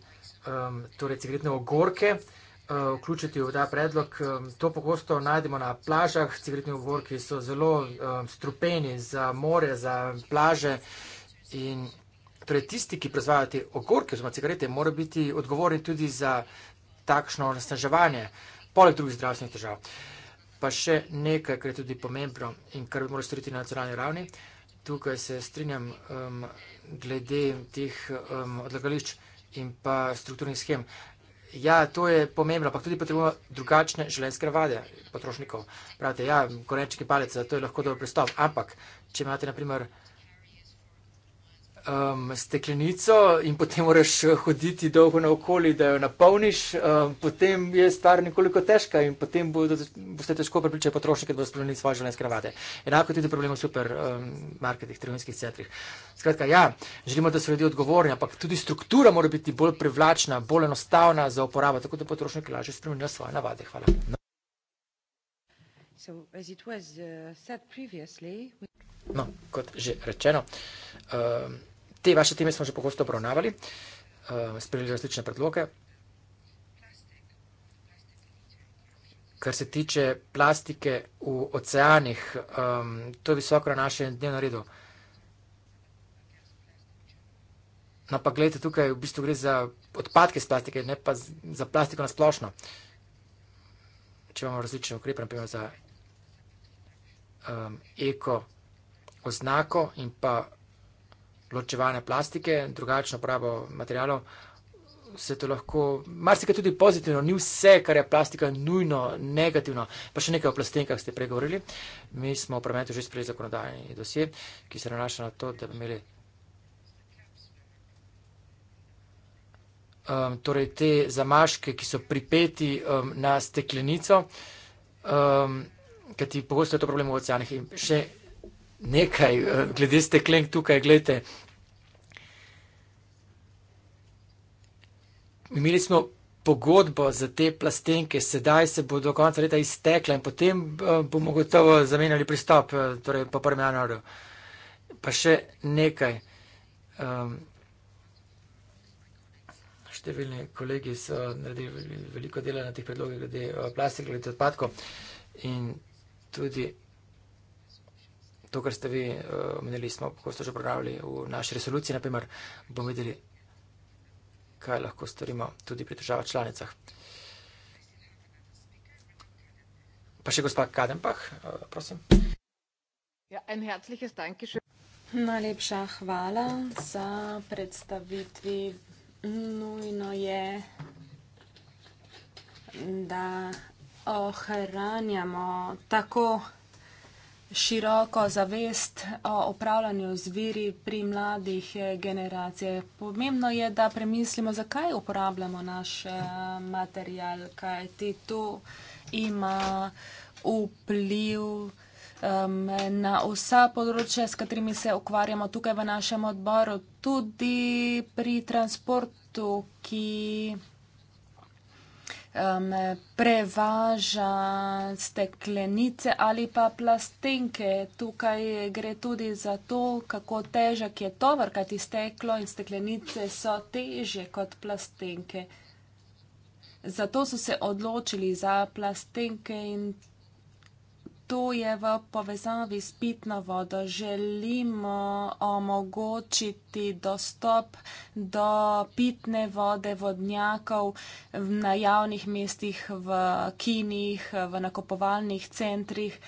um, torej cigaretne ogorke. Uh, Eh, vključiti v ta predlog. To pogosto najdemo na plažah, cigaretni ogorki so zelo strupeni za more, za plaže in torej tisti, ki proizvajajo te ogorke oziroma cigarete, morajo biti odgovorni tudi za takšno nasnaževanje, poleg drugih zdravstvenih težav. Pa še nekaj, kar je tudi pomembno in kar bi morali storiti na nacionalni ravni, tukaj se strinjam um, glede teh um, odlagališč in pa strukturnih schem. Ja, to je pomembno, ampak tudi potrebujemo drugačne življenjske navade potrošnikov. Pravite, ja, korenčki palec, zato je lahko dober pristop. Ampak, če imate, naprimer, um, steklenico in potem moraš eh, hoditi dolgo naokoli, da jo napolniš, um, potem je stvar nekoliko težka in potem boste težko prepričali potrošnike, da boste spremenili svoje življenjske navade. Enako tudi problem v supermarketih, um, trgovinskih centrih. Skratka, ja, želimo, da so ljudje odgovorni, ampak tudi struktura mora biti bolj privlačna, bolj enostavna za uporabo, tako da potrošniki lažje spremenijo svoje navade. Hvala. So, as it was uh, said previously, we... no, kot že rečeno. Um... Te vaše teme smo že pogosto obravnavali, eh, sprejeli različne predloge. Kar se tiče plastike v oceanih, ehm, to je visoko na našem dnevno redu. No, pa gledajte, tukaj v bistvu gre za odpadke iz plastike, ne pa za plastiko nasplošno. Če imamo različne ukrepe, naprimer za um, eko oznako in pa ločevanja plastike, drugačno pravo materijalov, se to lahko, marsikaj tudi pozitivno, ni vse, kar je plastika, nujno negativno. Pa še nekaj o plastenkah ste pregovorili. Mi smo v prometu že sprejeli zakonodajni dosje, ki se nanaša na to, da bi imeli. Um, torej, te zamaške, ki so pripeti um, na steklenico, um, kajti pogosto je to problem v oceanih. In še nekaj, eh, glede steklenk tukaj, gledajte. Imeli smo pogodbo za te plastenke, sedaj se bo do konca leta iztekla in potem eh, bomo gotovo zamenjali pristop, eh, torej po prvem januarju. Pa še nekaj. Um, številni kolegi so naredili veliko dela na teh predlogih glede plastike, glede odpadkov in tudi to, kar ste vi eh, omenili, uh, smo lahko že pravili v naši resoluciji, naprimer, bomo videli, kaj lahko storimo tudi pri državah članicah. Pa še gospod Kadenpah, uh, eh, prosim. Ja, en herzlich danke schön. Najlepša hvala za predstavitvi. Nujno je, da ohranjamo tako široko zavest o upravljanju z viri pri mladih eh, generacijah. Pomembno je, da premislimo, zakaj uporabljamo naš eh, material, kaj ti to ima vpliv um, na vsa področja, s katerimi se ukvarjamo tukaj v našem odboru, tudi pri transportu, ki um, prevaža steklenice ali pa plastenke. Tukaj gre tudi za to, kako težak je tovr, kajti steklo in steklenice so teže kot plastenke. Zato so se odločili za plastenke in to je v povezavi s pitno vodo. Želimo omogočiti dostop do pitne vode vodnjakov na javnih mestih, v kinih, v nakupovalnih centrih,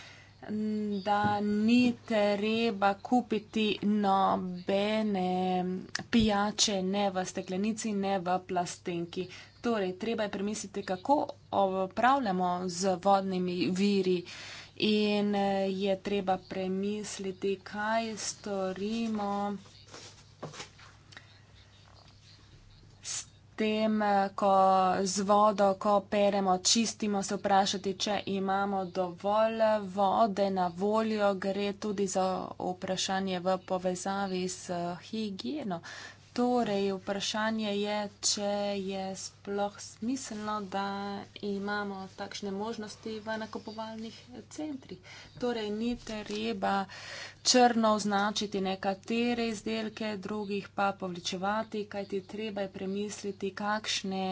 da ni treba kupiti nobene pijače, ne v steklenici, ne v plastenki. Torej, treba je premisliti, kako opravljamo z vodnimi viri in eh, je treba premisliti, kaj storimo s tem, ko z vodo, ko peremo, čistimo, se vprašati, če imamo dovolj vode na voljo, gre tudi za vprašanje v povezavi s higieno. Torej, vprašanje je, če je sploh smiselno, da imamo takšne možnosti v nakupovalnih centrih. Torej, ni treba črno označiti nekatere izdelke, drugih pa povličevati, kajti treba je premisliti, kakšne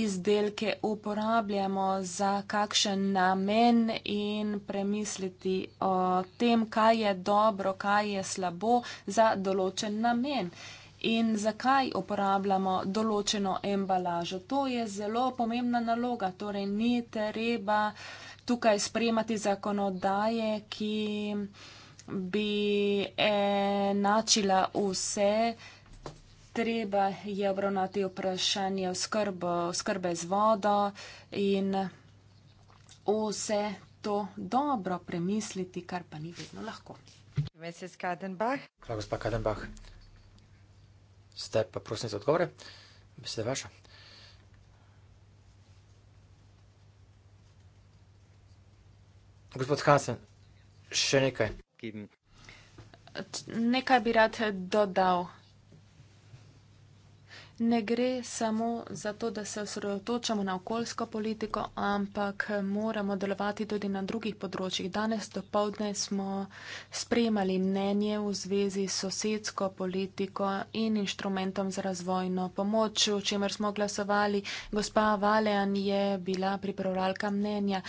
izdelke uporabljamo za kakšen namen in premisliti o tem, kaj je dobro, kaj je slabo za določen namen in zakaj uporabljamo določeno embalažo. To je zelo pomembna naloga, torej ni treba tukaj spremati zakonodaje, ki bi enačila vse. Treba je obravnati vprašanje skrbe z vodo in vse to dobro premisliti, kar pa ni vedno lahko. Hvala, gospod Kadenbach. Zdaj pa prosim za odgovore. Beseda vaša. Gospod Hansen, še nekaj. Nekaj bi rad dodal ne gre samo za to, da se osredotočamo na okoljsko politiko, ampak moramo delovati tudi na drugih področjih. Danes do povdne smo spremali mnenje v zvezi s sosedsko politiko in inštrumentom za razvojno pomoč, v čemer smo glasovali. Gospa Valean je bila pripravljalka mnenja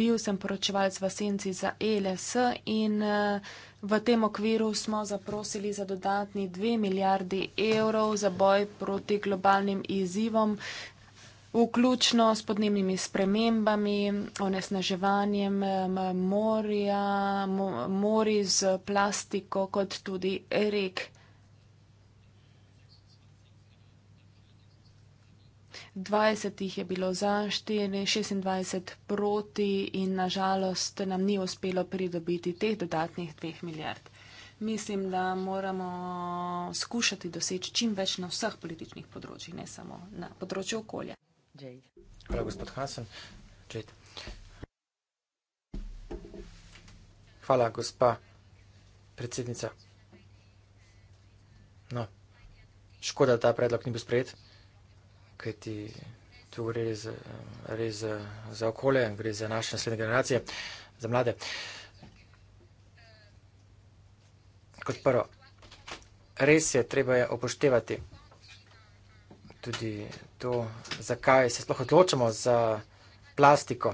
bil sem poročevalc v senci za ELS in eh, v tem okviru smo zaprosili za dodatni dve milijardi evrov za boj proti globalnim izzivom, vključno s podnebnimi spremembami, onesnaževanjem morja, mori z plastiko kot tudi rek. 20 jih je bilo za, 26 proti in nažalost nam ni uspelo pridobiti teh dodatnih 2 milijard. Mislim, da moramo skušati doseči čim več na vseh političnih področjih, ne samo na področju okolja. Hvala, gospod Hasen. Jade. Hvala, gospa predsednica. No, škoda, da ta predlog ni bil sprejet kajti tu gre za, res za, za okolje, gre za naše naslednje generacije, za mlade. Kot prvo, res je, treba je upoštevati tudi to, zakaj se sploh odločamo za plastiko.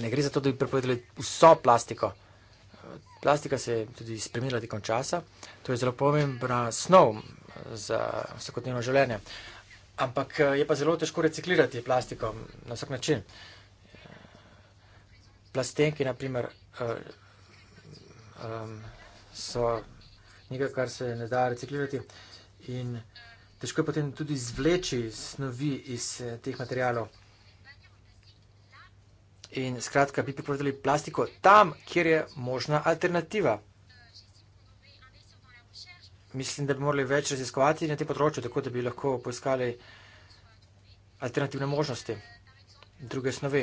Ne gre za to, da bi prepovedali vso plastiko. Plastika se je tudi spremenila tekom časa. To je zelo pomembna snov za vsakodnevno življenje. Uh, Ampak eh, je pa zelo težko reciklirati plastiko na vsak način. Plastenke, naprimer, eh, so nekaj, kar se ne da reciklirati in težko je potem tudi izvleči snovi iz eh, teh materijalov. In skratka, bi pripovedali plastiko tam, kjer je možna alternativa mislim, da bi morali več raziskovati na tem področju, tako da bi lahko poiskali alternativne možnosti, druge snovi.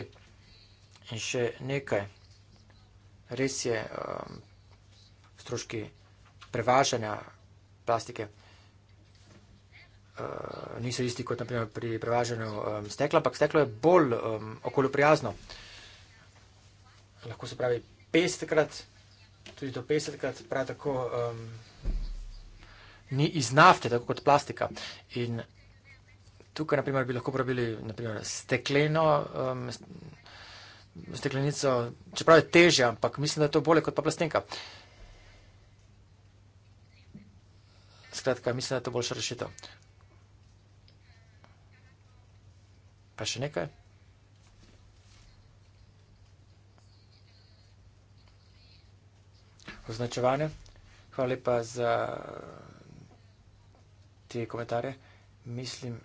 In še nekaj, res je um, stroški prevažanja plastike. Uh, niso isti kot naprimer, pri prevažanju um, stekla, ampak steklo je bolj um, okoljoprijazno. Lahko se pravi 50krat, tudi do 50krat, prav tako um, ni iz nafte, tako kot plastika. In tukaj naprimer, bi lahko uporabili naprimer, stekleno, um, steklenico, čeprav je težja, ampak mislim, da je to bolje kot pa plastenka. Skratka, mislim, da je to boljša rešitev. Pa še nekaj? Označevanje. Hvala lepa za tije komentare, mislim,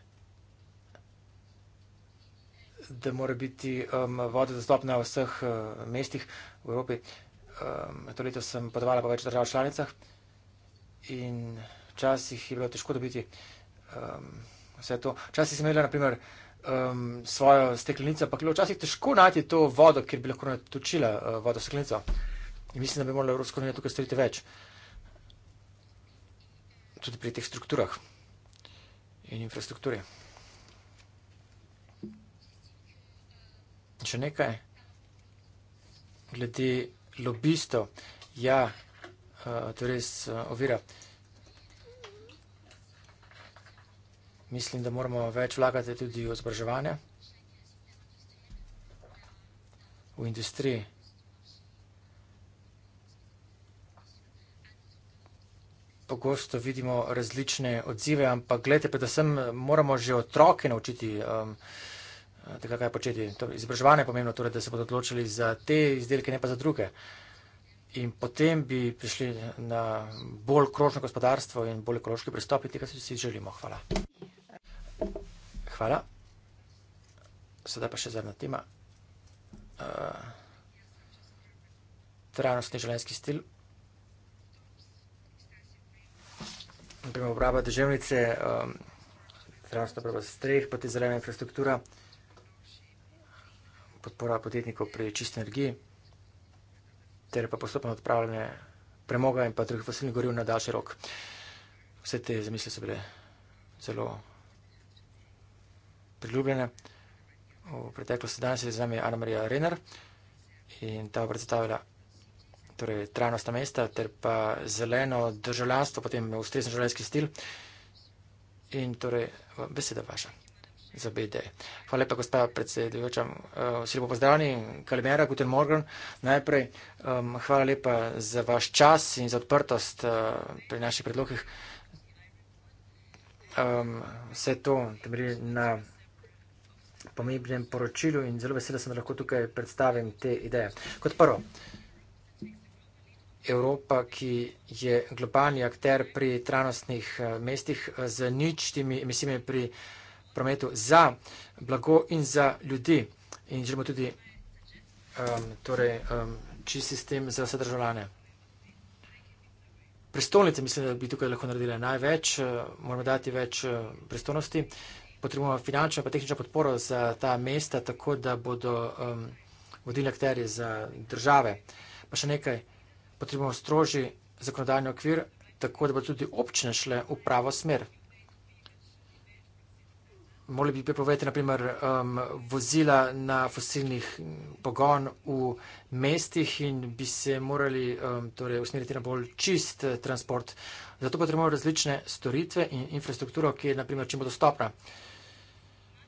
da mora biti um, voda dostopna v vseh uh, mestih v Evropi. Um, to leto sem podvala po več držav članicah in včasih je bilo težko dobiti um, vse to. Včasih sem imela, naprimer, um, svojo steklenico, pa je bilo včasih težko najti to vodo, ker bi lahko natočila uh, vodo steklenico. In mislim, da bi morala Evropska unija tukaj storiti več. Tudi pri teh strukturah in infrastrukturi. Če nekaj glede lobisto, ja, eh, to res eh, ovira. Mislim, da moramo več vlagati tudi v zbraževanje, v industriji. pogosto vidimo različne odzive, ampak gledajte, predvsem eh, moramo že otroke naučiti, um, eh, tega, kaj početi. Izobraževanje je pomembno, torej, da se bodo odločili za te izdelke, ne pa za druge. In potem bi prišli na bolj krožno gospodarstvo in bolj ekološki pristop, in tega si vsi želimo. Hvala. Hvala. Sedaj pa še zadnja tema. Uh, trajnostni življenjski stil. naprimer uporaba državnice, um, zdravstveno uprava streh, pa te zelena infrastruktura, podpora podjetnikov pri čisti energiji, ter pa postopno odpravljanje premoga in pa drugih fosilnih goriv na daljši rok. Vse te zamisle so bile zelo priljubljene. V preteklosti danes je z nami Anna Marija Renner in ta bo predstavila torej trajnostna mesta ter pa zeleno državljanstvo, potem ustrezen življenjski stil in torej beseda vaša za BD. Hvala lepa, gospa predsedujoča. Eh, vsi lepo pozdravljeni. Kalimera, Guten Morgen. Najprej um, hvala lepa za vaš čas in za odprtost uh, pri naših predlogih. Um, vse to temelji na pomembnem poročilu in zelo vesela sem, da lahko tukaj predstavim te ideje. Kot prvo, uh, Evropa, ki je globalni akter pri trajnostnih eh, mestih eh, z ničtimi emisijami pri prometu za blago in za ljudi. In želimo tudi um, torej, um, čist sistem za vse državljane. Prestolnice mislim, da bi tukaj lahko naredile največ, eh, moramo dati več pristojnosti. Potrebujemo finančno in tehnično podporo za ta mesta, tako da bodo um, vodilni akteri za države. Pa še nekaj potrebujemo strožji zakonodajni okvir, tako da bo tudi občine šle v pravo smer. Morali bi prepovedati, naprimer, um, vozila na fosilnih pogon v mestih in bi se morali um, torej usmeriti na bolj čist eh, transport. Zato potrebujemo različne storitve in infrastrukturo, ki je naprimer čim bo dostopna.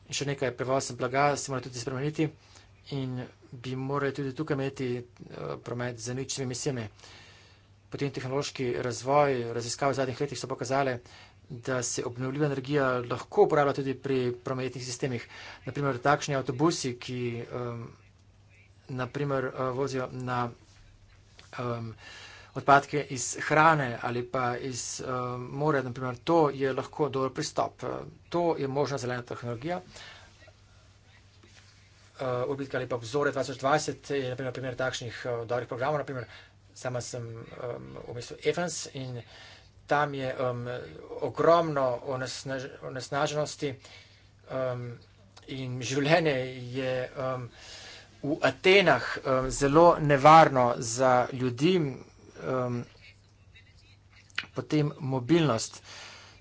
In še nekaj prevozem blaga se mora tudi spremeniti in bi morali tudi tukaj imeti eh, promet z ničnimi emisijami. Potem tehnološki razvoj, raziskave v zadnjih letih so pokazali, da se obnovljiva energija lahko uporablja tudi pri prometnih sistemih. Naprimer, takšni avtobusi, ki um, naprimer eh, vozijo na um, odpadke iz hrane ali pa iz um, morja, naprimer, to je lahko dober pristop. To je možna zelena tehnologija. Uh, uh, orbit ali pa vzore 2020, je naprimer, primer takšnih uh, dobrih programov. Naprimer, sama sem um, v mislu EFANS in tam je um, ogromno onesnaž onesnaženosti um, in življenje je um, v Atenah um, zelo nevarno za ljudi. Um, potem mobilnost.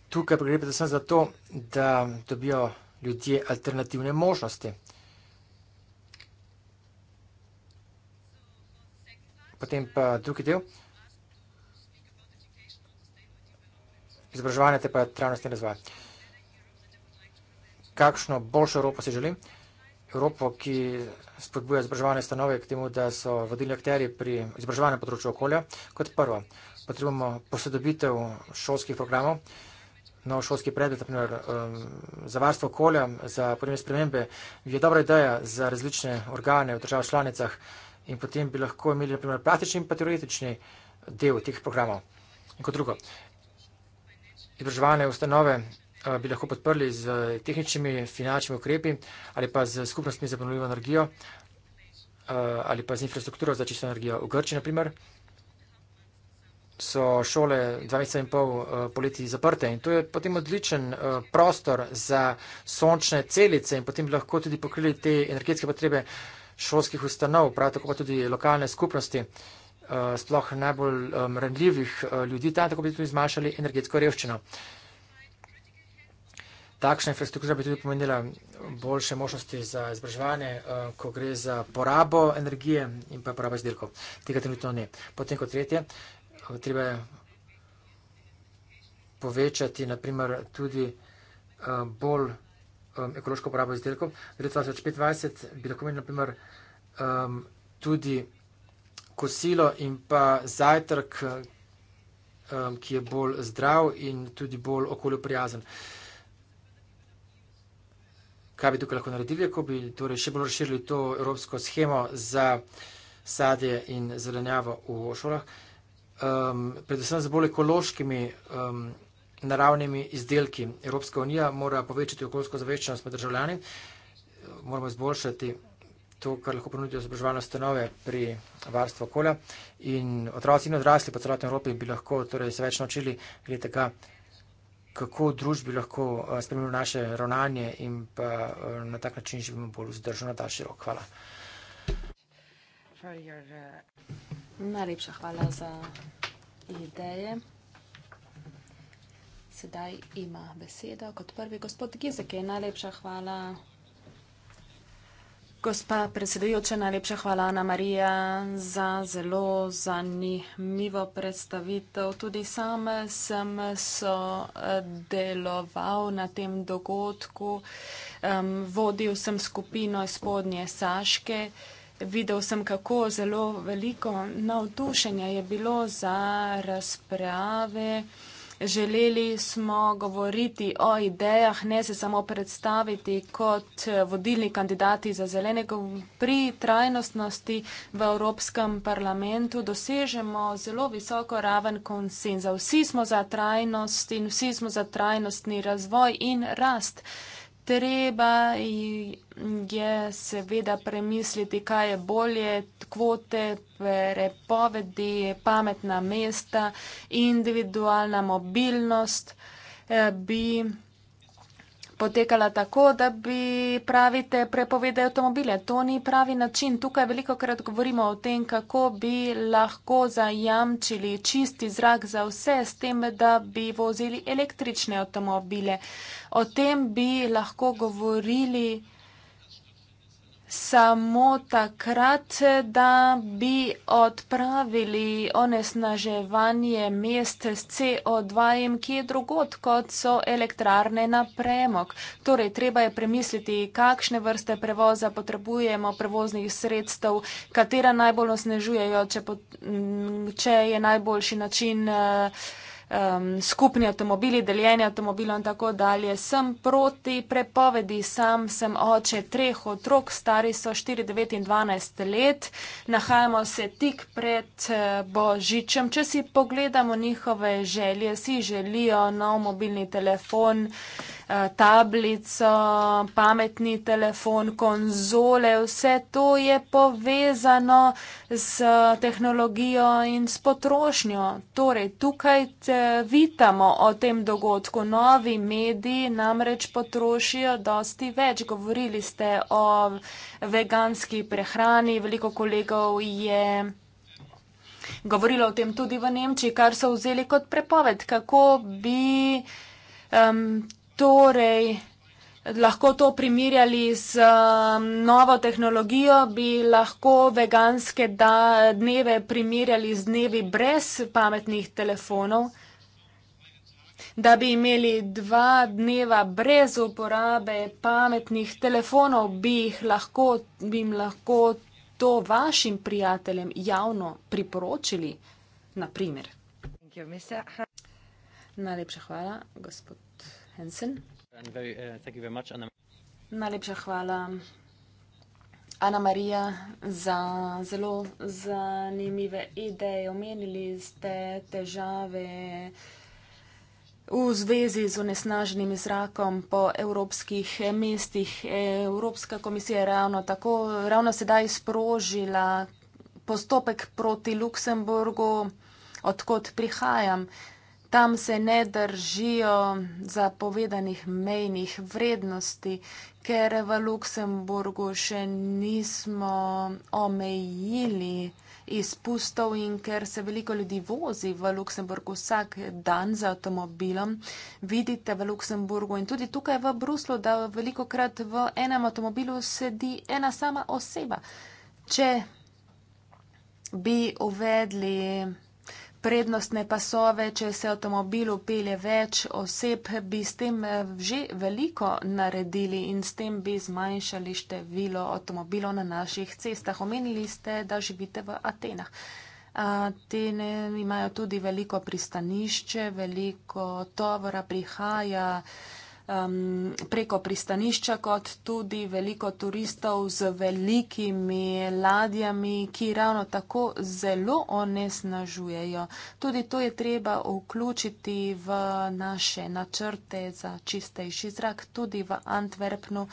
Tukaj pa gre predvsem za to, da dobijo ljudje alternativne možnosti. Potem pa drugi del. Izobraževanje te pa je trajnostni razvoj. Kakšno boljšo Evropo si želim? Evropo, ki spodbuja izobraževanje stanove k temu, da so vodilni akteri pri izobraževanju področju okolja. Kot prvo, potrebujemo posodobitev šolskih programov, nov šolski predmet, naprimer um, za varstvo okolja, za podnebne spremembe. Je dobra ideja za različne organe v državah članicah, in potem bi lahko imeli naprimer praktični in pa teoretični del teh programov. In kot drugo, izbržavane ustanove eh, bi lahko podprli z tehničnimi finančnimi ukrepi ali pa z skupnostmi za ponovljivo energijo eh, ali pa z infrastrukturo za čisto energijo. V Grči, naprimer, so šole dva meseca in pol eh, poleti zaprte in to je potem odličen prostor za sončne celice in potem bi lahko tudi pokrili te energetske potrebe, šolskih ustanov, prav tako pa tudi lokalne skupnosti, eh, sploh najbolj mrenljivih eh, ljudi, tako bi tudi zmanjšali energetsko revščino. Takšna infrastruktura bi tudi pomenila boljše možnosti za izbraževanje, eh, ko gre za porabo energije in pa porabo izdelkov. Tega trenutno ne. Potem kot tretje, treba je povečati naprimer tudi bolj vsega, um, ekološko porabo izdelkov. V letu 2025 bi lahko imeli naprimer um, tudi kosilo in pa zajtrk, um, ki je bolj zdrav in tudi bolj okolju prijazen. Kaj bi tukaj lahko naredili, ko bi torej še bolj razširili to evropsko schemo za sadje in zelenjavo v šolah, um, predvsem z bolj ekološkimi. Um, naravnimi izdelki. Evropska unija mora povečati okoljsko zaveščenost med državljani, moramo izboljšati to, kar lahko ponudijo izobraževalne ustanove pri varstvu okolja in otroci in odrasli po celotni Evropi bi lahko torej, se več naučili, glede tega, kako v družbi lahko eh, spremenimo naše ravnanje in pa eh, na tak način živimo bolj vzdržno na daljši rok. Hvala. Eh, Najlepša hvala za ideje sedaj ima besedo kot prvi gospod Gizek. Najlepša hvala. Gospa predsedujoča, najlepša hvala Ana Marija za zelo zanimivo predstavitev. Tudi sam sem sodeloval na tem dogodku, um, vodil sem skupino izpodnje Saške. Videl sem, kako zelo veliko navdušenja je bilo za razprave. Želeli smo govoriti o idejah, ne se samo predstaviti kot eh, vodilni kandidati za zelene. Pri trajnostnosti v Evropskem parlamentu dosežemo zelo visoko raven konsenza. Vsi smo za trajnost in vsi smo za trajnostni razvoj in rast treba je seveda premisliti, kaj je bolje, kvote, prepovedi, pametna mesta, individualna mobilnost eh, bi potekala tako, da bi pravite prepovedali avtomobile. To ni pravi način. Tukaj veliko krat govorimo o tem, kako bi lahko zajamčili čisti zrak za vse, s tem, da bi vozili električne avtomobile. O tem bi lahko govorili samo takrat, da bi odpravili onesnaževanje mest s CO2, ki je drugot, kot so elektrarne na premog. Torej, treba je premisliti, kakšne vrste prevoza potrebujemo, prevoznih sredstev, katera najbolj osnežujejo, če, po, če je najboljši način. Uh, um, skupni avtomobili, deljeni avtomobili in tako dalje. Sem proti prepovedi, sam sem oče treh otrok, stari so 4, 9 in 12 let. Nahajamo se tik pred uh, Božičem. Če si pogledamo njihove želje, si želijo nov mobilni telefon, uh, tablico, pametni telefon, konzole, vse to je povezano s uh, tehnologijo in s potrošnjo. Torej, tukaj te vitamo o tem dogodku. Novi mediji namreč potrošijo dosti več. Govorili ste o veganski prehrani, veliko kolegov je govorilo o tem tudi v Nemčiji, kar so vzeli kot prepoved. Kako bi um, torej lahko to primirjali z um, novo tehnologijo, bi lahko veganske da, dneve primirjali z dnevi brez pametnih telefonov da bi imeli dva dneva brez uporabe pametnih telefonov, bi, lahko, bi jim lahko to vašim prijateljem javno priporočili, naprimer. Najlepša hvala, gospod Hansen. Uh, Najlepša hvala, Ana Marija, za zelo zanimive ideje. Omenili ste težave uh, v zvezi z onesnaženim zrakom po evropskih mestih. Evropska komisija je ravno tako, ravno sedaj sprožila postopek proti Luksemburgu, odkot prihajam. Tam se ne držijo zapovedanih mejnih vrednosti, ker v Luksemburgu še nismo omejili izpustov in ker se veliko ljudi vozi v Luksemburgu vsak dan z avtomobilom, vidite v Luksemburgu in tudi tukaj v Bruslu, da veliko krat v enem avtomobilu sedi ena sama oseba. Če bi uvedli prednostne pasove, če se avtomobilu pele več oseb, bi s tem eh, že veliko naredili in s tem bi zmanjšali število avtomobilov na naših cestah. Omenili ste, da živite v Atenah. Atene imajo tudi veliko pristanišče, veliko tovora prihaja um, preko pristanišča, kot tudi veliko turistov z velikimi ladjami, ki ravno tako zelo onesnažujejo. Tudi to je treba vključiti v naše načrte za čistejši zrak. Tudi v Antwerpnu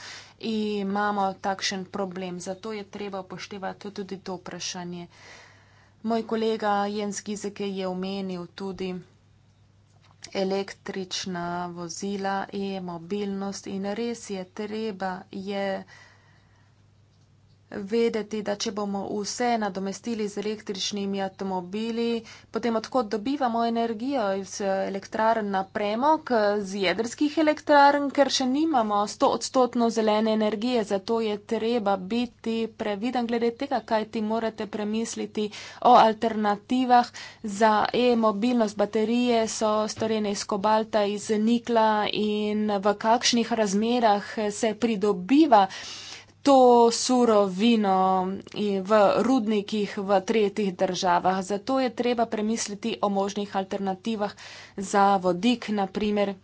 imamo takšen problem, zato je treba upoštevati tudi to vprašanje. Moj kolega Jens Gizeke je omenil tudi, električna vozila, e-mobilnost in res je treba je vedeti, da če bomo vse nadomestili z električnimi avtomobili, potem odkot dobivamo energijo iz elektrarn na premok, z jedrskih elektrarn, ker še nimamo 100 odstotno zelene energije, zato je treba biti previden glede tega, kaj ti morate premisliti o alternativah za e-mobilnost. Baterije so storjene iz kobalta, iz nikla in v kakšnih razmerah se pridobiva to surovino v rudnikih v tretjih državah. Zato je treba premisliti o možnih alternativah za vodik, naprimer.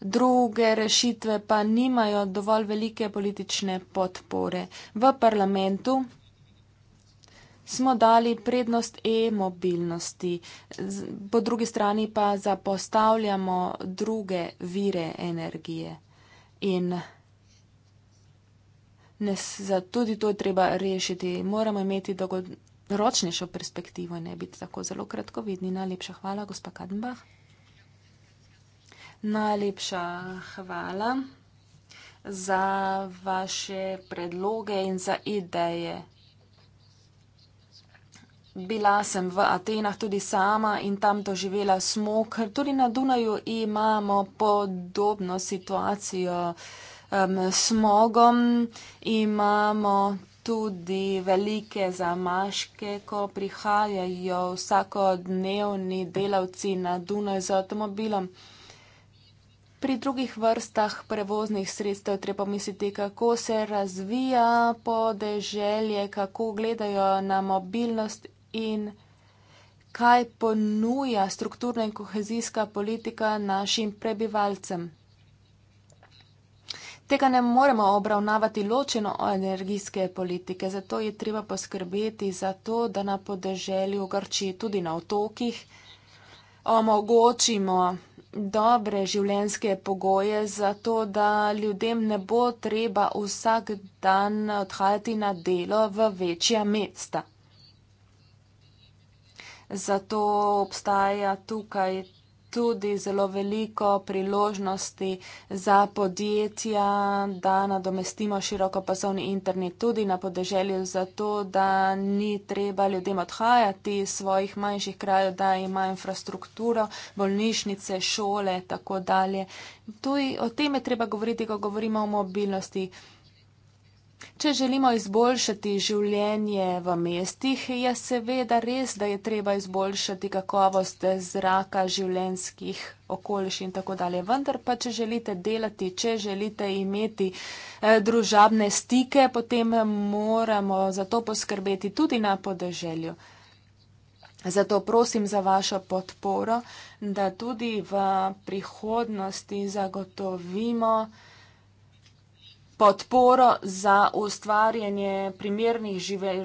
Druge rešitve pa nimajo dovolj velike politične podpore. V parlamentu smo dali prednost e-mobilnosti, po drugi strani pa zapostavljamo druge vire energije. In ne, za tudi to je treba rešiti. Moramo imeti dolgoročnejšo perspektivo in ne biti tako zelo kratkovidni. Najlepša hvala, gospa Kadenbach. Najlepša hvala za vaše predloge in za ideje. Bila sem v Atenah tudi sama in tam doživela smog, ker tudi na Dunaju imamo podobno situacijo um, smogom, imamo tudi velike zamaške, ko prihajajo vsakodnevni delavci na Dunaj z avtomobilom. Pri drugih vrstah prevoznih sredstev treba misliti, kako se razvija podeželje, kako gledajo na mobilnost in kaj ponuja strukturna in kohezijska politika našim prebivalcem tega ne moremo obravnavati ločeno energijske politike, zato je treba poskrbeti za to, da na podeželju v Grčiji, tudi na otokih, omogočimo dobre življenske pogoje, zato da ljudem ne bo treba vsak dan odhajati na delo v večja mesta. Zato obstaja tukaj tudi zelo veliko priložnosti za podjetja, da nadomestimo širokopasovni internet tudi na podeželju, zato da ni treba ljudem odhajati iz svojih manjših krajev, da ima infrastrukturo, bolnišnice, šole in tako dalje. Tudi o tem je treba govoriti, ko govorimo o mobilnosti. Če želimo izboljšati življenje v mestih, je seveda res, da je treba izboljšati kakovost zraka, življenskih okoliščin in tako dalje. Vendar pa, če želite delati, če želite imeti eh, družabne stike, potem moramo za to poskrbeti tudi na podeželju. Zato prosim za vašo podporo, da tudi v prihodnosti zagotovimo, podporo za ustvarjanje primernih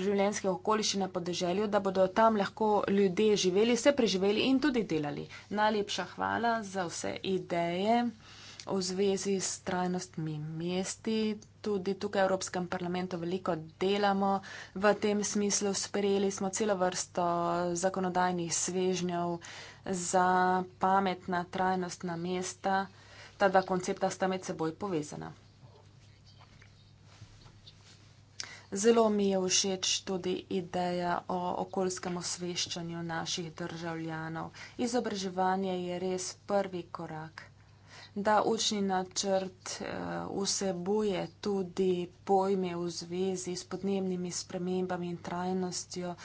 življenjskih okoliščin na podeželju, da bodo tam lahko ljudje živeli, vse preživeli in tudi delali. Najlepša hvala za vse ideje v zvezi s trajnostmi mesti. Tudi tukaj v Evropskem parlamentu veliko delamo v tem smislu. Sprejeli smo celo vrsto zakonodajnih svežnjev za pametna, trajnostna mesta. Ta dva koncepta sta med seboj povezana. Zelo mi je všeč tudi ideja o okoljskem osveščanju naših državljanov. Izobraževanje je res prvi korak. Da učni načrt eh, vsebuje tudi pojme v zvezi s podnebnimi spremembami in trajnostjo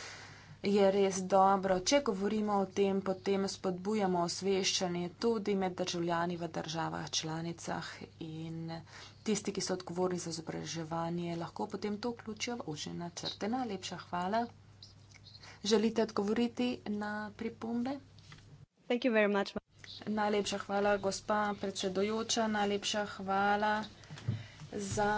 je res dobro. Če govorimo o tem, potem spodbujamo osveščanje tudi med državljani v državah članicah in tisti, ki so odgovorni za izobraževanje, lahko potem to vključijo v učne načrte. Najlepša hvala. Želite odgovoriti na pripombe? Thank you very much. Najlepša hvala, gospa predsedojoča, najlepša hvala za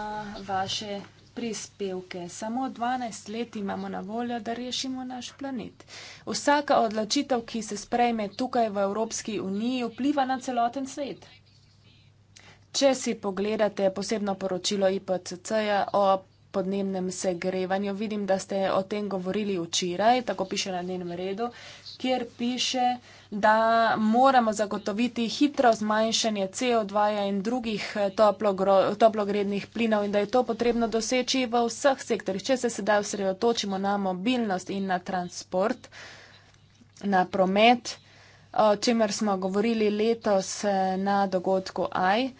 vaše prispevke. Samo 12 let imamo na voljo, da rešimo naš planet. Vsaka odločitev, ki se sprejme tukaj v Evropski uniji, vpliva na celoten svet. Če si pogledate posebno poročilo IPCC-ja o podnebnem segrevanju. Vidim, da ste o tem govorili včeraj, tako piše na njenem redu, kjer piše, da moramo zagotoviti hitro zmanjšanje CO2 -ja in drugih eh, toplogrednih plinov in da je to potrebno doseči v vseh sektorjih. Če se sedaj osredotočimo na mobilnost in na transport, na promet, o čemer smo govorili letos eh, na dogodku AI.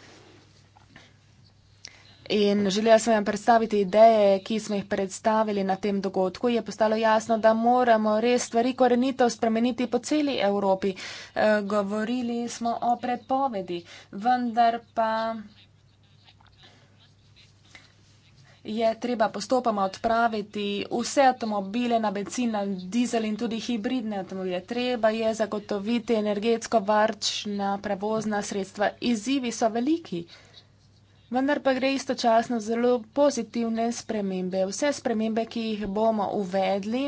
In želela sem vam predstaviti ideje, ki smo jih predstavili na tem dogodku. Je postalo jasno, da moramo res stvari korenito spremeniti po celi Evropi. E, govorili smo o predpovedi, vendar pa je treba postopoma odpraviti vse avtomobile na benzin, na dizel in tudi hibridne avtomobile. Treba je zagotoviti energetsko varčna prevozna sredstva. Izzivi so veliki. Vendar pa gre istočasno zelo pozitivne spremembe. Vse spremembe, ki jih bomo uvedli,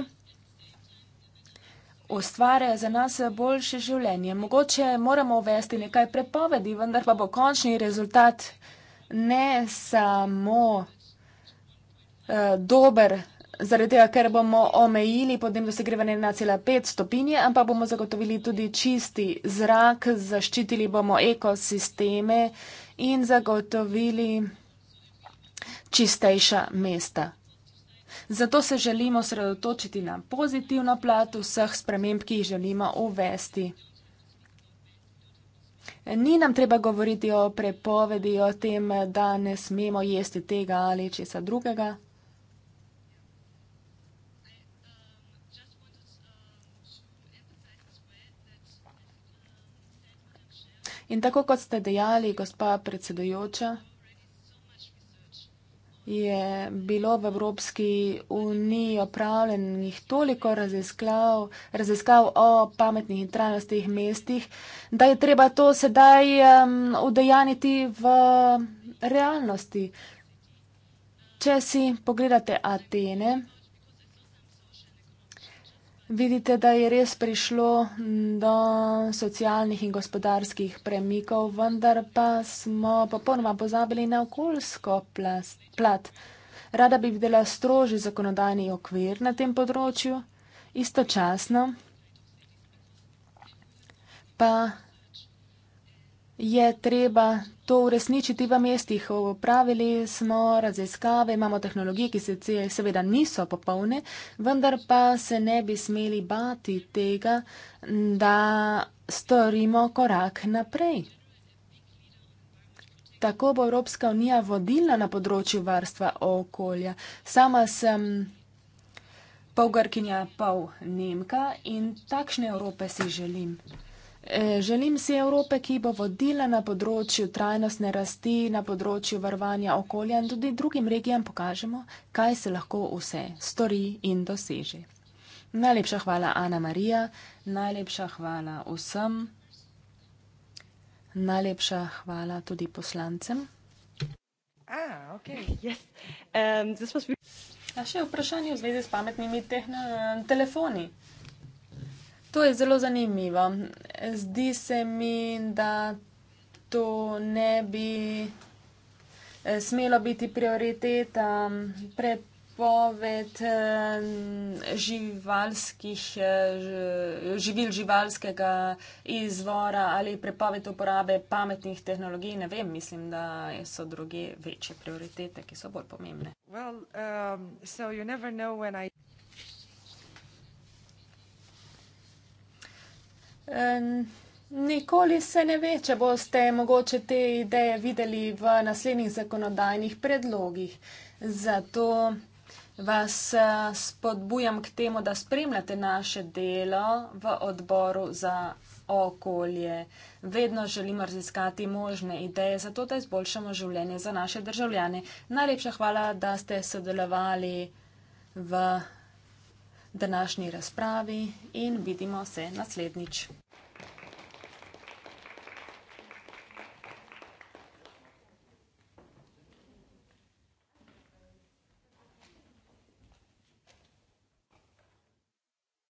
ustvarjajo za nas boljše življenje. Mogoče moramo uvesti nekaj prepovedi, vendar pa bo končni rezultat ne samo eh, dober, zaradi tega, ker bomo omejili podnebno segrevanje na 1,5 stopinje, ampak bomo zagotovili tudi čisti zrak, zaščitili bomo ekosisteme in zagotovili čistejša mesta. Zato se želimo sredotočiti na pozitivno plat vseh sprememb, ki jih želimo uvesti. Ni nam treba govoriti o prepovedi, o tem, da ne smemo jesti tega ali česa drugega. In tako kot ste dejali, gospa predsedujoča, je bilo v Evropski uniji opravljenih toliko raziskav, raziskav o pametnih in trajnostnih mestih, da je treba to sedaj udejaniti v realnosti. Če si pogledate Atene, Vidite, da je res prišlo do socialnih in gospodarskih premikov, vendar pa smo popolnoma pozabili na okoljsko plat. Rada bi videla strožji zakonodajni okvir na tem področju, istočasno pa je treba to uresničiti v mestih. Upravili smo raziskave, imamo tehnologije, ki se seveda niso popolne, vendar pa se ne bi smeli bati tega, da storimo korak naprej. Tako bo Evropska unija vodila na področju varstva okolja. Sama sem pol Grkinja, pol Nemka in takšne Evrope si želim. Eh, želim si Evrope, ki bo vodila na področju trajnostne rasti, na področju varovanja okolja in tudi drugim regijam pokažemo, kaj se lahko vse stori in doseže. Najlepša hvala, Ana Marija, najlepša hvala vsem, najlepša hvala tudi poslancem. Ah, okay. yes. um, was... A še vprašanje v zvezi s pametnimi tehn... telefoni to je zelo zanimivo. Zdi se mi, da to ne bi eh, smelo biti prioriteta mm, pred. Poved mm, živalskih, eh, živil živalskega izvora ali prepoved uporabe pametnih tehnologij, ne vem, mislim, da so druge večje prioritete, ki so bolj pomembne. Well, um, I... Nikoli se ne ve, če boste mogoče te ideje videli v naslednjih zakonodajnih predlogih. Zato vas eh, spodbujam k temu, da spremljate naše delo v odboru za okolje. Vedno želimo raziskati možne ideje, zato da izboljšamo življenje za naše državljane. Najlepša hvala, da ste sodelovali v današnji razpravi in vidimo se naslednjič.